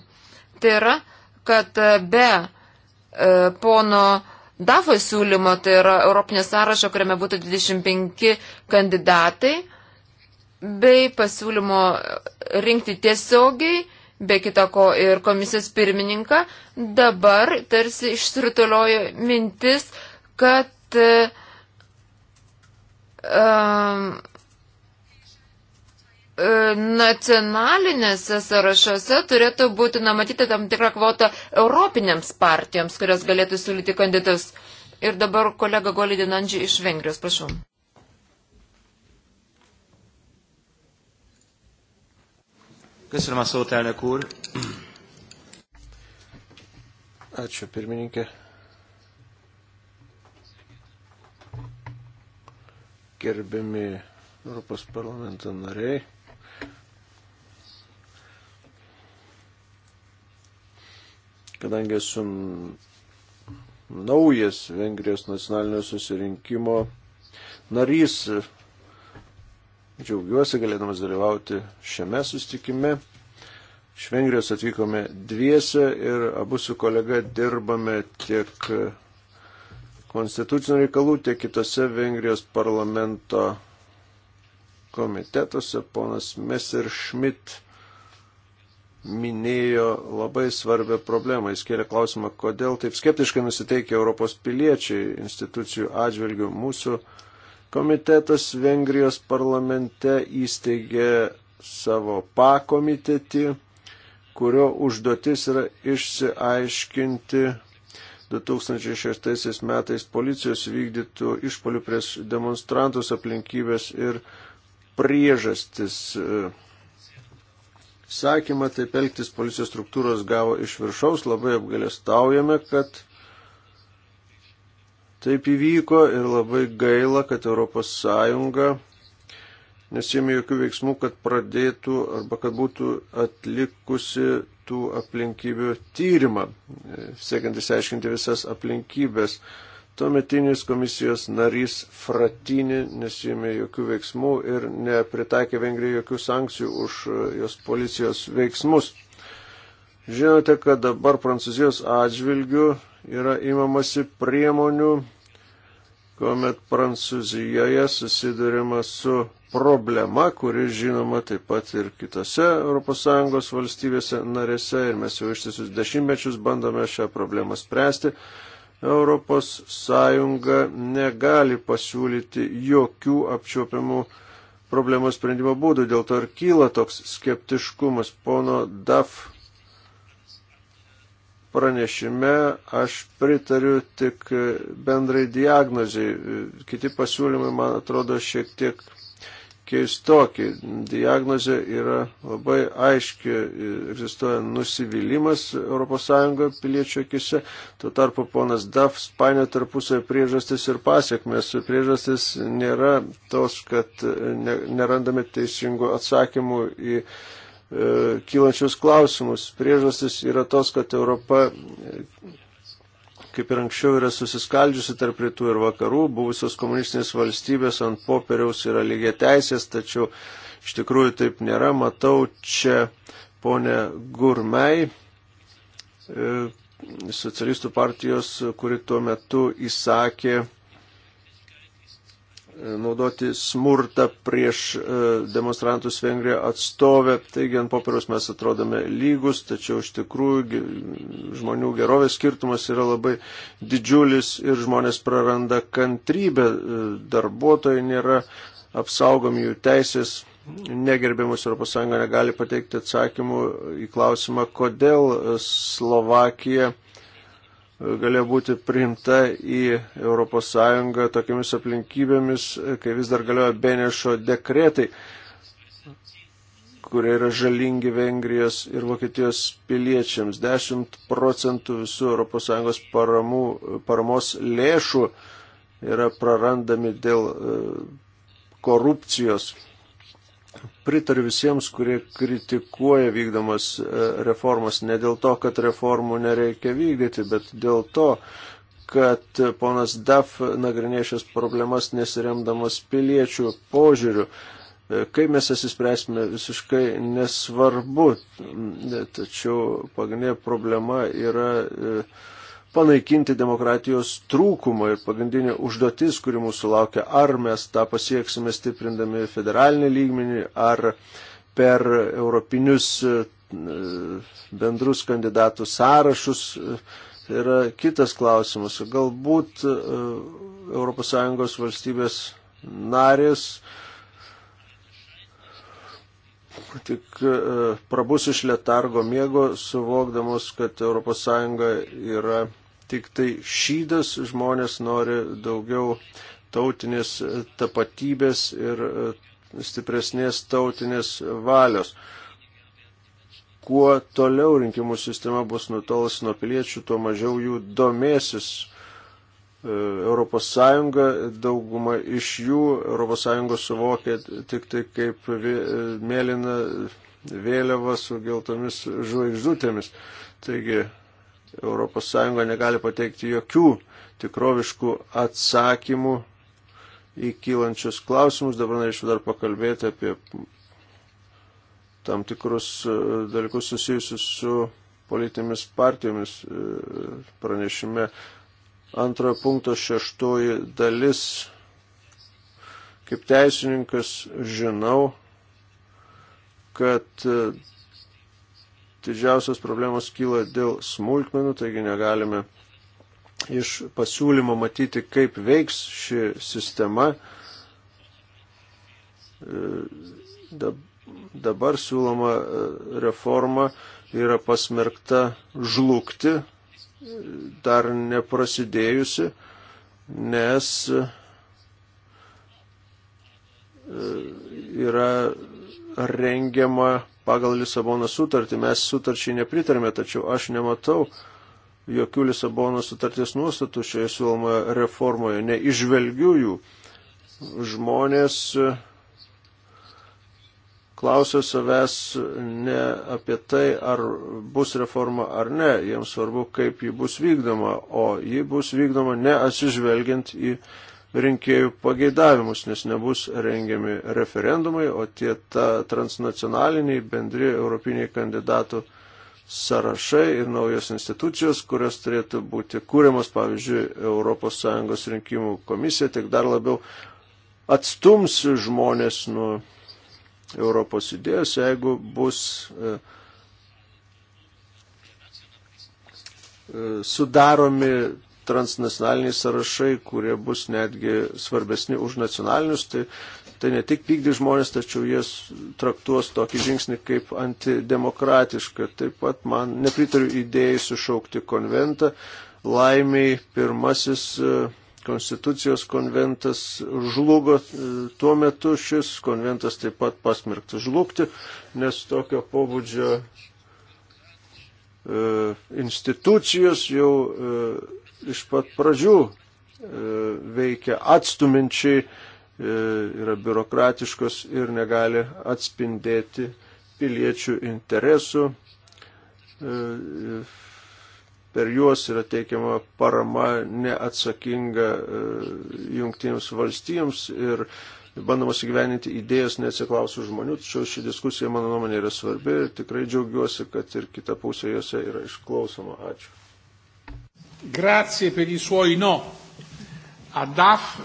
Tai yra, kad e, be e, pono DAFO siūlymo, tai yra Europinė sąrašo, kuriame būtų 25 kandidatai, bei pasiūlymo rinkti tiesiogiai be kitako ir komisijos pirmininką, dabar tarsi išsirutuliojo mintis, kad um, nacionalinėse sąrašuose turėtų būti numatyta tam tikra kvota europinėms partijoms, kurios galėtų siūlyti kandidatus. Ir dabar kolega Golidinandžiai iš Vengrijos, prašau. Köszönöm a szót, elnök úr. Ačiū, pirmininkė. Gerbiami Europos parlamento nariai. Kadangi esu naujas Vengrijos nacionalinio susirinkimo narys, Džiaugiuosi galėdamas dalyvauti šiame sustikime. Iš Vengrijos atvykome dviese ir abu su kolega dirbame tiek konstitucinio reikalų, tiek kitose Vengrijos parlamento komitetuose. Ponas Messerschmidt minėjo labai svarbę problemą. Jis kėlė klausimą, kodėl taip skeptiškai nusiteikia Europos piliečiai institucijų atžvilgių. Mūsų Komitetas Vengrijos parlamente įsteigė savo pakomitetį, kurio užduotis yra išsiaiškinti 2006 metais policijos vykdytų išpolių prieš demonstrantus aplinkybės ir priežastis. Sakymą taip elgtis policijos struktūros gavo iš viršaus, labai apgalėstaujame, kad Taip įvyko ir labai gaila, kad ES nesėmė jokių veiksmų, kad pradėtų arba kad būtų atlikusi tų aplinkybių tyrimą, e, siekiant įsiaiškinti visas aplinkybės. Tuometinis komisijos narys Fratini nesėmė jokių veiksmų ir nepritaikė Vengrijai jokių sankcijų už e, jos policijos veiksmus. Žinote, kad dabar Prancūzijos atžvilgių yra imamasi priemonių, kuomet Prancūzijoje susidurima su problema, kuri žinoma taip pat ir kitose ES valstybėse narėse ir mes jau ištisus dešimtmečius bandome šią problemą spręsti. ES negali pasiūlyti jokių apčiopiamų problemos sprendimo būdų, dėl to ir kyla toks skeptiškumas. Pono DAF pranešime aš pritariu tik bendrai diagnozijai. Kiti pasiūlymai, man atrodo, šiek tiek keistokie. Diagnozija yra labai aiški, egzistuoja nusivylimas ES piliečių akise, tuo tarpu ponas Daf spainio tarpusio priežastis ir pasiekmes. Priežastis nėra tos, kad nerandame teisingų atsakymų į E, kylančius klausimus. Priežastis yra tos, kad Europa, e, kaip ir anksčiau, yra susiskaldžiusi tarp rytų ir vakarų, buvusios komunistinės valstybės ant popieriaus yra lygiai teisės, tačiau iš tikrųjų taip nėra. Matau čia ponę Gurmei, e, socialistų partijos, kuri tuo metu įsakė naudoti smurtą prieš e, demonstrantus Vengriją atstovę. Taigi ant popieriaus mes atrodome lygus, tačiau iš tikrųjų žmonių gerovės skirtumas yra labai didžiulis ir žmonės praranda kantrybę, e, darbuotojai nėra apsaugomi jų teisės. Negerbiamus ES negali pateikti atsakymų į klausimą, kodėl Slovakija galėjo būti priimta į ES tokiamis aplinkybėmis, kai vis dar galioja Benešo dekretai, kurie yra žalingi Vengrijos ir Vokietijos piliečiams. 10 procentų visų ES paramų, paramos lėšų yra prarandami dėl e, korupcijos pritariu visiems, kurie kritikuoja vykdomas e, reformas ne dėl to, kad reformų nereikia vykdyti, bet dėl to, kad ponas Daf nagrinė šias problemas nesiremdamas piliečių požiūrių. E, Kaip mes jas įspręsime, visiškai nesvarbu, tačiau pagrindinė problema yra e, panaikinti demokratijos trūkumą ir pagrindinė užduotis, kuri mūsų laukia, ar mes tą pasieksime stiprindami federalinį lygmenį, ar per europinius e, bendrus kandidatų sąrašus. Tai yra kitas klausimas. Galbūt ES valstybės narės tik e, prabus iš letargo miego, suvokdamos, kad ES yra tik tai šydas, žmonės nori daugiau tautinės tapatybės ir e, stipresnės tautinės valios. Kuo toliau rinkimų sistema bus nutolas nuo piliečių, tuo mažiau jų domėsis ES, dauguma iš jų ES suvokia tik tai kaip mėlyna vėliava su geltomis žvaigždutėmis. Taigi ES negali pateikti jokių tikroviškų atsakymų į kylančius klausimus. Dabar norėčiau dar pakalbėti apie tam tikrus e, dalykus susijusius su politinėmis partijomis e, pranešime antrojo punkto šeštoji dalis. Kaip teisininkas žinau, kad e, didžiausios problemos kyla dėl smulkmenų, taigi negalime iš pasiūlymo matyti, kaip veiks ši sistema. E, dabar siūloma e, reforma yra pasmerkta žlugti, dar neprasidėjusi, nes e, yra rengiama pagal Lisabono sutartį. Mes sutarčiai nepritarėme, tačiau aš nematau jokių Lisabono sutarties nuostatų šioje siūlomoje reformoje, neižvelgiu jų. Žmonės klausia savęs ne apie tai, ar bus reforma ar ne, jiems svarbu, kaip ji bus vykdoma, o ji bus vykdoma neatsižvelgiant į rinkėjų pageidavimus, nes nebus rengiami referendumai, o tie ta transnacionaliniai bendri europiniai kandidatų sąrašai ir naujos institucijos, kurios turėtų būti kūriamas, pavyzdžiui, ES rinkimų komisija, tik dar labiau atstums žmonės nuo Europos idėjos, jeigu bus e, e, sudaromi transnacionaliniai sąrašai, kurie bus netgi svarbesni už nacionalinius, tai, tai ne tik pykdys žmonės, tačiau jie traktuos tokį žingsnį kaip antidemokratišką. Taip pat man nepritariu idėjai sušaukti konventą. Laimiai pirmasis uh, Konstitucijos konventas žlugo, e, tuo metu šis konventas taip pat pasmirktas žlugti, nes tokio pobūdžio e, institucijos jau e, iš pat pradžių e, veikia atstuminčiai, e, yra biurokratiškos ir negali atspindėti piliečių interesų e, per juos yra teikiama parama neatsakinga e, jungtinėms valstijoms ir bandomas įgyveninti idėjas neatsiklausus žmonių, tačiau ši diskusija, mano nuomonė, yra svarbi ir tikrai džiaugiuosi, kad ir kita pusė jose yra išklausoma. Ačiū. Grazie per i suoi no. Adaf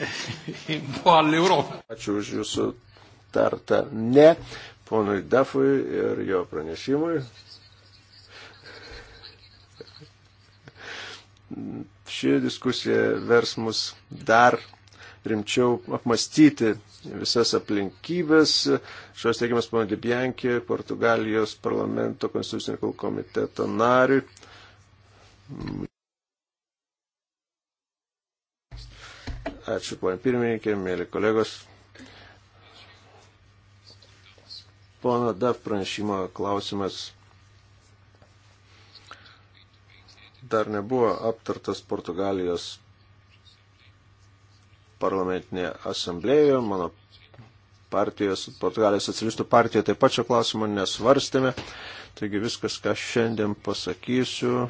eh, <laughs> un po all'Europa. Ačiū už jūsų tartą ne ponui Dafui ir jo pranešimui. ši diskusija vers mus dar rimčiau apmastyti visas aplinkybės. Šios teikiamas pana Libjankė, Portugalijos parlamento konstitucinio reikalų komiteto nariui. Ačiū, pana pirmininkė, mėly kolegos. Pono DAF pranešimo klausimas dar nebuvo aptartas Portugalijos parlamentinėje asamblėjoje. Mano partijos, Portugalijos socialistų partija taip pat šio klausimo nesvarstėme. Taigi viskas, ką šiandien pasakysiu,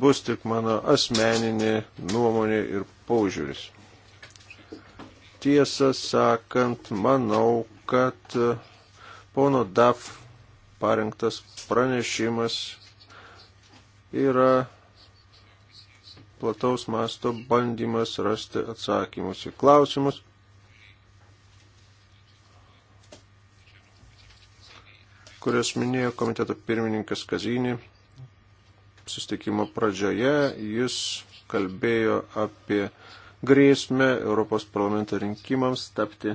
bus tik mano asmeninė nuomonė ir paužiūris. Tiesą sakant, manau, kad pono DAF parengtas pranešimas yra plataus masto bandymas rasti atsakymus į klausimus. kurias minėjo komiteto pirmininkas Kazinį. Sustikimo pradžioje jis kalbėjo apie grėsmę Europos parlamento rinkimams tapti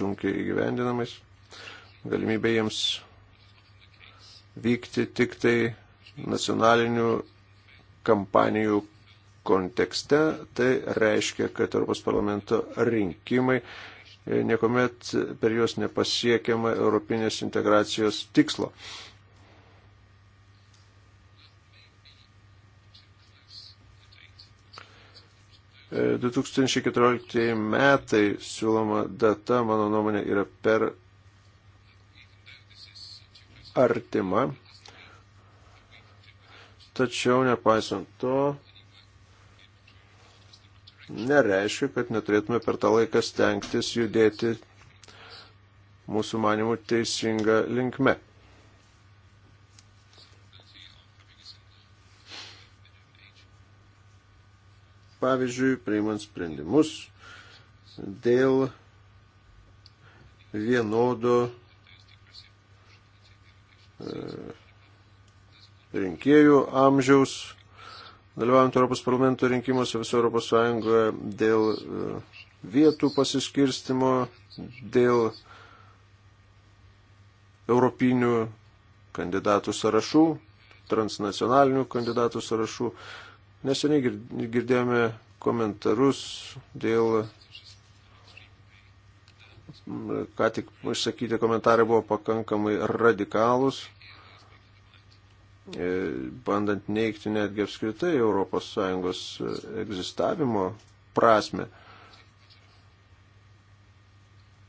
sunkiai įgyvendinamais, galimybė jiems vykti tik tai nacionalinių kampanijų kontekste. Tai reiškia, kad Europos parlamento rinkimai e, niekuomet per juos nepasiekiama europinės integracijos tikslo. E, 2014 metai siūloma data, mano nuomonė, yra per artima. Tačiau nepaisant to, nereiškia, kad neturėtume per tą laiką stengtis judėti mūsų manimų teisinga linkme. Pavyzdžiui, priimant sprendimus dėl vienodo E, rinkėjų amžiaus, dalyvaujant Europos parlamento rinkimuose viso Europos Sąjungoje dėl e, vietų pasiskirstimo, dėl europinių kandidatų sąrašų, transnacionalinių kandidatų sąrašų. Neseniai girdėjome komentarus dėl ką tik išsakyti komentarai buvo pakankamai radikalūs, e, bandant neikti netgi apskritai ES e, egzistavimo prasme.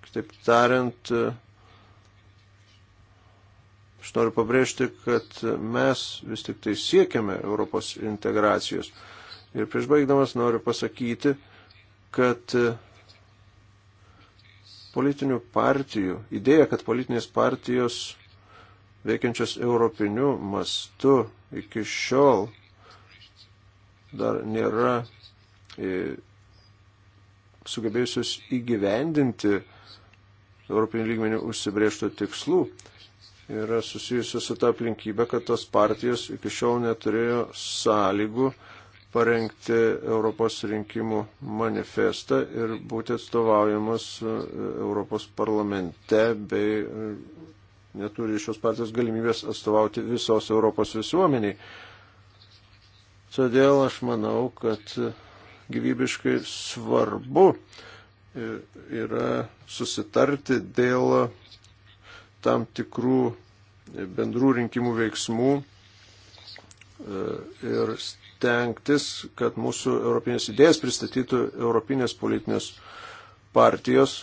Kitaip tariant, e, aš noriu pabrėžti, kad mes vis tik tai siekiame Europos integracijos. Ir prieš baigdamas noriu pasakyti, kad politinių partijų, idėja, kad politinės partijos veikiančios europiniu mastu iki šiol dar nėra e, sugebėjusios įgyvendinti europinių lygmenių užsibrėžtų tikslų, yra susijusi su ta aplinkybė, kad tos partijos iki šiol neturėjo sąlygų parengti Europos rinkimų manifestą ir būti atstovaujamas e, Europos parlamente bei e, neturi šios partijos galimybės atstovauti visos Europos visuomeniai. Todėl aš manau, kad e, gyvybiškai svarbu yra susitarti dėl tam tikrų bendrų rinkimų veiksmų ir stengtis, kad mūsų europinės idėjas pristatytų europinės politinės partijos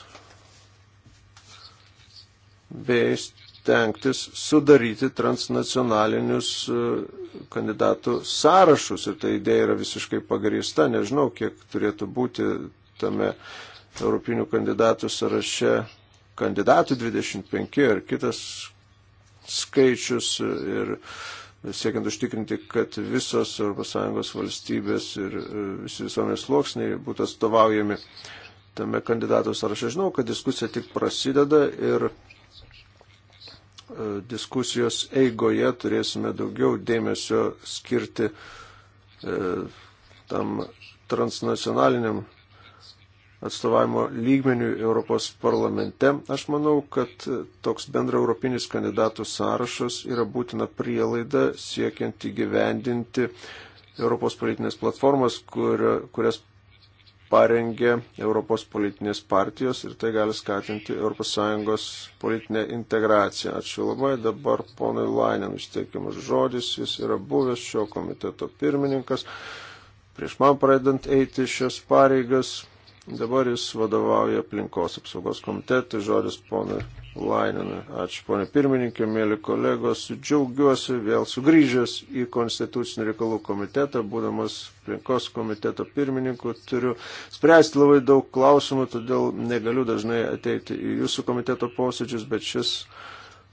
bei stengtis sudaryti transnacionalinius e, kandidatų sąrašus. Ir ta idėja yra visiškai pagrįsta. Nežinau, kiek turėtų būti tame europinių kandidatų sąraše kandidatų 25 ar kitas skaičius. Ir, uh, siekiant užtikrinti, kad visos ES valstybės ir e, visi visuomenės sluoksniai būtų atstovaujami tame kandidatų sąraše. Žinau, kad diskusija tik prasideda ir e, diskusijos eigoje turėsime daugiau dėmesio skirti e, tam transnacionaliniam atstovavimo lygmenių Europos parlamente. Aš manau, kad toks bendra europinis kandidatų sąrašas yra būtina prielaida siekiant įgyvendinti Europos politinės platformas, kur, kurias parengė Europos politinės partijos ir tai gali skatinti ES politinę integraciją. Ačiū labai. Dabar ponui Lainėm išteikiamas žodis. Jis yra buvęs šio komiteto pirmininkas. Prieš man pradedant eiti šias pareigas Dabar jis vadovauja aplinkos apsaugos komitetui, žodis ponui Laininui. Ačiū ponė pirmininkė, mėly kolegos, džiaugiuosi vėl sugrįžęs į Konstitucinį reikalų komitetą, būdamas aplinkos komiteto pirmininku, turiu spręsti labai daug klausimų, todėl negaliu dažnai ateiti į jūsų komiteto posėdžius, bet šis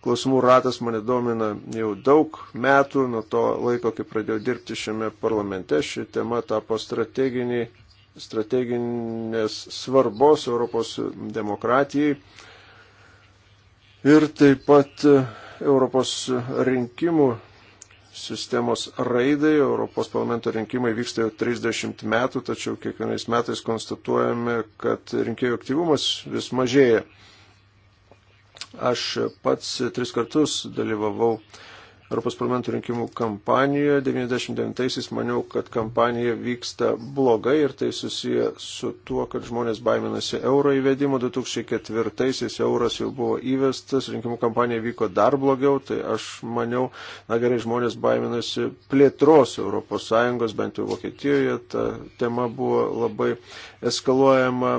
klausimų ratas mane domina jau daug metų, nuo to laiko, kai pradėjau dirbti šiame parlamente, ši tema tapo strateginiai strateginės svarbos Europos demokratijai ir taip pat e, Europos rinkimų sistemos raidai. Europos parlamento rinkimai vyksta jau 30 metų, tačiau kiekvienais metais konstatuojame, kad rinkėjų aktyvumas vis mažėja. Aš pats tris kartus dalyvavau Europos parlamento rinkimų kampanijoje. 99-aisiais maniau, kad kampanija vyksta blogai ir tai susiję su tuo, kad žmonės baiminasi euro įvedimo. 2004-aisiais euras jau buvo įvestas, rinkimų kampanija vyko dar blogiau, tai aš maniau, na gerai, žmonės baiminasi plėtros ES, bent jau Vokietijoje. Ta tema buvo labai eskaluojama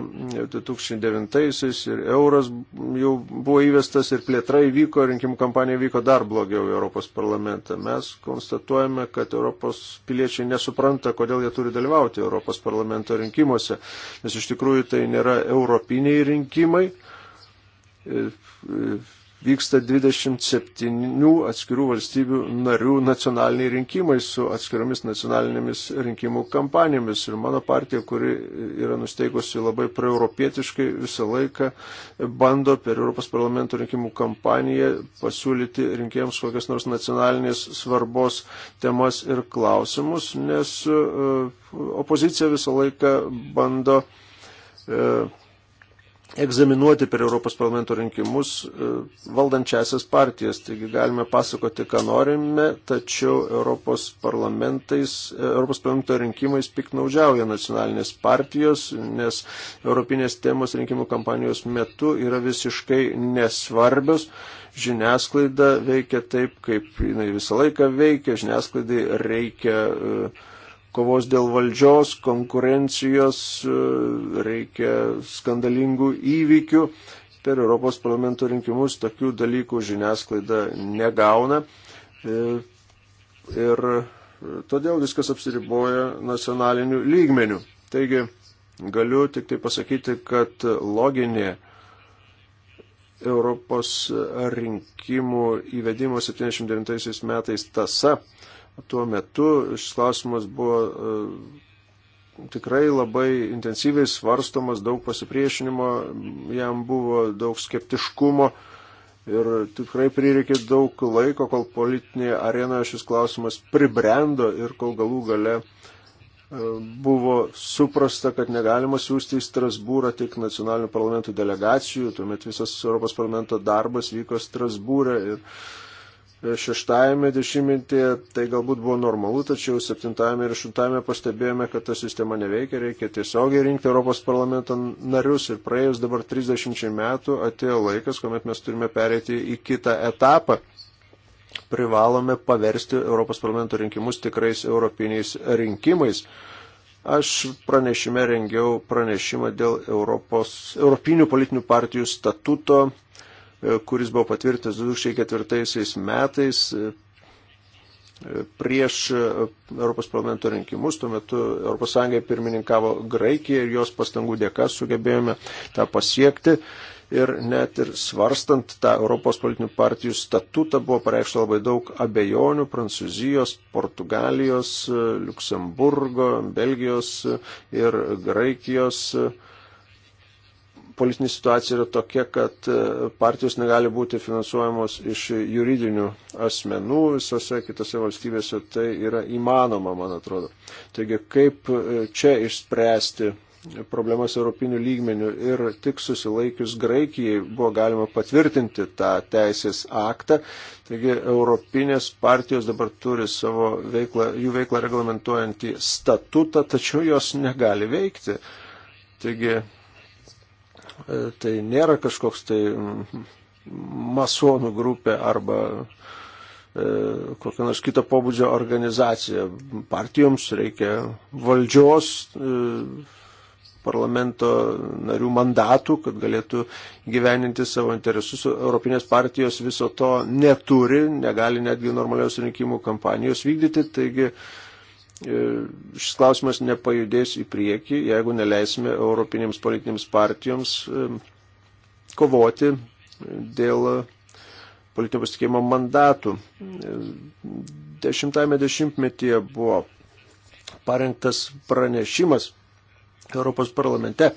2009-aisiais ir euras jau buvo įvestas ir plėtra įvyko, rinkimų kampanija vyko dar blogiau Europos parlamente parlamentą. Mes konstatuojame, kad Europos piliečiai nesupranta, kodėl jie turi dalyvauti Europos parlamento rinkimuose, nes iš tikrųjų tai nėra europiniai rinkimai e, e, vyksta 27 atskirų valstybių narių nacionaliniai rinkimai su atskiromis nacionalinėmis rinkimų kampanijomis. Ir mano partija, kuri yra nusteigusi labai proeuropietiškai, visą laiką bando per Europos parlamento rinkimų kampaniją pasiūlyti rinkėjams kokias nors nacionalinės svarbos temas ir klausimus, nes e, opozicija visą laiką bando. E, egzaminuoti per Europos parlamento rinkimus e, valdančiasias partijas. Taigi galime pasakoti, ką norime, tačiau Europos, e, Europos parlamento rinkimais piknaudžiauja nacionalinės partijos, nes europinės temos rinkimų kampanijos metu yra visiškai nesvarbios. Žiniasklaida veikia taip, kaip jinai visą laiką veikia. Žiniasklaidai reikia uh, kovos dėl valdžios, konkurencijos, e, reikia skandalingų įvykių. Per Europos parlamento rinkimus tokių dalykų žiniasklaida negauna. E, ir todėl viskas apsiriboja nacionaliniu lygmeniu. Taigi galiu tik tai pasakyti, kad loginė Europos rinkimų įvedimo 79 metais tasa tuo metu šis klausimas buvo e, tikrai labai intensyviai svarstomas, daug pasipriešinimo, jam buvo daug skeptiškumo ir tikrai prireikė daug laiko, kol politinėje arenoje šis klausimas pribrendo ir kol galų gale e, buvo suprasta, kad negalima siūsti į Strasbūrą tik nacionalinių parlamentų delegacijų, tuomet visas Europos parlamento darbas vyko Strasbūrė ir šeštajame dešimtmetyje tai galbūt buvo normalu, tačiau septintajame ir aštuntajame pastebėjome, kad ta sistema neveikia, reikia tiesiogiai rinkti Europos parlamento narius ir praėjus dabar 30 metų atėjo laikas, kuomet mes turime pereiti į kitą etapą. Privalome paversti Europos parlamento rinkimus tikrais europiniais rinkimais. Aš pranešime rengiau pranešimą dėl Europos, Europinių politinių partijų statuto kuris buvo patvirtintas 2004 metais e, prieš e, Europos parlamento rinkimus. Tuo metu ES pirmininkavo Graikija ir jos pastangų dėka sugebėjome tą pasiekti. Ir net ir svarstant tą Europos politinių partijų statutą buvo pareikšta labai daug abejonių Prancūzijos, Portugalijos, Luksemburgo, Belgijos ir Graikijos politinė situacija yra tokia, kad e, partijos negali būti finansuojamos iš juridinių asmenų visose kitose valstybėse, tai yra įmanoma, man atrodo. Taigi, kaip e, čia išspręsti problemas europinių lygmenių ir tik susilaikius Graikijai buvo galima patvirtinti tą teisės aktą. Taigi europinės partijos dabar turi savo veiklą, jų veiklą reglamentuojantį statutą, tačiau jos negali veikti. Taigi E, tai nėra kažkoks tai mm, masonų grupė arba e, kokią nors kitą pobūdžio organizaciją. Partijoms reikia valdžios, e, parlamento narių mandatų, kad galėtų gyveninti savo interesus. Europinės partijos viso to neturi, negali netgi normalios rinkimų kampanijos vykdyti, taigi E, šis klausimas nepajudės į priekį, jeigu neleisime Europinėms politinėms partijoms e, kovoti dėl politinio pasitikėjimo mandatų. E, Dešimtame dešimtmetyje buvo parengtas pranešimas Europos parlamente,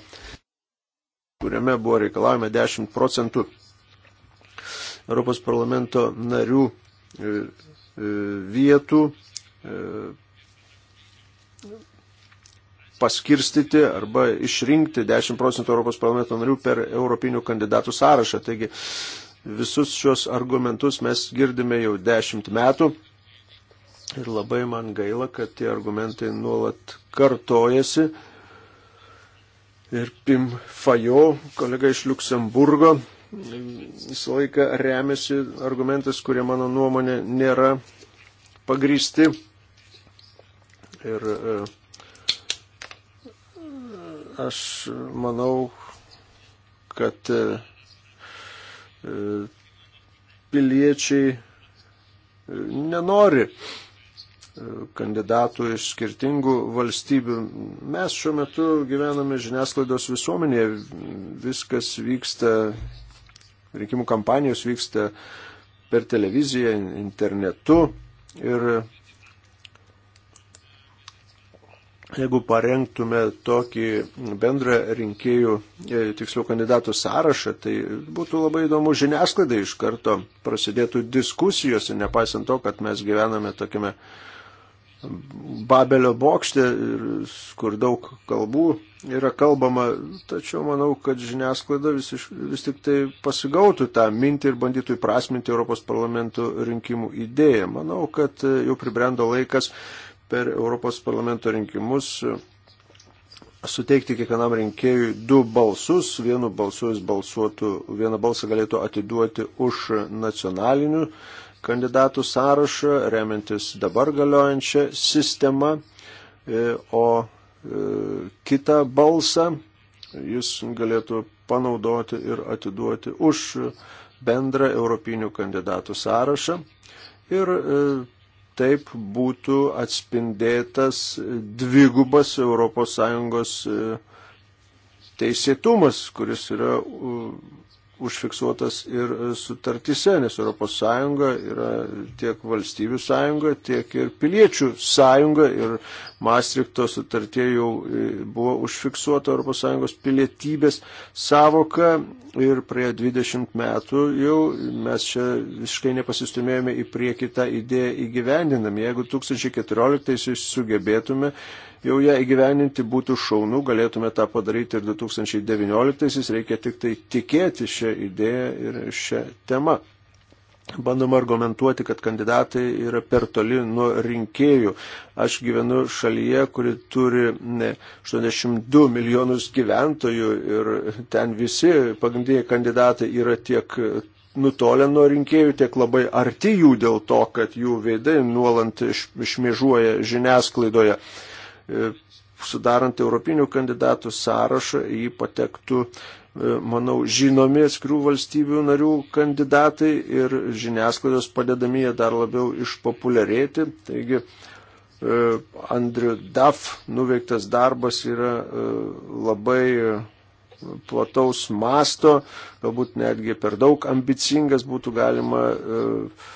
kuriame buvo reikalavime 10 procentų Europos parlamento narių vietų paskirstyti arba išrinkti 10 procentų Europos parlamento narių per europinių kandidatų sąrašą. Taigi visus šios argumentus mes girdime jau 10 metų ir labai man gaila, kad tie argumentai nuolat kartojasi. Ir Pim Fajo, kolega iš Luksemburgo, visą laiką remiasi argumentais, kurie mano nuomonė nėra pagristi. Ir e, Aš manau, kad e, e, piliečiai e, nenori kandidatų iš skirtingų valstybių. Mes šiuo metu gyvename žiniasklaidos visuomenėje, viskas vyksta, rinkimų kampanijos vyksta per televiziją, internetu ir jeigu parengtume tokį bendrą rinkėjų, e, tiksliau kandidatų sąrašą, tai būtų labai įdomu žiniasklaidai iš karto prasidėtų diskusijos, nepaisant to, kad mes gyvename tokiame Babelio bokšte, kur daug kalbų yra kalbama, tačiau manau, kad žiniasklaida vis, iš, vis tik tai pasigautų tą mintį ir bandytų įprasminti Europos parlamento rinkimų idėją. Manau, kad jau pribrendo laikas per Europos parlamento rinkimus suteikti kiekvienam rinkėjui du balsus. Vienu balsu jis balsuotų, vieną balsą galėtų atiduoti už nacionalinių kandidatų sąrašą, remiantis dabar galiojančią sistemą, e, o e, kitą balsą jis galėtų panaudoti ir atiduoti už bendrą europinių kandidatų sąrašą. Ir e, taip būtų atspindėtas dvigubas ES e, teisėtumas, kuris yra užfiksuotas ir e, sutartise, nes ES yra tiek valstybių sąjunga, tiek ir piliečių sąjunga ir Maastrichto sutartie jau e, buvo užfiksuota ES pilietybės savoka ir praėjo 20 metų jau mes čia visiškai nepasistumėjome į priekį tą idėją įgyvendinam. Jeigu 2014 sugebėtume jau ją įgyveninti būtų šaunu, galėtume tą padaryti ir 2019-aisiais, reikia tik tai tikėti šią idėją ir šią temą. Bandoma argumentuoti, kad kandidatai yra per toli nuo rinkėjų. Aš gyvenu šalyje, kuri turi ne, 82 milijonus gyventojų ir ten visi pagrindiniai kandidatai yra tiek nutolę nuo rinkėjų, tiek labai arti jų dėl to, kad jų veidai nuolant šmėžuoja žiniasklaidoje. Uh, E, sudarant europinių kandidatų sąrašą, jį patektų, e, manau, žinomi atskirų valstybių narių kandidatai ir žiniasklaidos padedami jie dar labiau išpopuliarėti. Taigi, e, Andriu Daf nuveiktas darbas yra labai plataus masto, galbūt netgi per daug ambicingas būtų galima uh,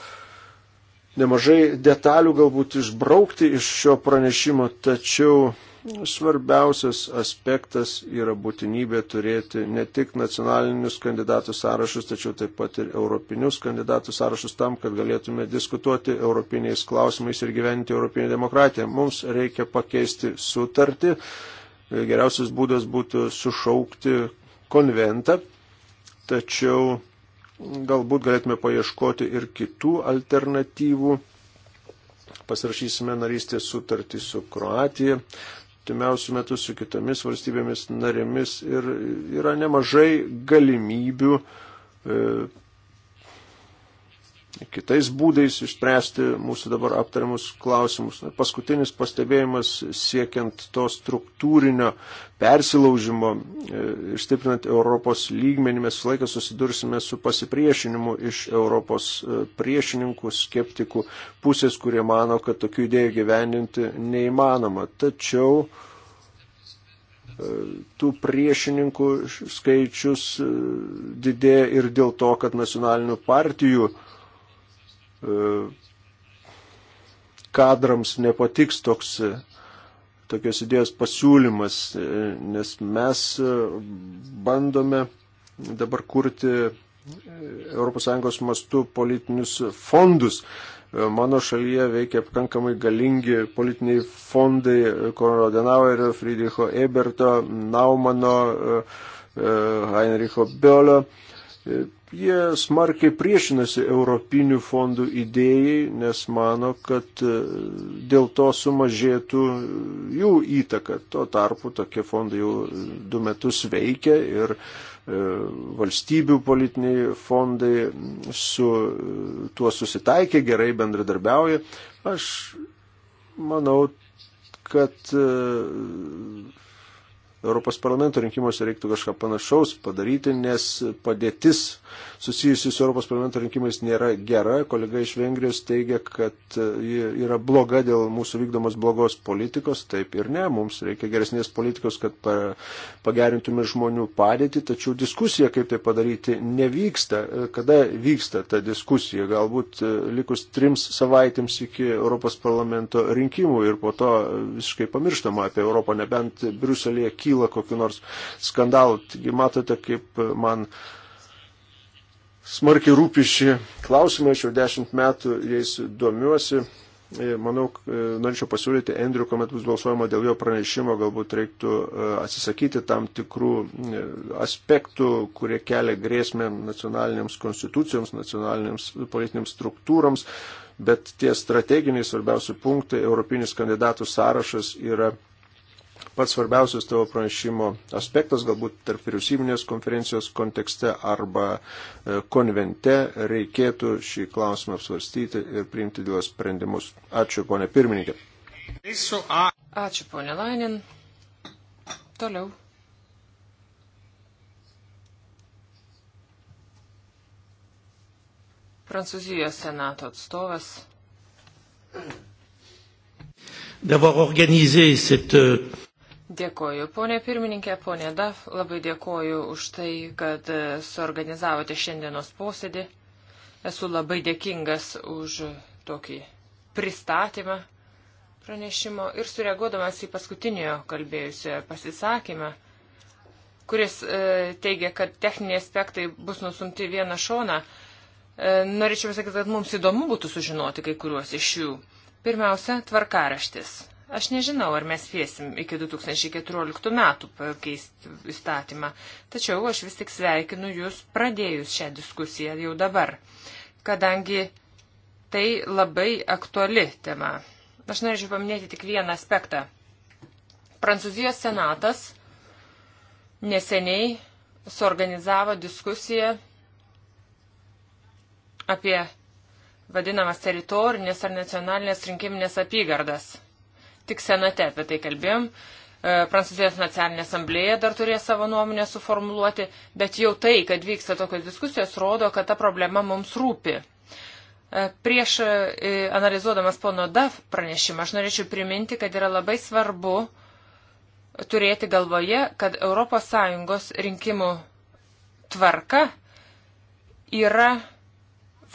nemažai detalių galbūt išbraukti iš šio pranešimo, tačiau svarbiausias aspektas yra būtinybė turėti ne tik nacionalinius kandidatų sąrašus, tačiau taip pat ir europinius kandidatų sąrašus tam, kad galėtume diskutuoti europiniais klausimais ir gyventi europinę demokratiją. Mums reikia pakeisti sutartį. Geriausias būdas būtų sušaukti konventą, tačiau Galbūt galėtume paieškoti ir kitų alternatyvų. Pasirašysime narystės sutartį su Kroatija, timiausių metų su kitomis valstybėmis narėmis ir yra nemažai galimybių e, kitais būdais išspręsti mūsų dabar aptariamus klausimus. Na, paskutinis pastebėjimas siekiant to struktūrinio persilaužimo ir e, stiprinant Europos lygmenį, mes visą laiką susidursime su pasipriešinimu iš Europos e, priešininkų, skeptikų pusės, kurie mano, kad tokių idėjų gyveninti neįmanoma. Tačiau e, tų priešininkų skaičius didėja ir dėl to, kad nacionalinių partijų E, kadrams nepatiks toks, e, tokios idėjos pasiūlymas, e, nes mes bandome dabar kurti ES mastų politinius fondus. Mano šalyje veikia pakankamai galingi politiniai fondai Konrado Denauerio, Friedricho Eberto, Naumano, Heinricho Biolio. E, jie smarkiai priešinasi Europinių fondų idėjai, nes mano, kad e, dėl to sumažėtų jų įtaka. Tuo tarpu tokie fondai jau du metus veikia ir e, valstybių politiniai fondai su tuo susitaikė, gerai bendradarbiauja. Aš manau, kad Europos parlamento rinkimuose reiktų kažką panašaus padaryti, nes padėtis susijusi su Europos parlamento rinkimais nėra gera. Kolega iš Vengrijos teigia, kad e, ji yra bloga dėl mūsų vykdomos blogos politikos. Taip ir ne, mums reikia geresnės politikos, kad pagerintume žmonių padėtį, tačiau diskusija, kaip tai padaryti, nevyksta. E, kada vyksta ta diskusija? Galbūt e, likus trims savaitėms iki Europos parlamento rinkimų ir po to visiškai pamirštama apie Europą, nebent Briuselėje kyla kyla kokiu nors skandalu. Taigi matote, kaip man smarkiai rūpi šį klausimą, aš jau dešimt metų jais domiuosi. E, manau, e, norėčiau pasiūlyti Endriu, kuomet bus balsuojama dėl jo pranešimo, galbūt reiktų e, atsisakyti tam tikrų aspektų, kurie kelia grėsmę nacionalinėms konstitucijoms, nacionalinėms politinėms struktūroms, bet tie strateginiai svarbiausi punktai, europinis kandidatų sąrašas yra pats svarbiausias tavo pranešimo aspektas, galbūt tarp vyriausybinės konferencijos kontekste arba e, konvente reikėtų šį klausimą apsvarstyti ir priimti dėl sprendimus. Ačiū, ponė pirmininkė. Ačiū, ponė Lainin. Toliau. Prancūzijos senato atstovas. D'avoir organisé cette euh, Dėkoju, ponė pirmininkė, ponė Daf, labai dėkoju už tai, kad e, suorganizavote šiandienos posėdį. Esu labai dėkingas už tokį pristatymą pranešimo ir sureaguodamas į paskutinio kalbėjusią pasisakymą, kuris e, teigia, kad techniniai aspektai bus nusumti vieną šoną, e, norėčiau pasakyti, kad mums įdomu būtų sužinoti kai kuriuos iš jų. Pirmiausia, tvarkaraštis. Aš nežinau, ar mes spėsim iki 2014 metų pakeisti įstatymą, tačiau aš vis tik sveikinu Jūs pradėjus šią diskusiją jau dabar, kadangi tai labai aktuali tema. Aš norėčiau paminėti tik vieną aspektą. Prancūzijos senatas neseniai suorganizavo diskusiją apie vadinamas teritorinės ar nacionalinės rinkiminės apygardas tik senate apie tai kalbėjom. E, Prancūzijos nacionalinė asamblėja dar turės savo nuomonę suformuluoti, bet jau tai, kad vyksta tokios diskusijos, rodo, kad ta problema mums rūpi. E, Prieš e, analizuodamas pono DAF pranešimą, aš norėčiau priminti, kad yra labai svarbu turėti galvoje, kad ES rinkimų tvarka yra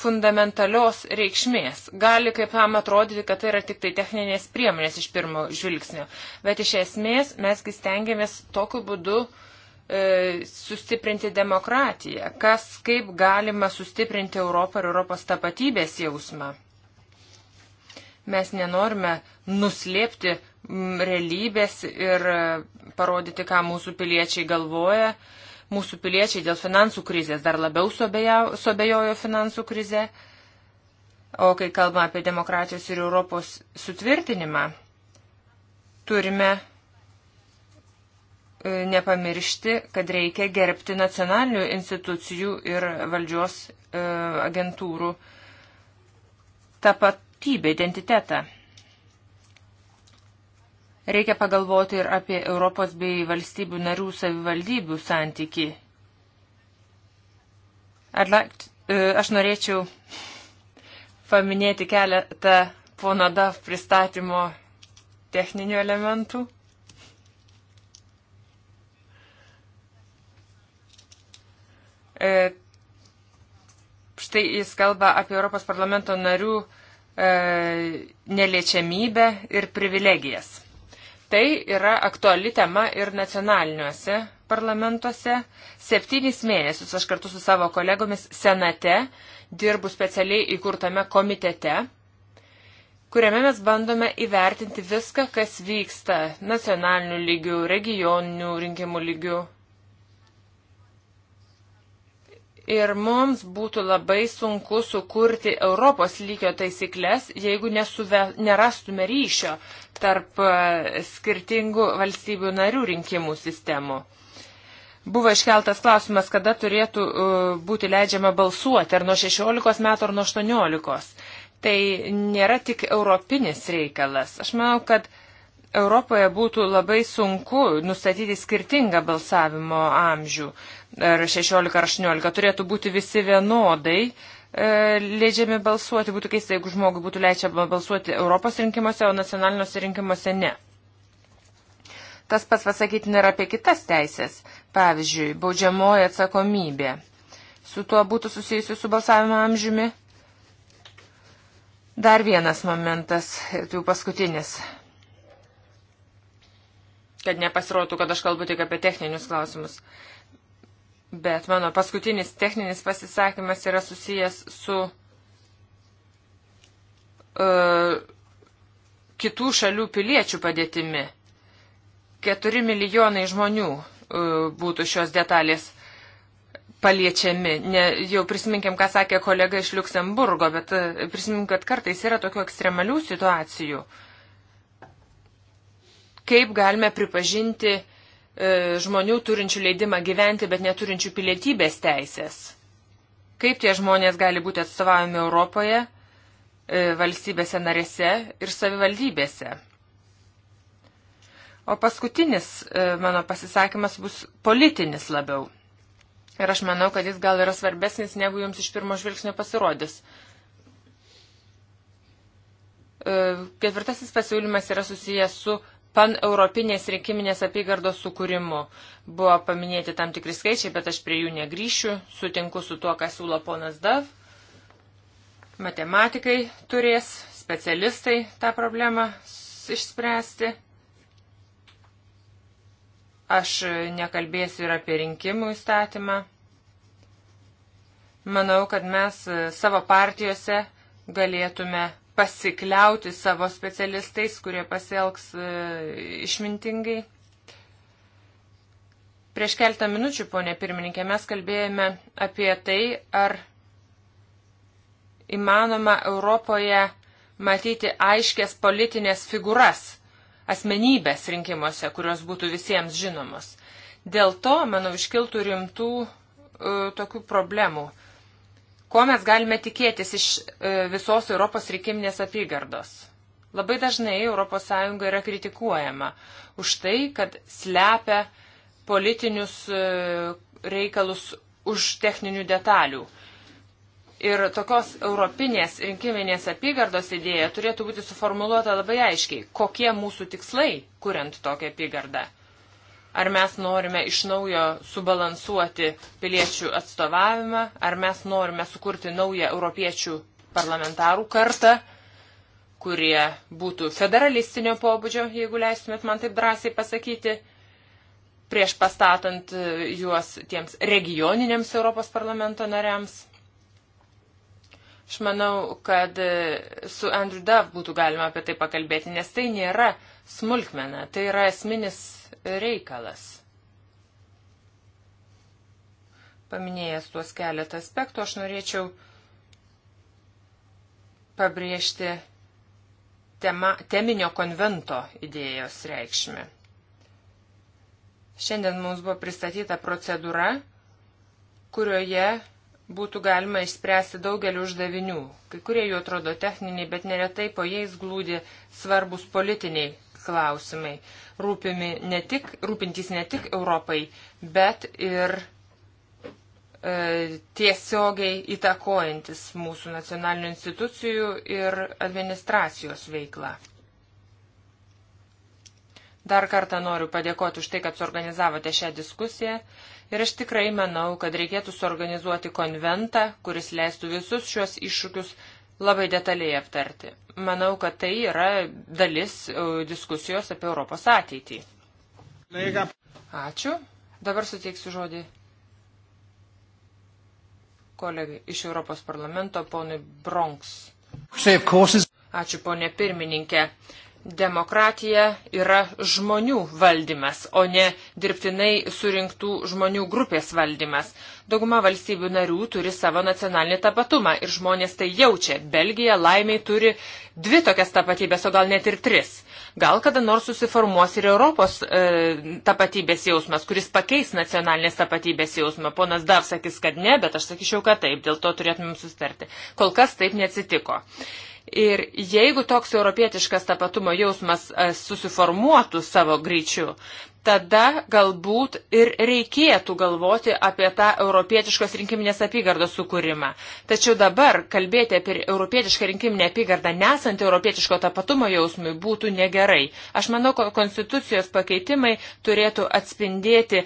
fundamentalios reikšmės. Gali kaip tam atrodyti, kad tai yra tik tai techninės priemonės iš pirmo žvilgsnio, bet iš esmės mesgi stengiamės tokiu būdu e, sustiprinti demokratiją, kas kaip galima sustiprinti Europą ir Europos tapatybės jausmą. Mes nenorime nuslėpti realybės ir e, parodyti, ką mūsų piliečiai galvoja, e, Mūsų piliečiai dėl finansų krizės dar labiau sobejojo finansų krizę. O kai kalbame apie demokratijos ir Europos sutvirtinimą, turime e, nepamiršti, kad reikia gerbti nacionalinių institucijų ir valdžios e, agentūrų tapatybę, identitetą. Reikia pagalvoti ir apie Europos bei valstybių narių savivaldybių santyki. Like, aš norėčiau paminėti keletą pono DAF pristatymo techninių elementų. E, štai jis kalba apie Europos parlamento narių e, neliečiamybę ir privilegijas. Tai yra aktuali tema ir nacionaliniuose parlamentuose. Septynis mėnesius aš kartu su savo kolegomis Senate dirbu specialiai įkurtame komitete, kuriame mes bandome įvertinti viską, kas vyksta nacionalinių lygių, regioninių rinkimų lygių Ir mums būtų labai sunku sukurti Europos lygio taisyklės, jeigu nesuve, nerastume ryšio tarp e, skirtingų valstybių narių rinkimų sistemų. Buvo iškeltas klausimas, kada turėtų e, būti leidžiama balsuoti, ar nuo 16 metų, ar nuo 18. Tai nėra tik europinis reikalas. Aš manau, kad Europoje būtų labai sunku nustatyti skirtingą balsavimo amžių ar 16 ar 18 turėtų būti visi vienodai e, leidžiami balsuoti. Būtų keista, jeigu žmogui būtų leidžiama balsuoti Europos rinkimuose, o nacionaliniuose rinkimuose ne. Tas pats pasakyti nėra apie kitas teisės, pavyzdžiui, baudžiamoji atsakomybė. Su tuo būtų susijusi su balsavimo amžiumi. Dar vienas momentas, tai jau paskutinis. Kad nepasirodytų, kad aš kalbu tik apie techninius klausimus. Bet mano paskutinis techninis pasisakymas yra susijęs su uh, kitų šalių piliečių padėtimi. 4 milijonai žmonių uh, būtų šios detalės paliečiami. Ne, jau prisiminkim, ką sakė kolega iš Luksemburgo, bet uh, prisiminkim, kad kartais yra tokių ekstremalių situacijų. Kaip galime pripažinti E, žmonių turinčių leidimą gyventi, bet neturinčių pilietybės teisės. Kaip tie žmonės gali būti atstovaujami Europoje, e, valstybėse narėse ir savivaldybėse. O paskutinis e, mano pasisakymas bus politinis labiau. Ir aš manau, kad jis gal yra svarbesnis, negu jums iš pirmo žvilgsnio pasirodys. Ketvirtasis pasiūlymas yra susijęs su paneuropinės rinkiminės apygardos sukūrimu. Buvo paminėti tam tikri skaičiai, bet aš prie jų negryšiu. Sutinku su tuo, ką siūlo ponas Dav. Matematikai turės, specialistai tą problemą išspręsti. Aš nekalbėsiu ir apie rinkimų įstatymą. Manau, kad mes savo partijose galėtume pasikliauti savo specialistais, kurie pasielgs e, išmintingai. Prieš keltą minučių, ponė pirmininkė, mes kalbėjome apie tai, ar įmanoma Europoje matyti aiškės politinės figūras, asmenybės rinkimuose, kurios būtų visiems žinomos. Dėl to, manau, iškiltų rimtų e, tokių problemų. E, Ko mes galime tikėtis iš e, visos Europos rikiminės apygardos? Labai dažnai ES yra kritikuojama už tai, kad slepia politinius e, reikalus už techninių detalių. Ir tokios europinės rinkiminės apygardos idėja turėtų būti suformuoluota labai aiškiai, kokie mūsų tikslai, kuriant tokią apygardą ar mes norime iš naujo subalansuoti piliečių atstovavimą, ar mes norime sukurti naują europiečių parlamentarų kartą, kurie būtų federalistinio pobūdžio, jeigu leistumėt man taip drąsiai pasakyti, prieš pastatant e, juos tiems regioniniams Europos parlamento nariams. Aš manau, kad e, su Andrew Duff būtų galima apie tai pakalbėti, nes tai nėra smulkmena, tai yra esminis reikalas. Paminėjęs tuos keletą aspektų, aš norėčiau pabrėžti tema, teminio konvento idėjos reikšmę. Šiandien mums buvo pristatyta procedūra, kurioje būtų galima išspręsti daugelį uždavinių. Kai kurie jų atrodo techniniai, bet neretai po jais glūdi svarbus politiniai klausimai rūpimi ne tik, rūpintys ne tik Europai, bet ir e, tiesiogiai įtakojantis mūsų nacionalinių institucijų ir administracijos veiklą. Dar kartą noriu padėkoti už tai, kad suorganizavote šią diskusiją ir aš tikrai manau, kad reikėtų suorganizuoti konventą, kuris leistų visus šios iššūkius labai detaliai aptarti manau, kad tai yra dalis e, diskusijos apie Europos ateitį. Ačiū. Dabar suteiksiu žodį kolegai iš Europos parlamento, ponui Bronks. Ačiū, ponė pirmininkė. Demokratija yra žmonių valdymas, o ne dirbtinai surinktų žmonių grupės valdymas. Dauguma valstybių narių turi savo nacionalinį tapatumą ir žmonės tai jaučia. Belgija laimiai turi dvi tokias tapatybės, o gal net ir tris. Gal kada nors susiformuos ir Europos e, tapatybės jausmas, kuris pakeis nacionalinės tapatybės jausmą. Ponas Dav sakys, kad ne, bet aš sakyčiau, kad taip, dėl to turėtumėm sustarti. Kol kas taip neatsitiko. E, Ir jeigu toks europietiškas tapatumo jausmas e, susiformuotų savo greičiu, tada galbūt ir reikėtų galvoti apie tą europietiškos rinkiminės apygardos sukūrimą. Tačiau dabar kalbėti apie europietišką rinkiminę apygardą nesant europietiško tapatumo jausmui būtų negerai. Aš manau, kad konstitucijos pakeitimai turėtų atspindėti e,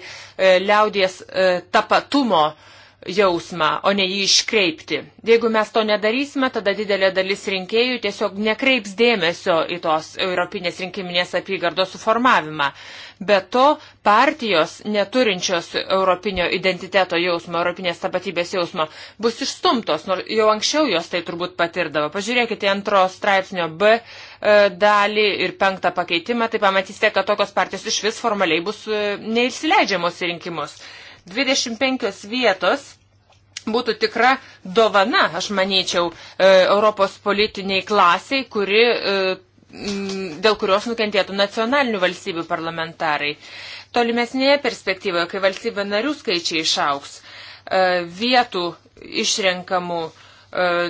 liaudies e, tapatumo e, jausmą, o ne jį iškreipti. Jeigu mes to nedarysime, tada didelė dalis rinkėjų tiesiog nekreips dėmesio į tos Europinės rinkiminės apygardos suformavimą. Be to, partijos neturinčios europinio identiteto jausmo, europinės tapatybės jausmo, bus išstumtos, nors jau anksčiau jos tai turbūt patirdavo. Pažiūrėkite antros straipsnio B e, dalį ir penktą pakeitimą, tai pamatysite, kad tokios partijos iš vis formaliai bus e, neįsileidžiamos į rinkimus. 25 vietos būtų tikra dovana, aš manyčiau, e, Europos politiniai klasiai, kuri e, dėl kurios nukentėtų nacionalinių valstybių parlamentarai. Tolimesnėje perspektyvoje, kai valstybė narių skaičiai išauks, e, vietų išrenkamų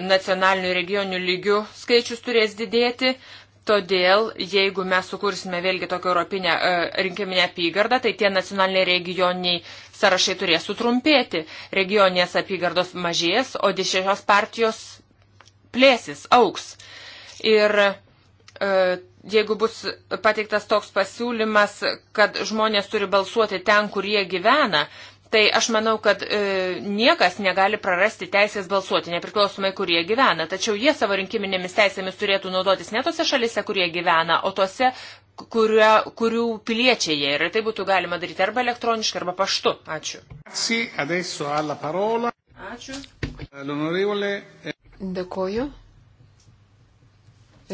nacionalinių regionių lygių skaičius turės didėti, Todėl, jeigu mes sukursime vėlgi tokią europinę e, rinkiminę apygardą, tai tie nacionaliniai regioniniai sąrašai turės sutrumpėti. Regioninės apygardos mažės, o dešinios partijos plėsis, auks. Ir e, jeigu bus pateiktas toks pasiūlymas, kad žmonės turi balsuoti ten, kur jie gyvena, tai aš manau, kad e, niekas negali prarasti teisės balsuoti, nepriklausomai, kur jie gyvena. Tačiau jie savo rinkiminėmis teisėmis turėtų naudotis ne tose šalise, kur jie gyvena, o tose, kurio, kurių piliečiai jie yra. Tai būtų galima daryti arba elektroniškai, arba paštu. Ačiū. Ačiū. Dėkoju.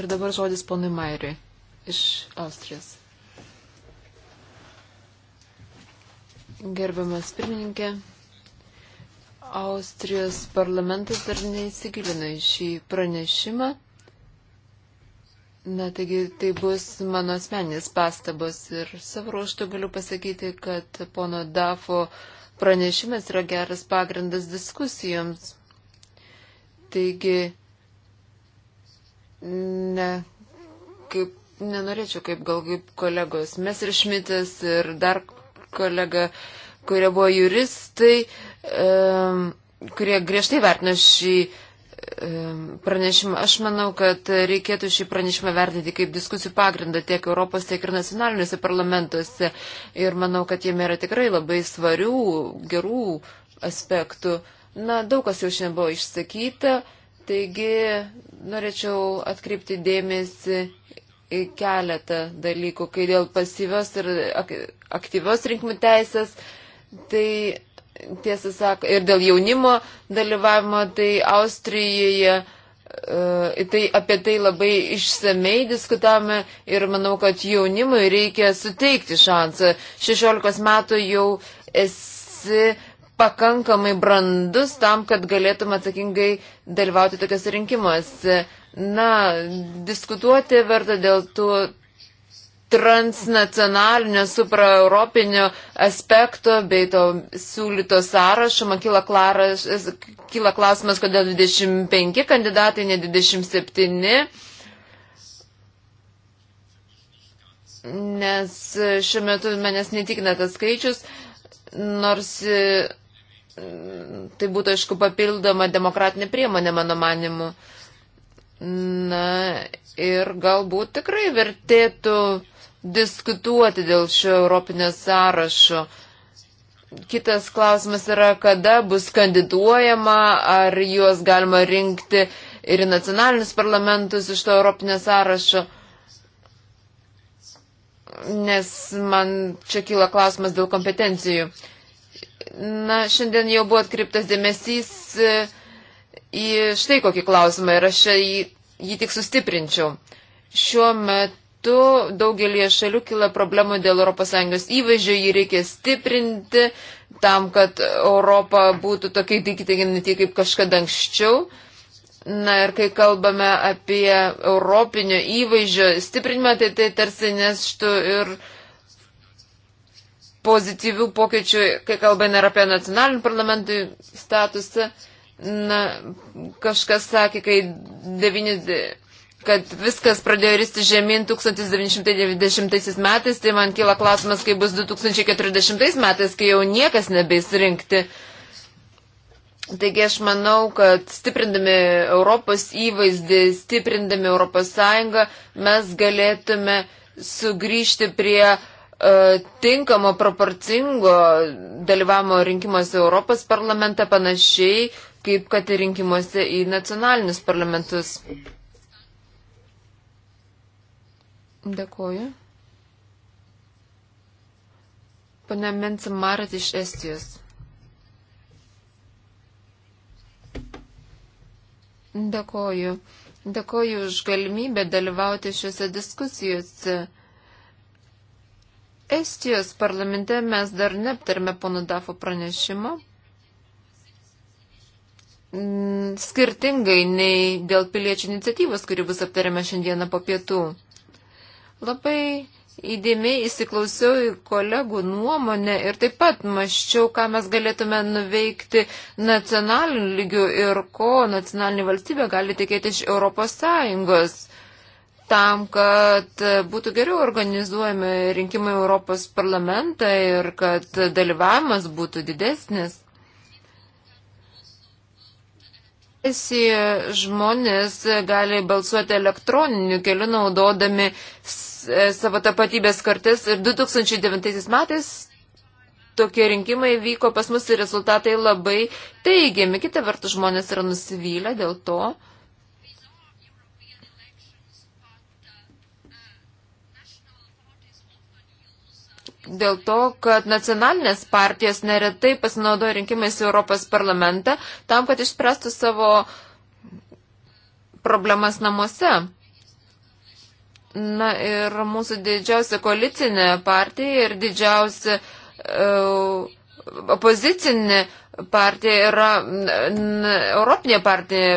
Ir dabar žodis ponui Mairiui iš Austrijos. Gerbiamas pirmininkė, Austrijos parlamentas dar neįsigilino į šį pranešimą. Na, taigi tai bus mano asmeninės pastabos ir savo ruoštų galiu pasakyti, kad pono Dafo pranešimas yra geras pagrindas diskusijoms. Taigi, ne, kaip, nenorėčiau kaip gal kaip kolegos Mesrišmitas ir dar kolega, kurie buvo juristai, kurie griežtai vertino šį pranešimą. Aš manau, kad reikėtų šį pranešimą vertinti kaip diskusijų pagrindą tiek Europos, tiek ir nacionaliniuose parlamentuose. Ir manau, kad jame yra tikrai labai svarių, gerų aspektų. Na, daug kas jau šiandien buvo išsakyta. Taigi norėčiau atkreipti dėmesį keletą dalykų, kai dėl pasyvios ir aktyvios rinkimų teisės, tai tiesą sakant, ir dėl jaunimo dalyvavimo, tai Austrijoje. E, tai apie tai labai išsamei diskutavome ir manau, kad jaunimui reikia suteikti šansą. 16 metų jau esi pakankamai brandus tam, kad galėtum atsakingai dalyvauti tokiuose rinkimuose. Na, diskutuoti verta dėl tų transnacionalinio, supraeuropinio aspekto bei to siūlyto sąrašo. Man kyla, klaras, kyla klausimas, kodėl 25 kandidatai, ne 27. Nes šiuo metu manęs netikina tas skaičius, nors mm, tai būtų, aišku, papildoma demokratinė priemonė, mano manimu. Uh, Na ir galbūt tikrai vertėtų diskutuoti dėl šio Europinio sąrašo. Kitas klausimas yra, kada bus kandiduojama, ar juos galima rinkti ir į nacionalinius parlamentus iš to Europinio sąrašo. Nes man čia kyla klausimas dėl kompetencijų. Na, šiandien jau buvo atkriptas dėmesys į štai kokį klausimą ir aš jį, jį tik sustiprinčiau. Šiuo metu daugelie šalių kila problemų dėl ES įvaizdžio, jį reikia stiprinti tam, kad Europa būtų tokia įtikinanti kaip kažkada anksčiau. Na ir kai kalbame apie europinio įvaizdžio stiprinimą, tai tai tarsi neštų ir pozityvių pokyčių, kai kalbame ir apie nacionalinių parlamentų statusą. Na, kažkas sakė, kai 90 kad viskas pradėjo risti žemyn 1990 metais, tai man kila klausimas, kai bus 2040 metais, kai jau niekas nebeis rinkti. Taigi aš manau, kad stiprindami Europos įvaizdį, stiprindami Europos Sąjungą, mes galėtume sugrįžti prie uh, tinkamo, proporcingo dalyvavimo rinkimuose Europos parlamente panašiai, uh, kaip kad ir rinkimuose į nacionalinius parlamentus. Dėkuoju. Pane Mencimarat iš Estijos. Dėkoju. Dėkoju už galimybę dalyvauti šiuose diskusijose. Estijos parlamente mes dar neaptarėme pono Dafo pranešimo. Mm, skirtingai nei dėl piliečių iniciatyvos, kuri bus aptariama šiandieną po pietų. Labai įdėmiai įsiklausiau į kolegų nuomonę ir taip pat maščiau, ką mes galėtume nuveikti nacionaliniu lygiu ir ko nacionalinė valstybė gali tikėti iš Europos Sąjungos tam, kad būtų geriau organizuojami rinkimai Europos parlamentą ir kad dalyvavimas būtų didesnis. Teisėje žmonės gali balsuoti elektroniniu keliu naudodami e, savo tapatybės kartis ir 2009 metais tokie rinkimai vyko pas mus ir rezultatai labai teigiami. Kita vertus žmonės yra nusivylę dėl to, dėl to, kad nacionalinės partijos neretai pasinaudoja rinkimais į Europos parlamentą tam, kad išspręstų savo problemas namuose. Na ir mūsų didžiausia koalicinė partija ir didžiausia uh, opozicinė partija yra uh, Europinė partija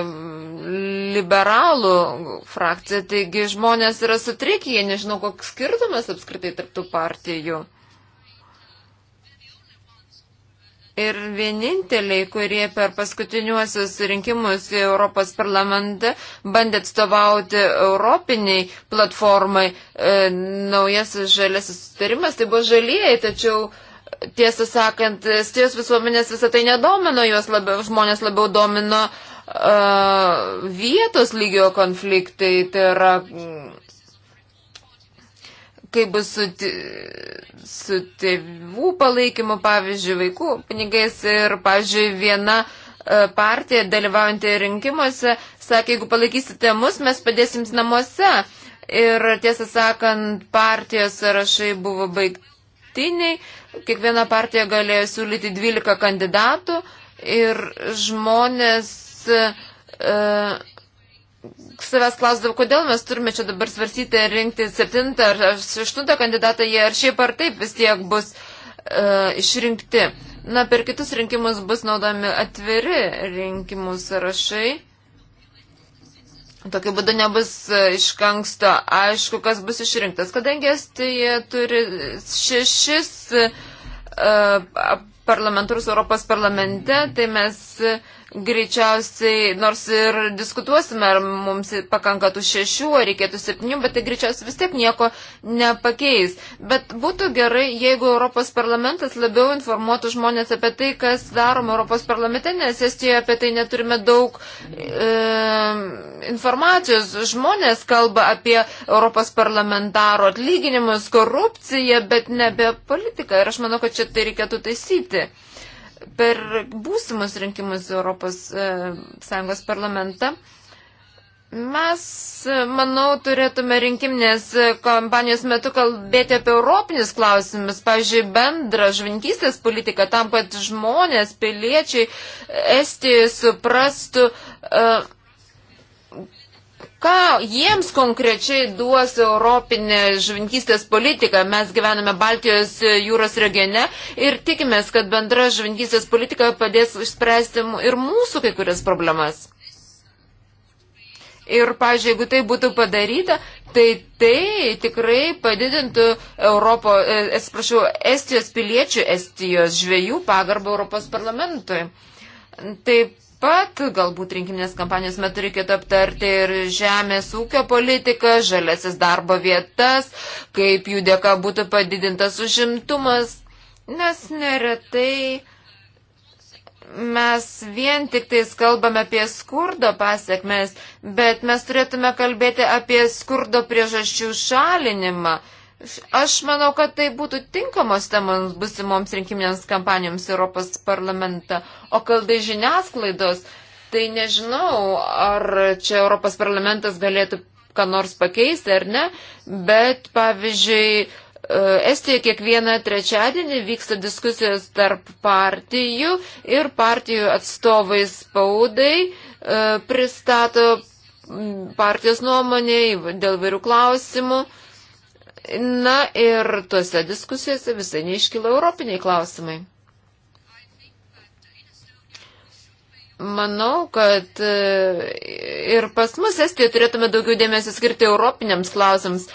liberalų frakcija, taigi žmonės yra sutrikę, jie nežino, koks skirtumas apskritai tarptų partijų. Ir vieninteliai, kurie per paskutiniuosius rinkimus į Europos parlamentą bandė atstovauti europiniai platformai, e, naujas žalėsis sustarimas, tai buvo žalieji, tačiau tiesą sakant, Estijos visuomenės visą tai nedomino, juos labiau, žmonės labiau domino e, uh, vietos lygio konfliktai, tai yra, mm, kaip bus su, su tėvų palaikymu, pavyzdžiui, vaikų pinigais ir, pavyzdžiui, viena uh, partija dalyvaujantį rinkimuose sakė, jeigu palaikysite mus, mes padėsim namuose. Ir tiesą sakant, partijos sąrašai buvo baigtiniai, kiekviena partija galėjo siūlyti 12 kandidatų ir žmonės E, e, savęs klausdavau, kodėl mes turime čia dabar svarstyti ir rinkti septintą ar aštuntą kandidatą, jie ar šiaip ar taip vis tiek bus e, išrinkti. Na, per kitus rinkimus bus naudojami atviri rinkimų sąrašai. Tokiu būdu nebus e, iš anksto aišku, kas bus išrinktas, kadangi Estija turi šešis uh, e, parlamentarus Europos parlamente, tai mes uh, greičiausiai, nors ir diskutuosime, ar mums pakanka tų šešių, ar reikėtų septynių, bet tai greičiausiai vis tiek nieko nepakeis. Bet būtų gerai, jeigu Europos parlamentas labiau informuotų žmonės apie tai, kas daroma Europos parlamente, nes Estijoje apie tai neturime daug e, informacijos. Žmonės kalba apie Europos parlamentaro atlyginimus, korupciją, bet ne apie politiką. Ir aš manau, kad čia tai reikėtų taisyti per būsimus rinkimus ES e, parlamentą. Mes, e, manau, turėtume rinkiminės e, kampanijos metu kalbėti apie europinius klausimus, pavyzdžiui, bendrą žvinkystės politiką, tam, kad žmonės, piliečiai, Estijai suprastų, uh, ką jiems konkrečiai duos Europinė žvinkystės politika. Mes gyvename Baltijos jūros regione ir tikimės, kad bendra žvinkystės politika padės išspręsti ir mūsų kai kurias problemas. Ir, pažiūrėjau, jeigu tai būtų padaryta, tai tai tikrai padidintų Europo, e, atsiprašau, Estijos piliečių, Estijos žvėjų pagarbą Europos parlamentui. Taip pat galbūt rinkiminės kampanijos metu reikėtų aptarti ir žemės ūkio politiką, žaliasis darbo vietas, kaip jų dėka būtų padidintas užimtumas, nes neretai mes vien tik tais kalbame apie skurdo pasiekmes, bet mes turėtume kalbėti apie skurdo priežasčių šalinimą. Aš manau, kad tai būtų tinkamos temos busimoms rinkiminėms kampanijoms Europos parlamentą. O kaldai žiniasklaidos, tai nežinau, ar čia Europos parlamentas galėtų ką nors pakeisti ar ne, bet pavyzdžiui, e, Estijoje kiekvieną trečiadienį vyksta diskusijos tarp partijų ir partijų atstovai spaudai e, pristato partijos nuomonė dėl vairių klausimų. Na ir tuose diskusijose visai neiškilo europiniai klausimai. Manau, kad e, ir pas mus Estijoje turėtume daugiau dėmesio skirti europiniams klausimams.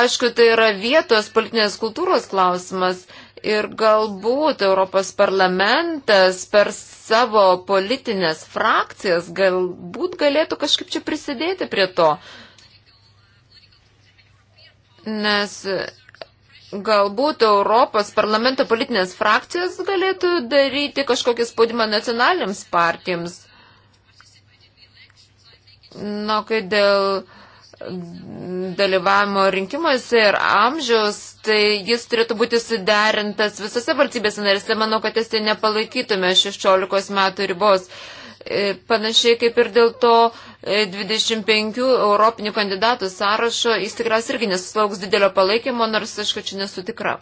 Aišku, tai yra vietos politinės kultūros klausimas ir galbūt Europos parlamentas per savo politinės frakcijas galbūt galėtų kažkaip čia prisidėti prie to. Uh, nes galbūt Europos parlamento politinės frakcijos galėtų daryti kažkokį spaudimą nacionaliniams partijoms. Na, kai dėl dalyvavimo rinkimuose ir amžiaus, tai jis turėtų būti suderintas visose valstybėse narėse. Manau, kad esi nepalaikytume 16 metų ribos. Uh, E, panašiai kaip ir dėl to 25 e, europinių kandidatų sąrašo, jis tikras irgi nesusilauks didelio palaikymo, nors aš kačiu nesu tikra.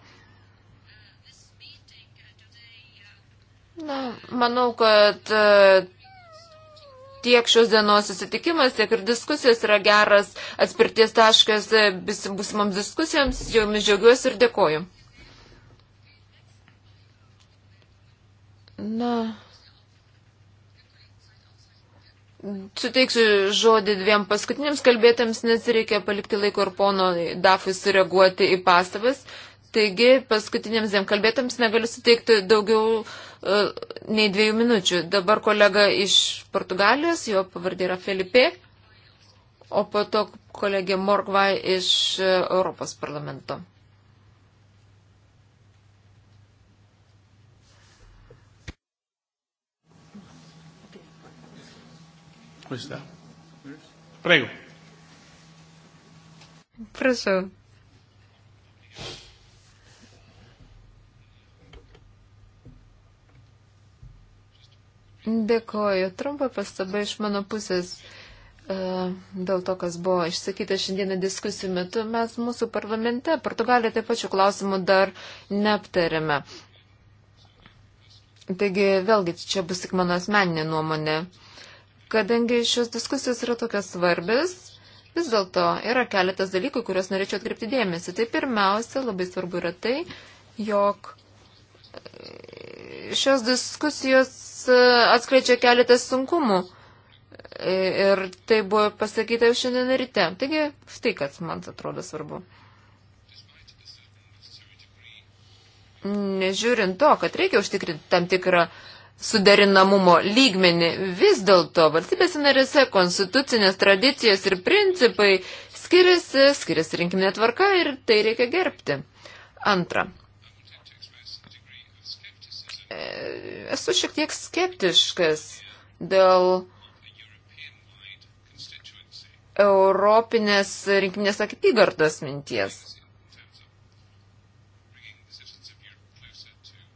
Na, manau, kad e, tiek šios dienos susitikimas, tiek ir diskusijos yra geras atspirties taškas būsimams diskusijoms. Jomis džiaugiuosi ir dėkoju. Na. Suteiksiu žodį dviem paskutiniams kalbėtams, nes reikia palikti laiko ir pono Dafui sureaguoti į pastabas. Taigi paskutiniams dviem kalbėtams negaliu suteikti daugiau uh, nei dviejų minučių. Dabar kolega iš Portugalijos, jo pavardė yra Felipe, o po to kolegė Morgvai iš uh, Europos parlamento. questa. Prego. Preso. Dėkoju. Trumpa pastaba iš mano pusės e, dėl to, kas buvo išsakyta šiandieną diskusijų metu. Mes mūsų parlamente Portugaliją taip pačių klausimų dar neaptarėme. Taigi, vėlgi, čia bus tik mano asmeninė nuomonė. Uh, Kadangi šios diskusijos yra tokios svarbės, vis dėlto yra keletas dalykų, kuriuos norėčiau atkreipti dėmesį. Tai pirmiausia, labai svarbu yra tai, jog e, šios diskusijos e, atskleidžia keletas sunkumų. E, ir tai buvo pasakyta jau šiandien ryte. Taigi, štai kas man atrodo svarbu. Nežiūrint to, kad reikia užtikrinti tam tikrą uh, suderinamumo lygmenį. Vis dėlto valstybės narėse konstitucinės tradicijos ir principai skiriasi, skiriasi rinkiminė tvarka ir tai reikia gerbti. Antra. E, esu šiek tiek skeptiškas dėl Europinės rinkiminės apygardos minties.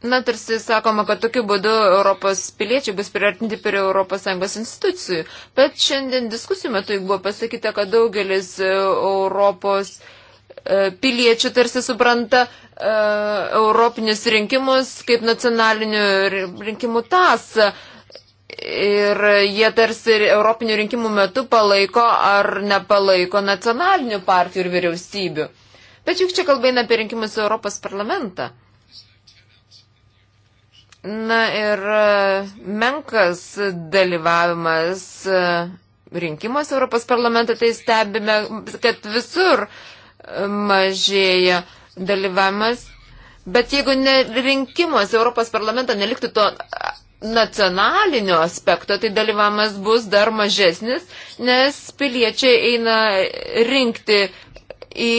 Na, tarsi sakoma, kad tokiu būdu Europos piliečiai bus priartinti prie ES institucijų. Bet šiandien diskusijų metu buvo pasakyta, kad daugelis e, Europos e, piliečių tarsi supranta e, europinius rinkimus kaip nacionalinių rinkimų tasą. Ir jie tarsi europinių rinkimų metu palaiko ar nepalaiko nacionalinių partijų ir vyriausybių. Bet juk čia kalba eina apie rinkimus Europos parlamentą. Na ir e, menkas dalyvavimas e, rinkimuose Europos parlamentą, tai stebime, kad visur e, mažėja dalyvavimas. Bet jeigu ne rinkimuose Europos parlamentą neliktų to nacionalinio aspekto, tai dalyvavimas bus dar mažesnis, nes piliečiai eina rinkti į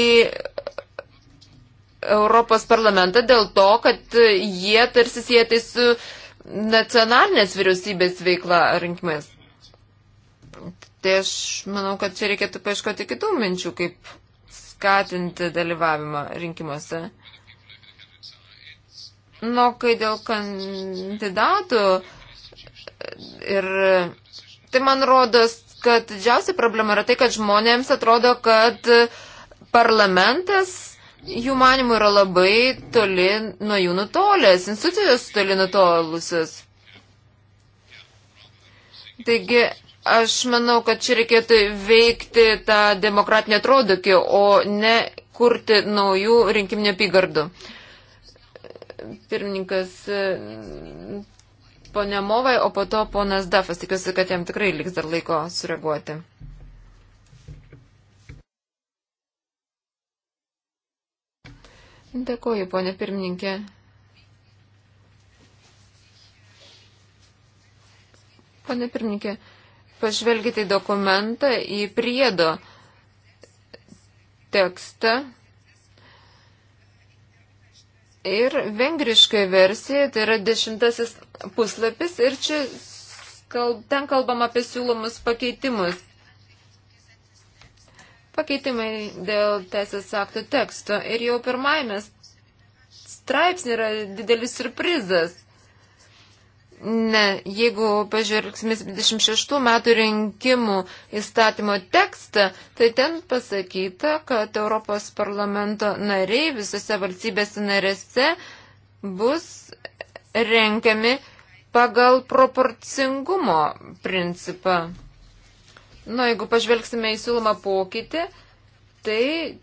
Europos parlamentą dėl to, kad jie tarsi sėtai su nacionalinės vyriausybės veikla rinkimais. Tai aš manau, kad čia reikėtų paieškoti kitų minčių, kaip skatinti dalyvavimą rinkimuose. Nu, kai dėl kandidatų ir tai man rodos, kad didžiausia problema yra tai, kad žmonėms atrodo, kad parlamentas jų manimų yra labai toli nuo jų nutolęs, institucijos toli nutolusios. Taigi, aš manau, kad čia reikėtų veikti tą demokratinę atrodukį, o ne kurti naujų rinkiminio apygardų. Pirmininkas ponia Movai, o po to ponas Dafas, tikiuosi, kad jam tikrai liks dar laiko sureaguoti. Dėkuoju, ponė pirmininkė. Pane pirmininkė, pažvelgite į dokumentą, į priedo tekstą. Ir vengriškai versija, tai yra dešimtasis puslapis ir čia kal, ten kalbam apie siūlomus pakeitimus pakeitimai dėl teisės aktų teksto. Ir jau pirmajame straipsnė yra didelis surprizas. Ne, jeigu pažvelgsime 26 metų rinkimų įstatymo tekstą, tai ten pasakyta, kad Europos parlamento nariai visose valstybėse narėse bus renkiami pagal proporcingumo principą. Nu, jeigu pažvelgsime į siūlomą pokytį, tai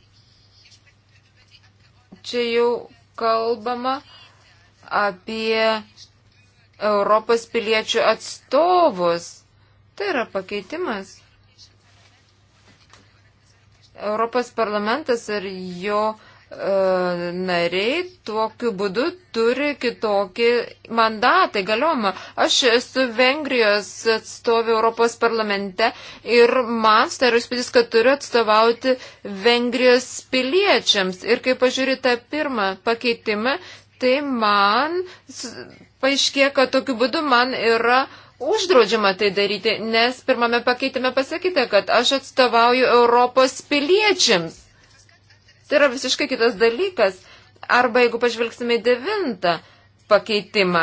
čia jau kalbama apie Europos piliečių atstovus. Tai yra pakeitimas. Europos parlamentas ir jo nariai tokiu būdu turi kitokį mandatą įgaliojimą. Aš esu Vengrijos atstovė Europos parlamente ir man staro įspūdis, kad turiu atstovauti Vengrijos piliečiams. Ir kai pažiūrė tą pirmą pakeitimą, tai man paaiškė, kad tokiu būdu man yra uždraudžiama tai daryti, nes pirmame pakeitime pasakyta, kad aš atstovauju Europos piliečiams. Tai yra visiškai kitas dalykas. Arba jeigu pažvelgsime į devintą pakeitimą.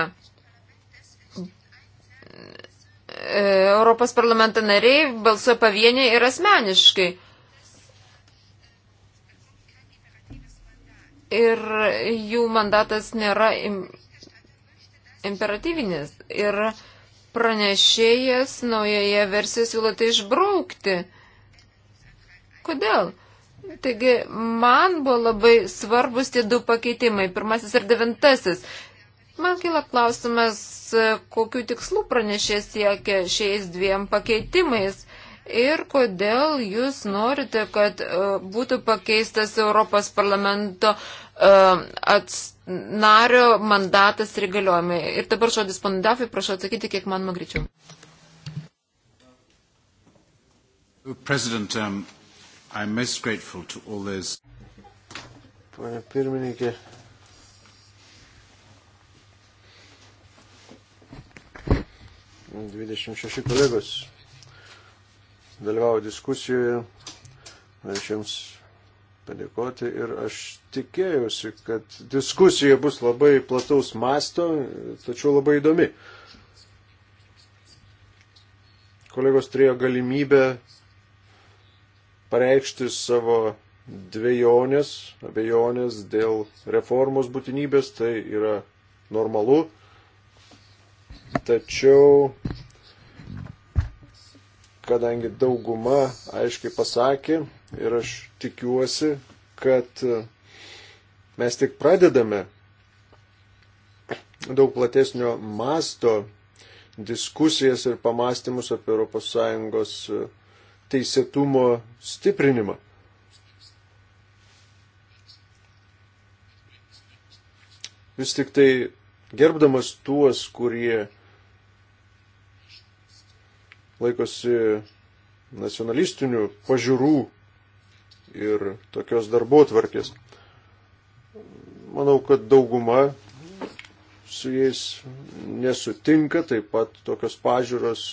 E, Europos parlamento nariai balsuoja pavieniai ir asmeniškai. Ir jų mandatas nėra im, imperatyvinis. Ir pranešėjas naujoje versijoje siūlo tai išbraukti. Kodėl? Taigi, man buvo labai svarbus tie du pakeitimai, pirmasis ir devintasis. Man kila klausimas, kokiu tikslu pranešė siekia šiais dviem pakeitimais ir kodėl jūs norite, kad e, būtų pakeistas Europos parlamento e, atstovas nario mandatas ir įgaliojimai. Ir dabar žodis panudafai, prašau atsakyti, kiek man magričiau. Um, I'm most grateful to all those. Pane pirmininkė. Dvidešimt šeši kolegos dalyvavo diskusijoje. Aš jums padėkoti ir aš tikėjausi, kad diskusija bus labai plataus masto, tačiau labai įdomi. Kolegos turėjo galimybę pareikšti savo dviejonės, abejonės dėl reformos būtinybės, tai yra normalu. Tačiau, kadangi dauguma aiškiai pasakė ir aš tikiuosi, kad mes tik pradedame daug platesnio masto diskusijas ir pamastymus apie ES teisėtumo stiprinimą. Vis tik tai gerbdamas tuos, kurie laikosi nacionalistinių pažiūrų ir tokios darbo tvarkės. Manau, kad dauguma su jais nesutinka, taip pat tokios pažiūros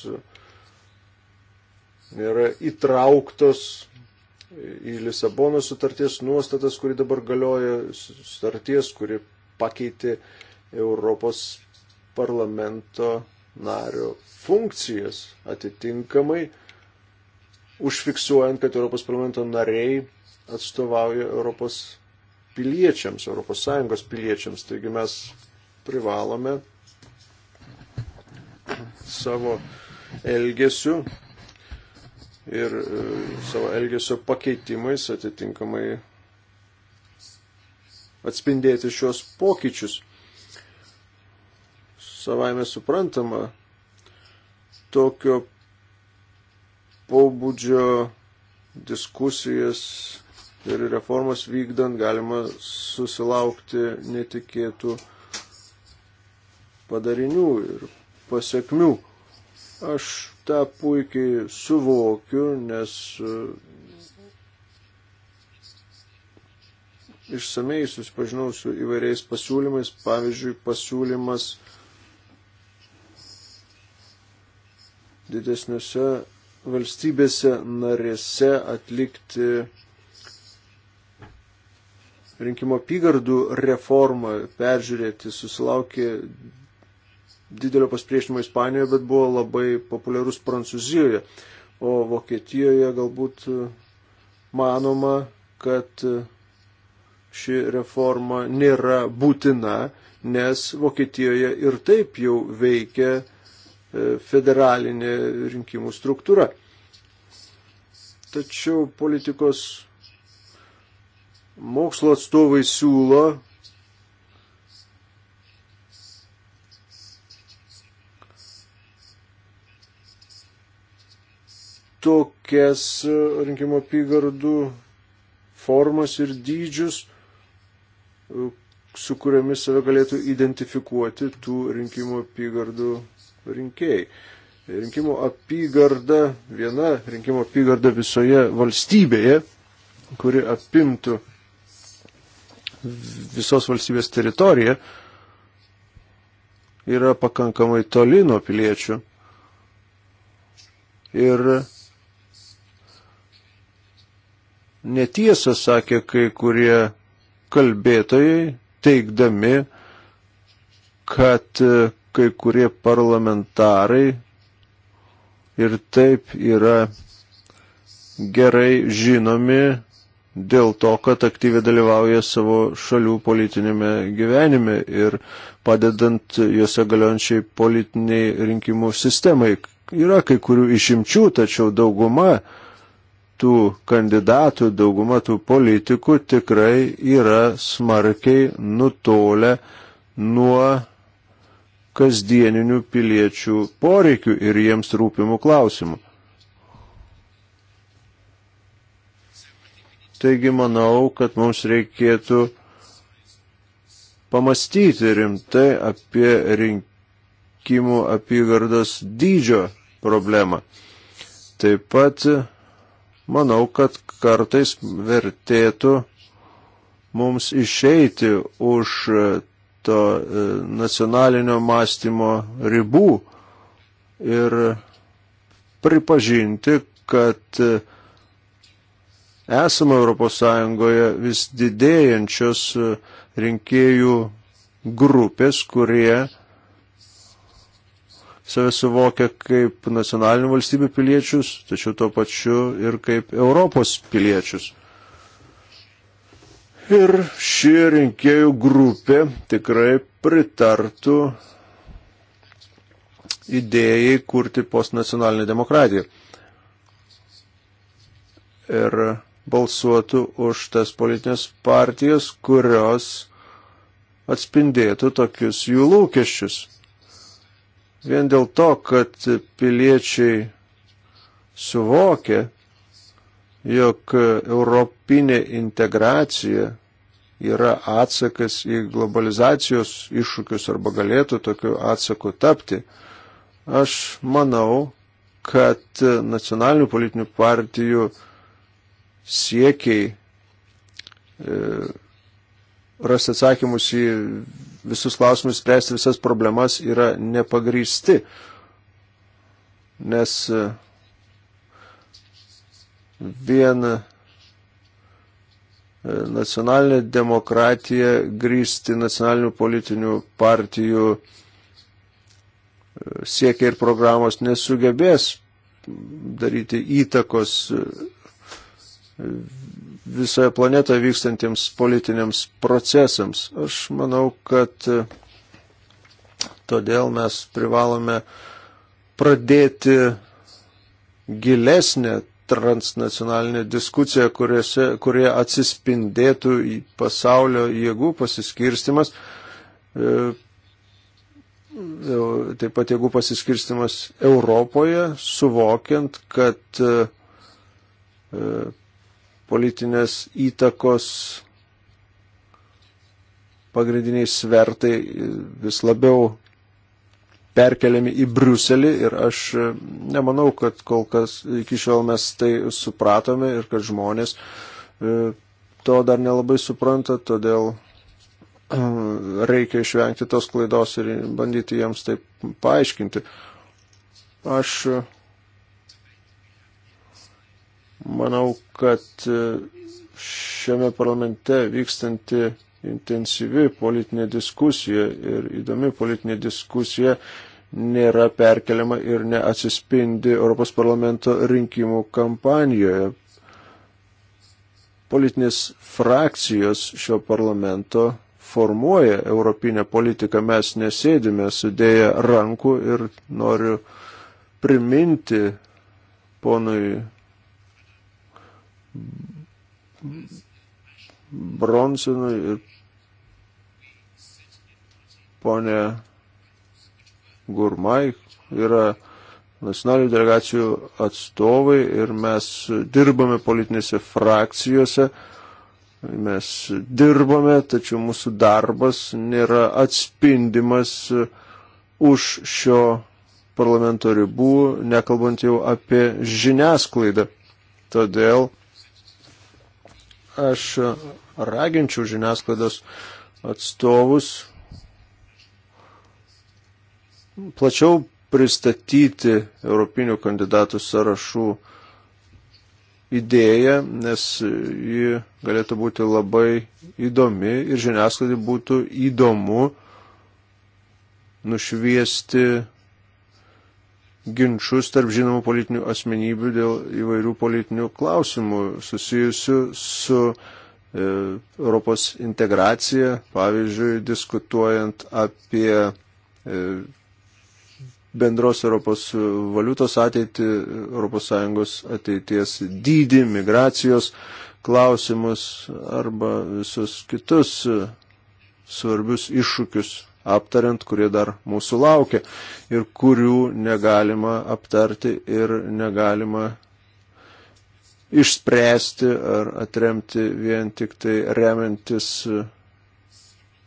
nėra įtrauktos į Lisabono sutarties nuostatas, kuri dabar galioja, sutarties, kuri pakeitė Europos parlamento nario funkcijas atitinkamai, užfiksuojant, kad Europos parlamento nariai atstovauja Europos piliečiams, ES piliečiams. Taigi mes privalome savo elgesiu ir e, savo elgesio pakeitimais atitinkamai atspindėti šios pokyčius. Savaime suprantama, tokio pobūdžio diskusijas ir reformas vykdant galima susilaukti netikėtų padarinių ir pasiekmių. Aš tą puikiai suvokiu, nes e, išsamei susipažinau su įvairiais pasiūlymais, pavyzdžiui, pasiūlymas didesniuose valstybėse narėse atlikti rinkimo apygardų reformą, peržiūrėti, susilaukė didelio pasipriešinimo Ispanijoje, bet buvo labai populiarus Prancūzijoje. O Vokietijoje galbūt e, manoma, kad e, ši reforma nėra būtina, nes Vokietijoje ir taip jau veikia e, federalinė rinkimų struktūra. Tačiau politikos mokslo atstovai siūlo tokias rinkimo apygardų formas ir dydžius, su kuriamis save galėtų identifikuoti tų rinkimo apygardų rinkėjai. Rinkimo apygarda, viena rinkimo apygarda visoje valstybėje, kuri apimtų visos valstybės teritoriją, yra pakankamai toli nuo piliečių. Ir netiesą sakė kai kurie kalbėtojai, teikdami, kad e, kai kurie parlamentarai ir taip yra gerai žinomi dėl to, kad aktyviai dalyvauja savo šalių politinėme gyvenime ir padedant juose galiončiai politiniai rinkimų sistemai. Yra kai kurių išimčių, tačiau dauguma uh, tų kandidatų, dauguma tų politikų tikrai yra smarkiai nutolę nuo kasdieninių piliečių poreikių ir jiems rūpimų klausimų. Taigi manau, kad mums reikėtų pamastyti rimtai apie rinkimų apygardos dydžio problemą. Taip pat manau, kad kartais vertėtų mums išeiti už to e, nacionalinio mąstymo ribų ir pripažinti, kad e, esame ES vis didėjančios e, rinkėjų grupės, kurie save suvokia kaip nacionalinių valstybių piliečius, tačiau tuo pačiu ir kaip Europos piliečius. Ir ši rinkėjų grupė tikrai pritartų idėjai kurti postnacionalinę demokratiją. Ir balsuotų už tas politinės partijas, kurios atspindėtų tokius jų lūkesčius vien dėl to, kad piliečiai suvokia, jog europinė integracija yra atsakas į globalizacijos iššūkius arba galėtų tokiu atsaku tapti. Aš manau, kad nacionalinių politinių partijų siekiai e, rasti atsakymus į visus klausimus, spręsti visas problemas yra nepagrysti. Nes e, vien e, nacionalinė demokratija grįsti nacionalinių politinių partijų e, siekia ir programos nesugebės daryti įtakos visoje planetoje vykstantiems politiniams procesams. Aš manau, kad e, todėl mes privalome pradėti gilesnę transnacionalinę diskusiją, kuriuose, kurie atsispindėtų į pasaulio jėgų pasiskirstimas, e, e, taip pat jėgų pasiskirstimas Europoje, suvokiant, kad politinės įtakos pagrindiniai svertai vis labiau perkeliami į Briuselį ir aš e, nemanau, kad kol kas iki šiol mes tai supratome ir kad žmonės e, to dar nelabai supranta, todėl e, reikia išvengti tos klaidos ir bandyti jiems tai paaiškinti. Aš Manau, kad e, šiame parlamente vykstanti intensyvi politinė diskusija ir įdomi politinė diskusija nėra perkeliama ir neatsispindi Europos parlamento rinkimų kampanijoje. Politinės frakcijos šio parlamento formuoja europinę politiką, mes nesėdime sudėję rankų ir noriu priminti ponui Bronsonui ir ponė Gurmai yra nacionalinių delegacijų atstovai ir mes dirbame politinėse frakcijose, mes dirbame, tačiau mūsų darbas nėra atspindimas už šio parlamento ribų, nekalbant jau apie žiniasklaidą. Todėl Aš raginčiau žiniasklaidos atstovus plačiau pristatyti europinių kandidatų sąrašų idėją, nes ji galėtų būti labai įdomi ir žiniasklaidai būtų įdomu nušviesti ginčius tarp žinomų politinių asmenybių dėl įvairių politinių klausimų susijusių su e, Europos integracija, pavyzdžiui, diskutuojant apie e, bendros Europos valiutos ateitį, ES ateities dydį, migracijos klausimus arba visus kitus e, svarbius iššūkius aptariant, kurie dar mūsų laukia ir kurių negalima aptarti ir negalima išspręsti ar atremti vien tik tai remiantis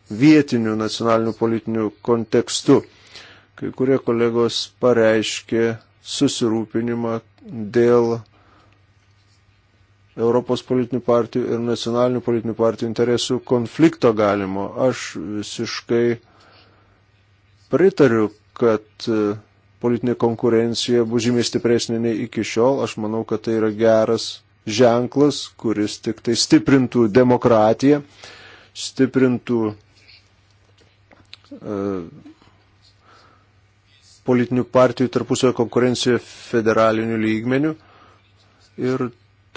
vietiniu nacionaliniu politiniu kontekstu. Kai kurie kolegos pareiškė susirūpinimą dėl Europos politinių partijų ir nacionalinių politinių partijų interesų konflikto galimo. Aš visiškai pritariu, kad e, politinė konkurencija bus žymiai stipresnė nei iki šiol. Aš manau, kad tai yra geras ženklas, kuris tik tai stiprintų demokratiją, stiprintų uh, politinių partijų tarpusio konkurenciją federaliniu lygmeniu. Ir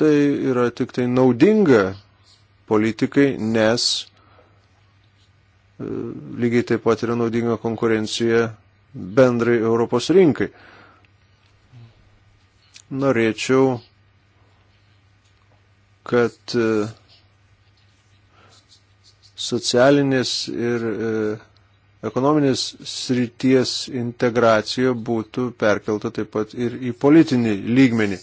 tai yra tik tai naudinga politikai, nes lygiai taip pat yra naudinga konkurencija bendrai Europos rinkai. Norėčiau, kad e, socialinės ir e, ekonominės srities integracija būtų perkelta taip pat ir į politinį lygmenį.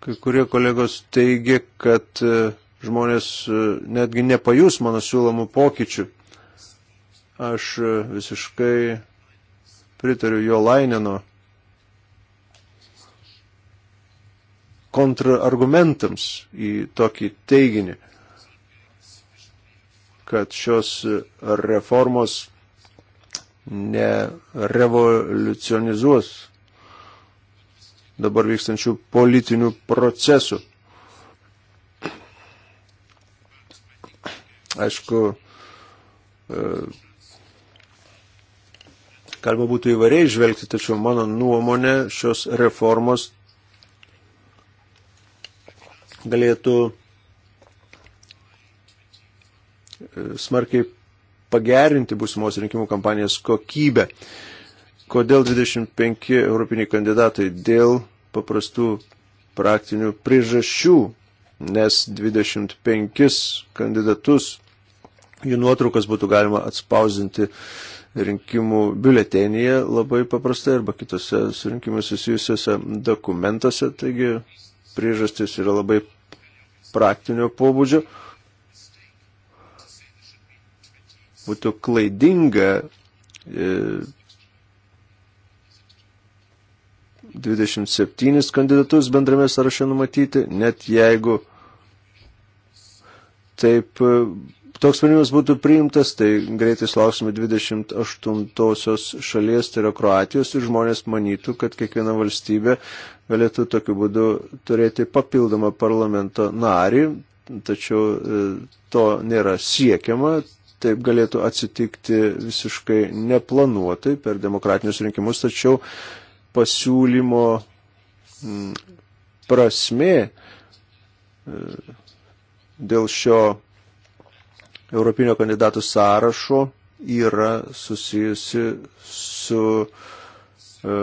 Kai kurie kolegos teigia, kad e, žmonės e, netgi nepajus mano siūlomų pokyčių. Aš e, visiškai pritariu jo lainino kontrargumentams į tokį teiginį, kad šios reformos nerevoliucionizuos dabar vykstančių politinių procesų. Aišku, e, galima būtų įvariai žvelgti, tačiau mano nuomonė šios reformos galėtų e, smarkiai pagerinti būsimos rinkimų kampanijos kokybę. Kodėl 25 europiniai kandidatai? Dėl paprastų praktinių priežasčių, nes 25 kandidatus jų nuotraukas būtų galima atspausdinti rinkimų biuletenyje labai paprastai arba kitose surinkimai susijusiuose dokumentuose, taigi priežastis yra labai praktinio pobūdžio. Būtų klaidinga e, 27 kandidatus bendrame sąraše numatyti, net jeigu taip e, toks sprendimas būtų priimtas, tai greitai lauksime 28 šalies, tai yra Kroatijos, ir žmonės manytų, kad kiekviena valstybė galėtų tokiu būdu turėti papildomą parlamento narį, tačiau e, to nėra siekiama, taip galėtų atsitikti visiškai neplanuotai per demokratinius rinkimus, tačiau pasiūlymo prasmė e, dėl šio Europinio kandidatų sąrašo yra susijusi su e,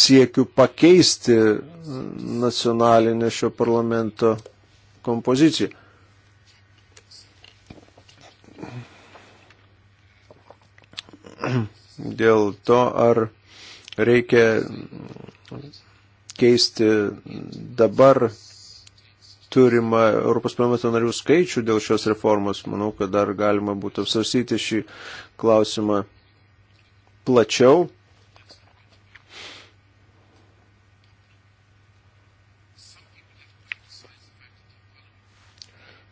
siekiu pakeisti nacionalinę šio parlamento kompoziciją. Dėl to, ar reikia keisti dabar turimą Europos parlamento narių skaičių dėl šios reformos. Manau, kad dar galima būtų apsvarsyti šį klausimą plačiau.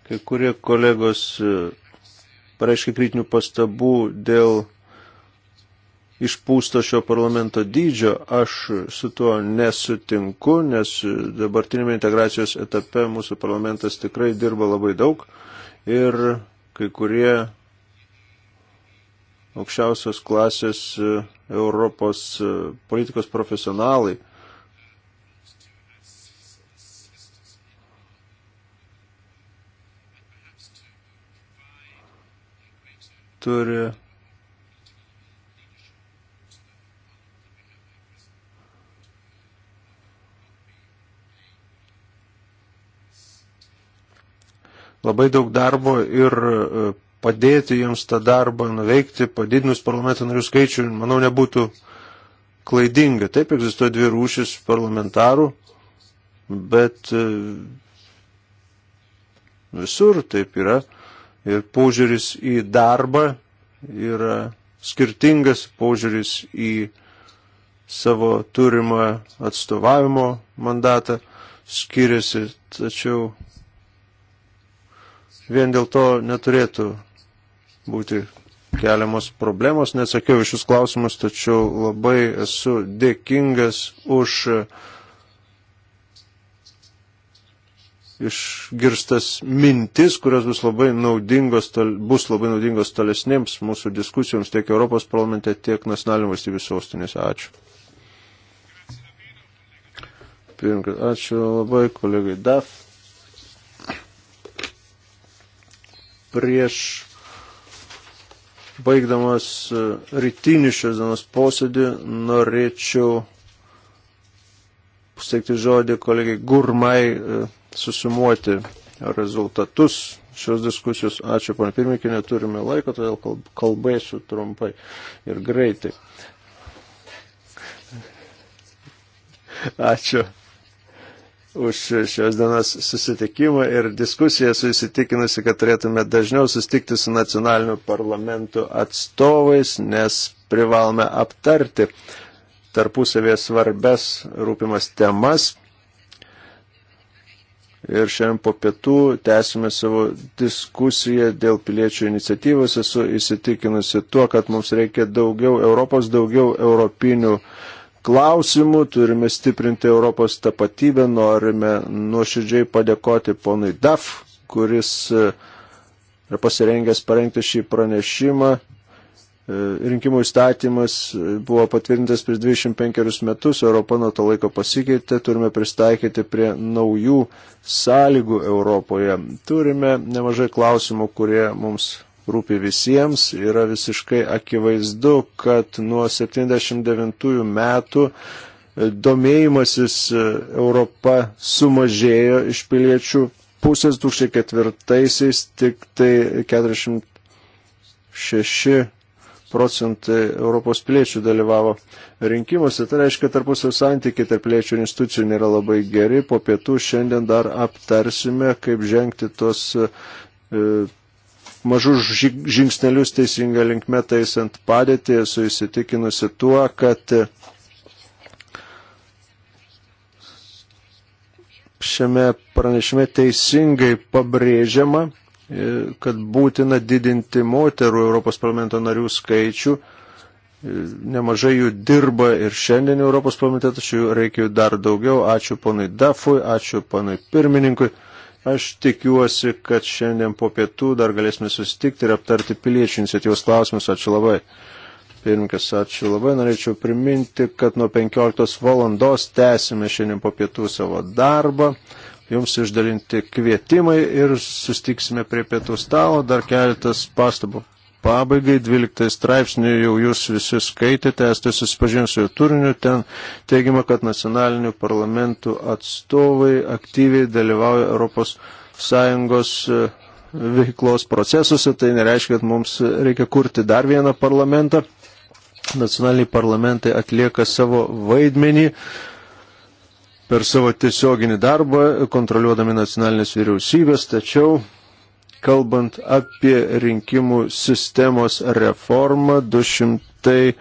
Kai kurie kolegos e, pareiškia kritinių pastabų dėl išpūsto šio parlamento dydžio, aš su tuo nesutinku, nes dabartinėme integracijos etape mūsų parlamentas tikrai dirba labai daug ir kai kurie aukščiausios klasės e, Europos e, politikos profesionalai turi labai daug darbo ir e, padėti jiems tą darbą nuveikti, padidinus parlamento narių skaičių, manau, nebūtų klaidinga. Taip egzistuoja dvi rūšis parlamentarų, bet e, visur taip yra. Ir požiūris į darbą yra skirtingas požiūris į savo turimą atstovavimo mandatą skiriasi, tačiau vien dėl to neturėtų būti keliamos problemos. Neatsakiau iš jūs klausimus, tačiau labai esu dėkingas už išgirstas mintis, kurios bus labai naudingos, bus labai naudingos tolesnėms mūsų diskusijoms tiek Europos parlamente, tiek nacionalinių valstybių sostinėse. Ačiū. Pirmkart, ačiū labai kolegai DAF. prieš baigdamas e, rytinį šios dienos posėdį norėčiau pasakyti žodį kolegiai Gurmai e, susumuoti rezultatus šios diskusijos. Ačiū, pan pirmininkė, neturime laiko, todėl kalbėsiu trumpai ir greitai. Ačiū už šios dienos susitikimą ir diskusiją susitikinusi, kad turėtume dažniau susitikti su nacionaliniu parlamentu atstovais, nes privalome aptarti tarpusavėje svarbes rūpimas temas. Ir šiandien po pietų tęsime savo diskusiją dėl piliečių iniciatyvos. Esu įsitikinusi tuo, kad mums reikia daugiau Europos, daugiau europinių uh, klausimų, turime stiprinti Europos tapatybę, norime nuoširdžiai padėkoti ponui DAF, kuris e, yra pasirengęs parengti šį pranešimą. E, rinkimų įstatymas e, buvo patvirtintas prieš 25 metus, Europa nuo to laiko pasikeitė, turime pristaikyti prie naujų sąlygų Europoje. Turime nemažai klausimų, kurie mums rūpi visiems, yra visiškai akivaizdu, kad nuo 79 metų e, domėjimasis e, Europa sumažėjo iš piliečių pusės 2004-aisiais tik tai 46 procentai Europos piliečių dalyvavo rinkimuose. Tai reiškia, tarpusio santykiai tarp piliečių ir institucijų nėra labai geri. Po pietų šiandien dar aptarsime, kaip žengti tos e, mažus žingsnelius teisinga linkme taisant padėtį, esu įsitikinusi tuo, kad šiame pranešime teisingai pabrėžiama, e, kad būtina didinti moterų Europos parlamento narių skaičių. E, nemažai jų dirba ir šiandien Europos parlamente, tačiau reikia jų dar daugiau. Ačiū ponui Dafui, ačiū ponui pirmininkui. Aš tikiuosi, kad šiandien po pietų dar galėsime susitikti ir aptarti piliečių iniciatyvos klausimus. Ačiū labai. Pirmkas, ačiū labai. Norėčiau priminti, kad nuo 15 valandos tęsime šiandien po pietų savo darbą. Jums išdalinti kvietimai ir sustiksime prie pietų stalo. Dar keletas pastabų pabaigai, 12 straipsnį jau jūs visi skaitėte, esate tai susipažinę su jo turiniu, ten teigiama, kad nacionalinių parlamentų atstovai aktyviai dalyvauja Europos Sąjungos e, veiklos procesuose, tai nereiškia, kad mums reikia kurti dar vieną parlamentą. Nacionaliniai parlamentai atlieka savo vaidmenį per savo tiesioginį darbą, kontroliuodami nacionalinės vyriausybės, tačiau kalbant apie rinkimų sistemos reformą 223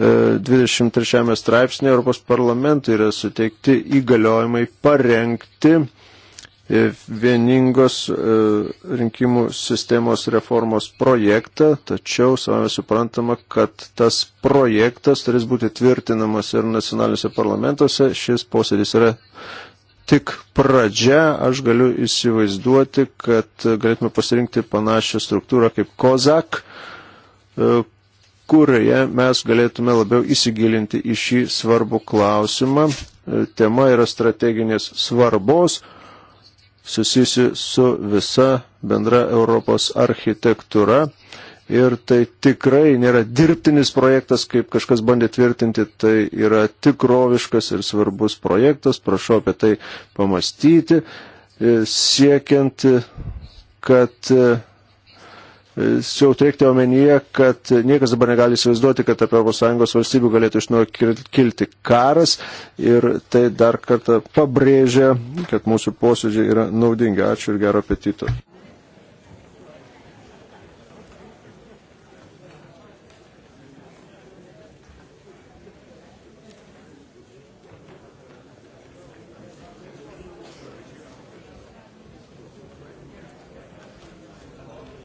e, straipsnė Europos parlamentui yra suteikti įgaliojimai parengti e, vieningos e, rinkimų sistemos reformos projektą, tačiau savame suprantama, kad tas projektas turės būti tvirtinamas ir nacionaliniuose parlamentuose. Šis posėdis yra tik pradžia, aš galiu įsivaizduoti, kad galėtume pasirinkti panašią struktūrą kaip Kozak, e, kurioje mes galėtume labiau įsigilinti į šį svarbų klausimą. E, tema yra strateginės svarbos, susijusi su visa bendra Europos architektūra ir tai tikrai nėra dirbtinis projektas, kaip kažkas bandė tvirtinti, tai yra tikroviškas ir svarbus projektas, prašau apie tai pamastyti, e, siekiant, e, kad jau e, turėkite omenyje, kad niekas dabar negali įsivaizduoti, kad apie ES valstybių galėtų iš naujo kilti karas ir tai dar kartą pabrėžia, kad mūsų posėdžiai yra naudingi. Ačiū ir gero apetito.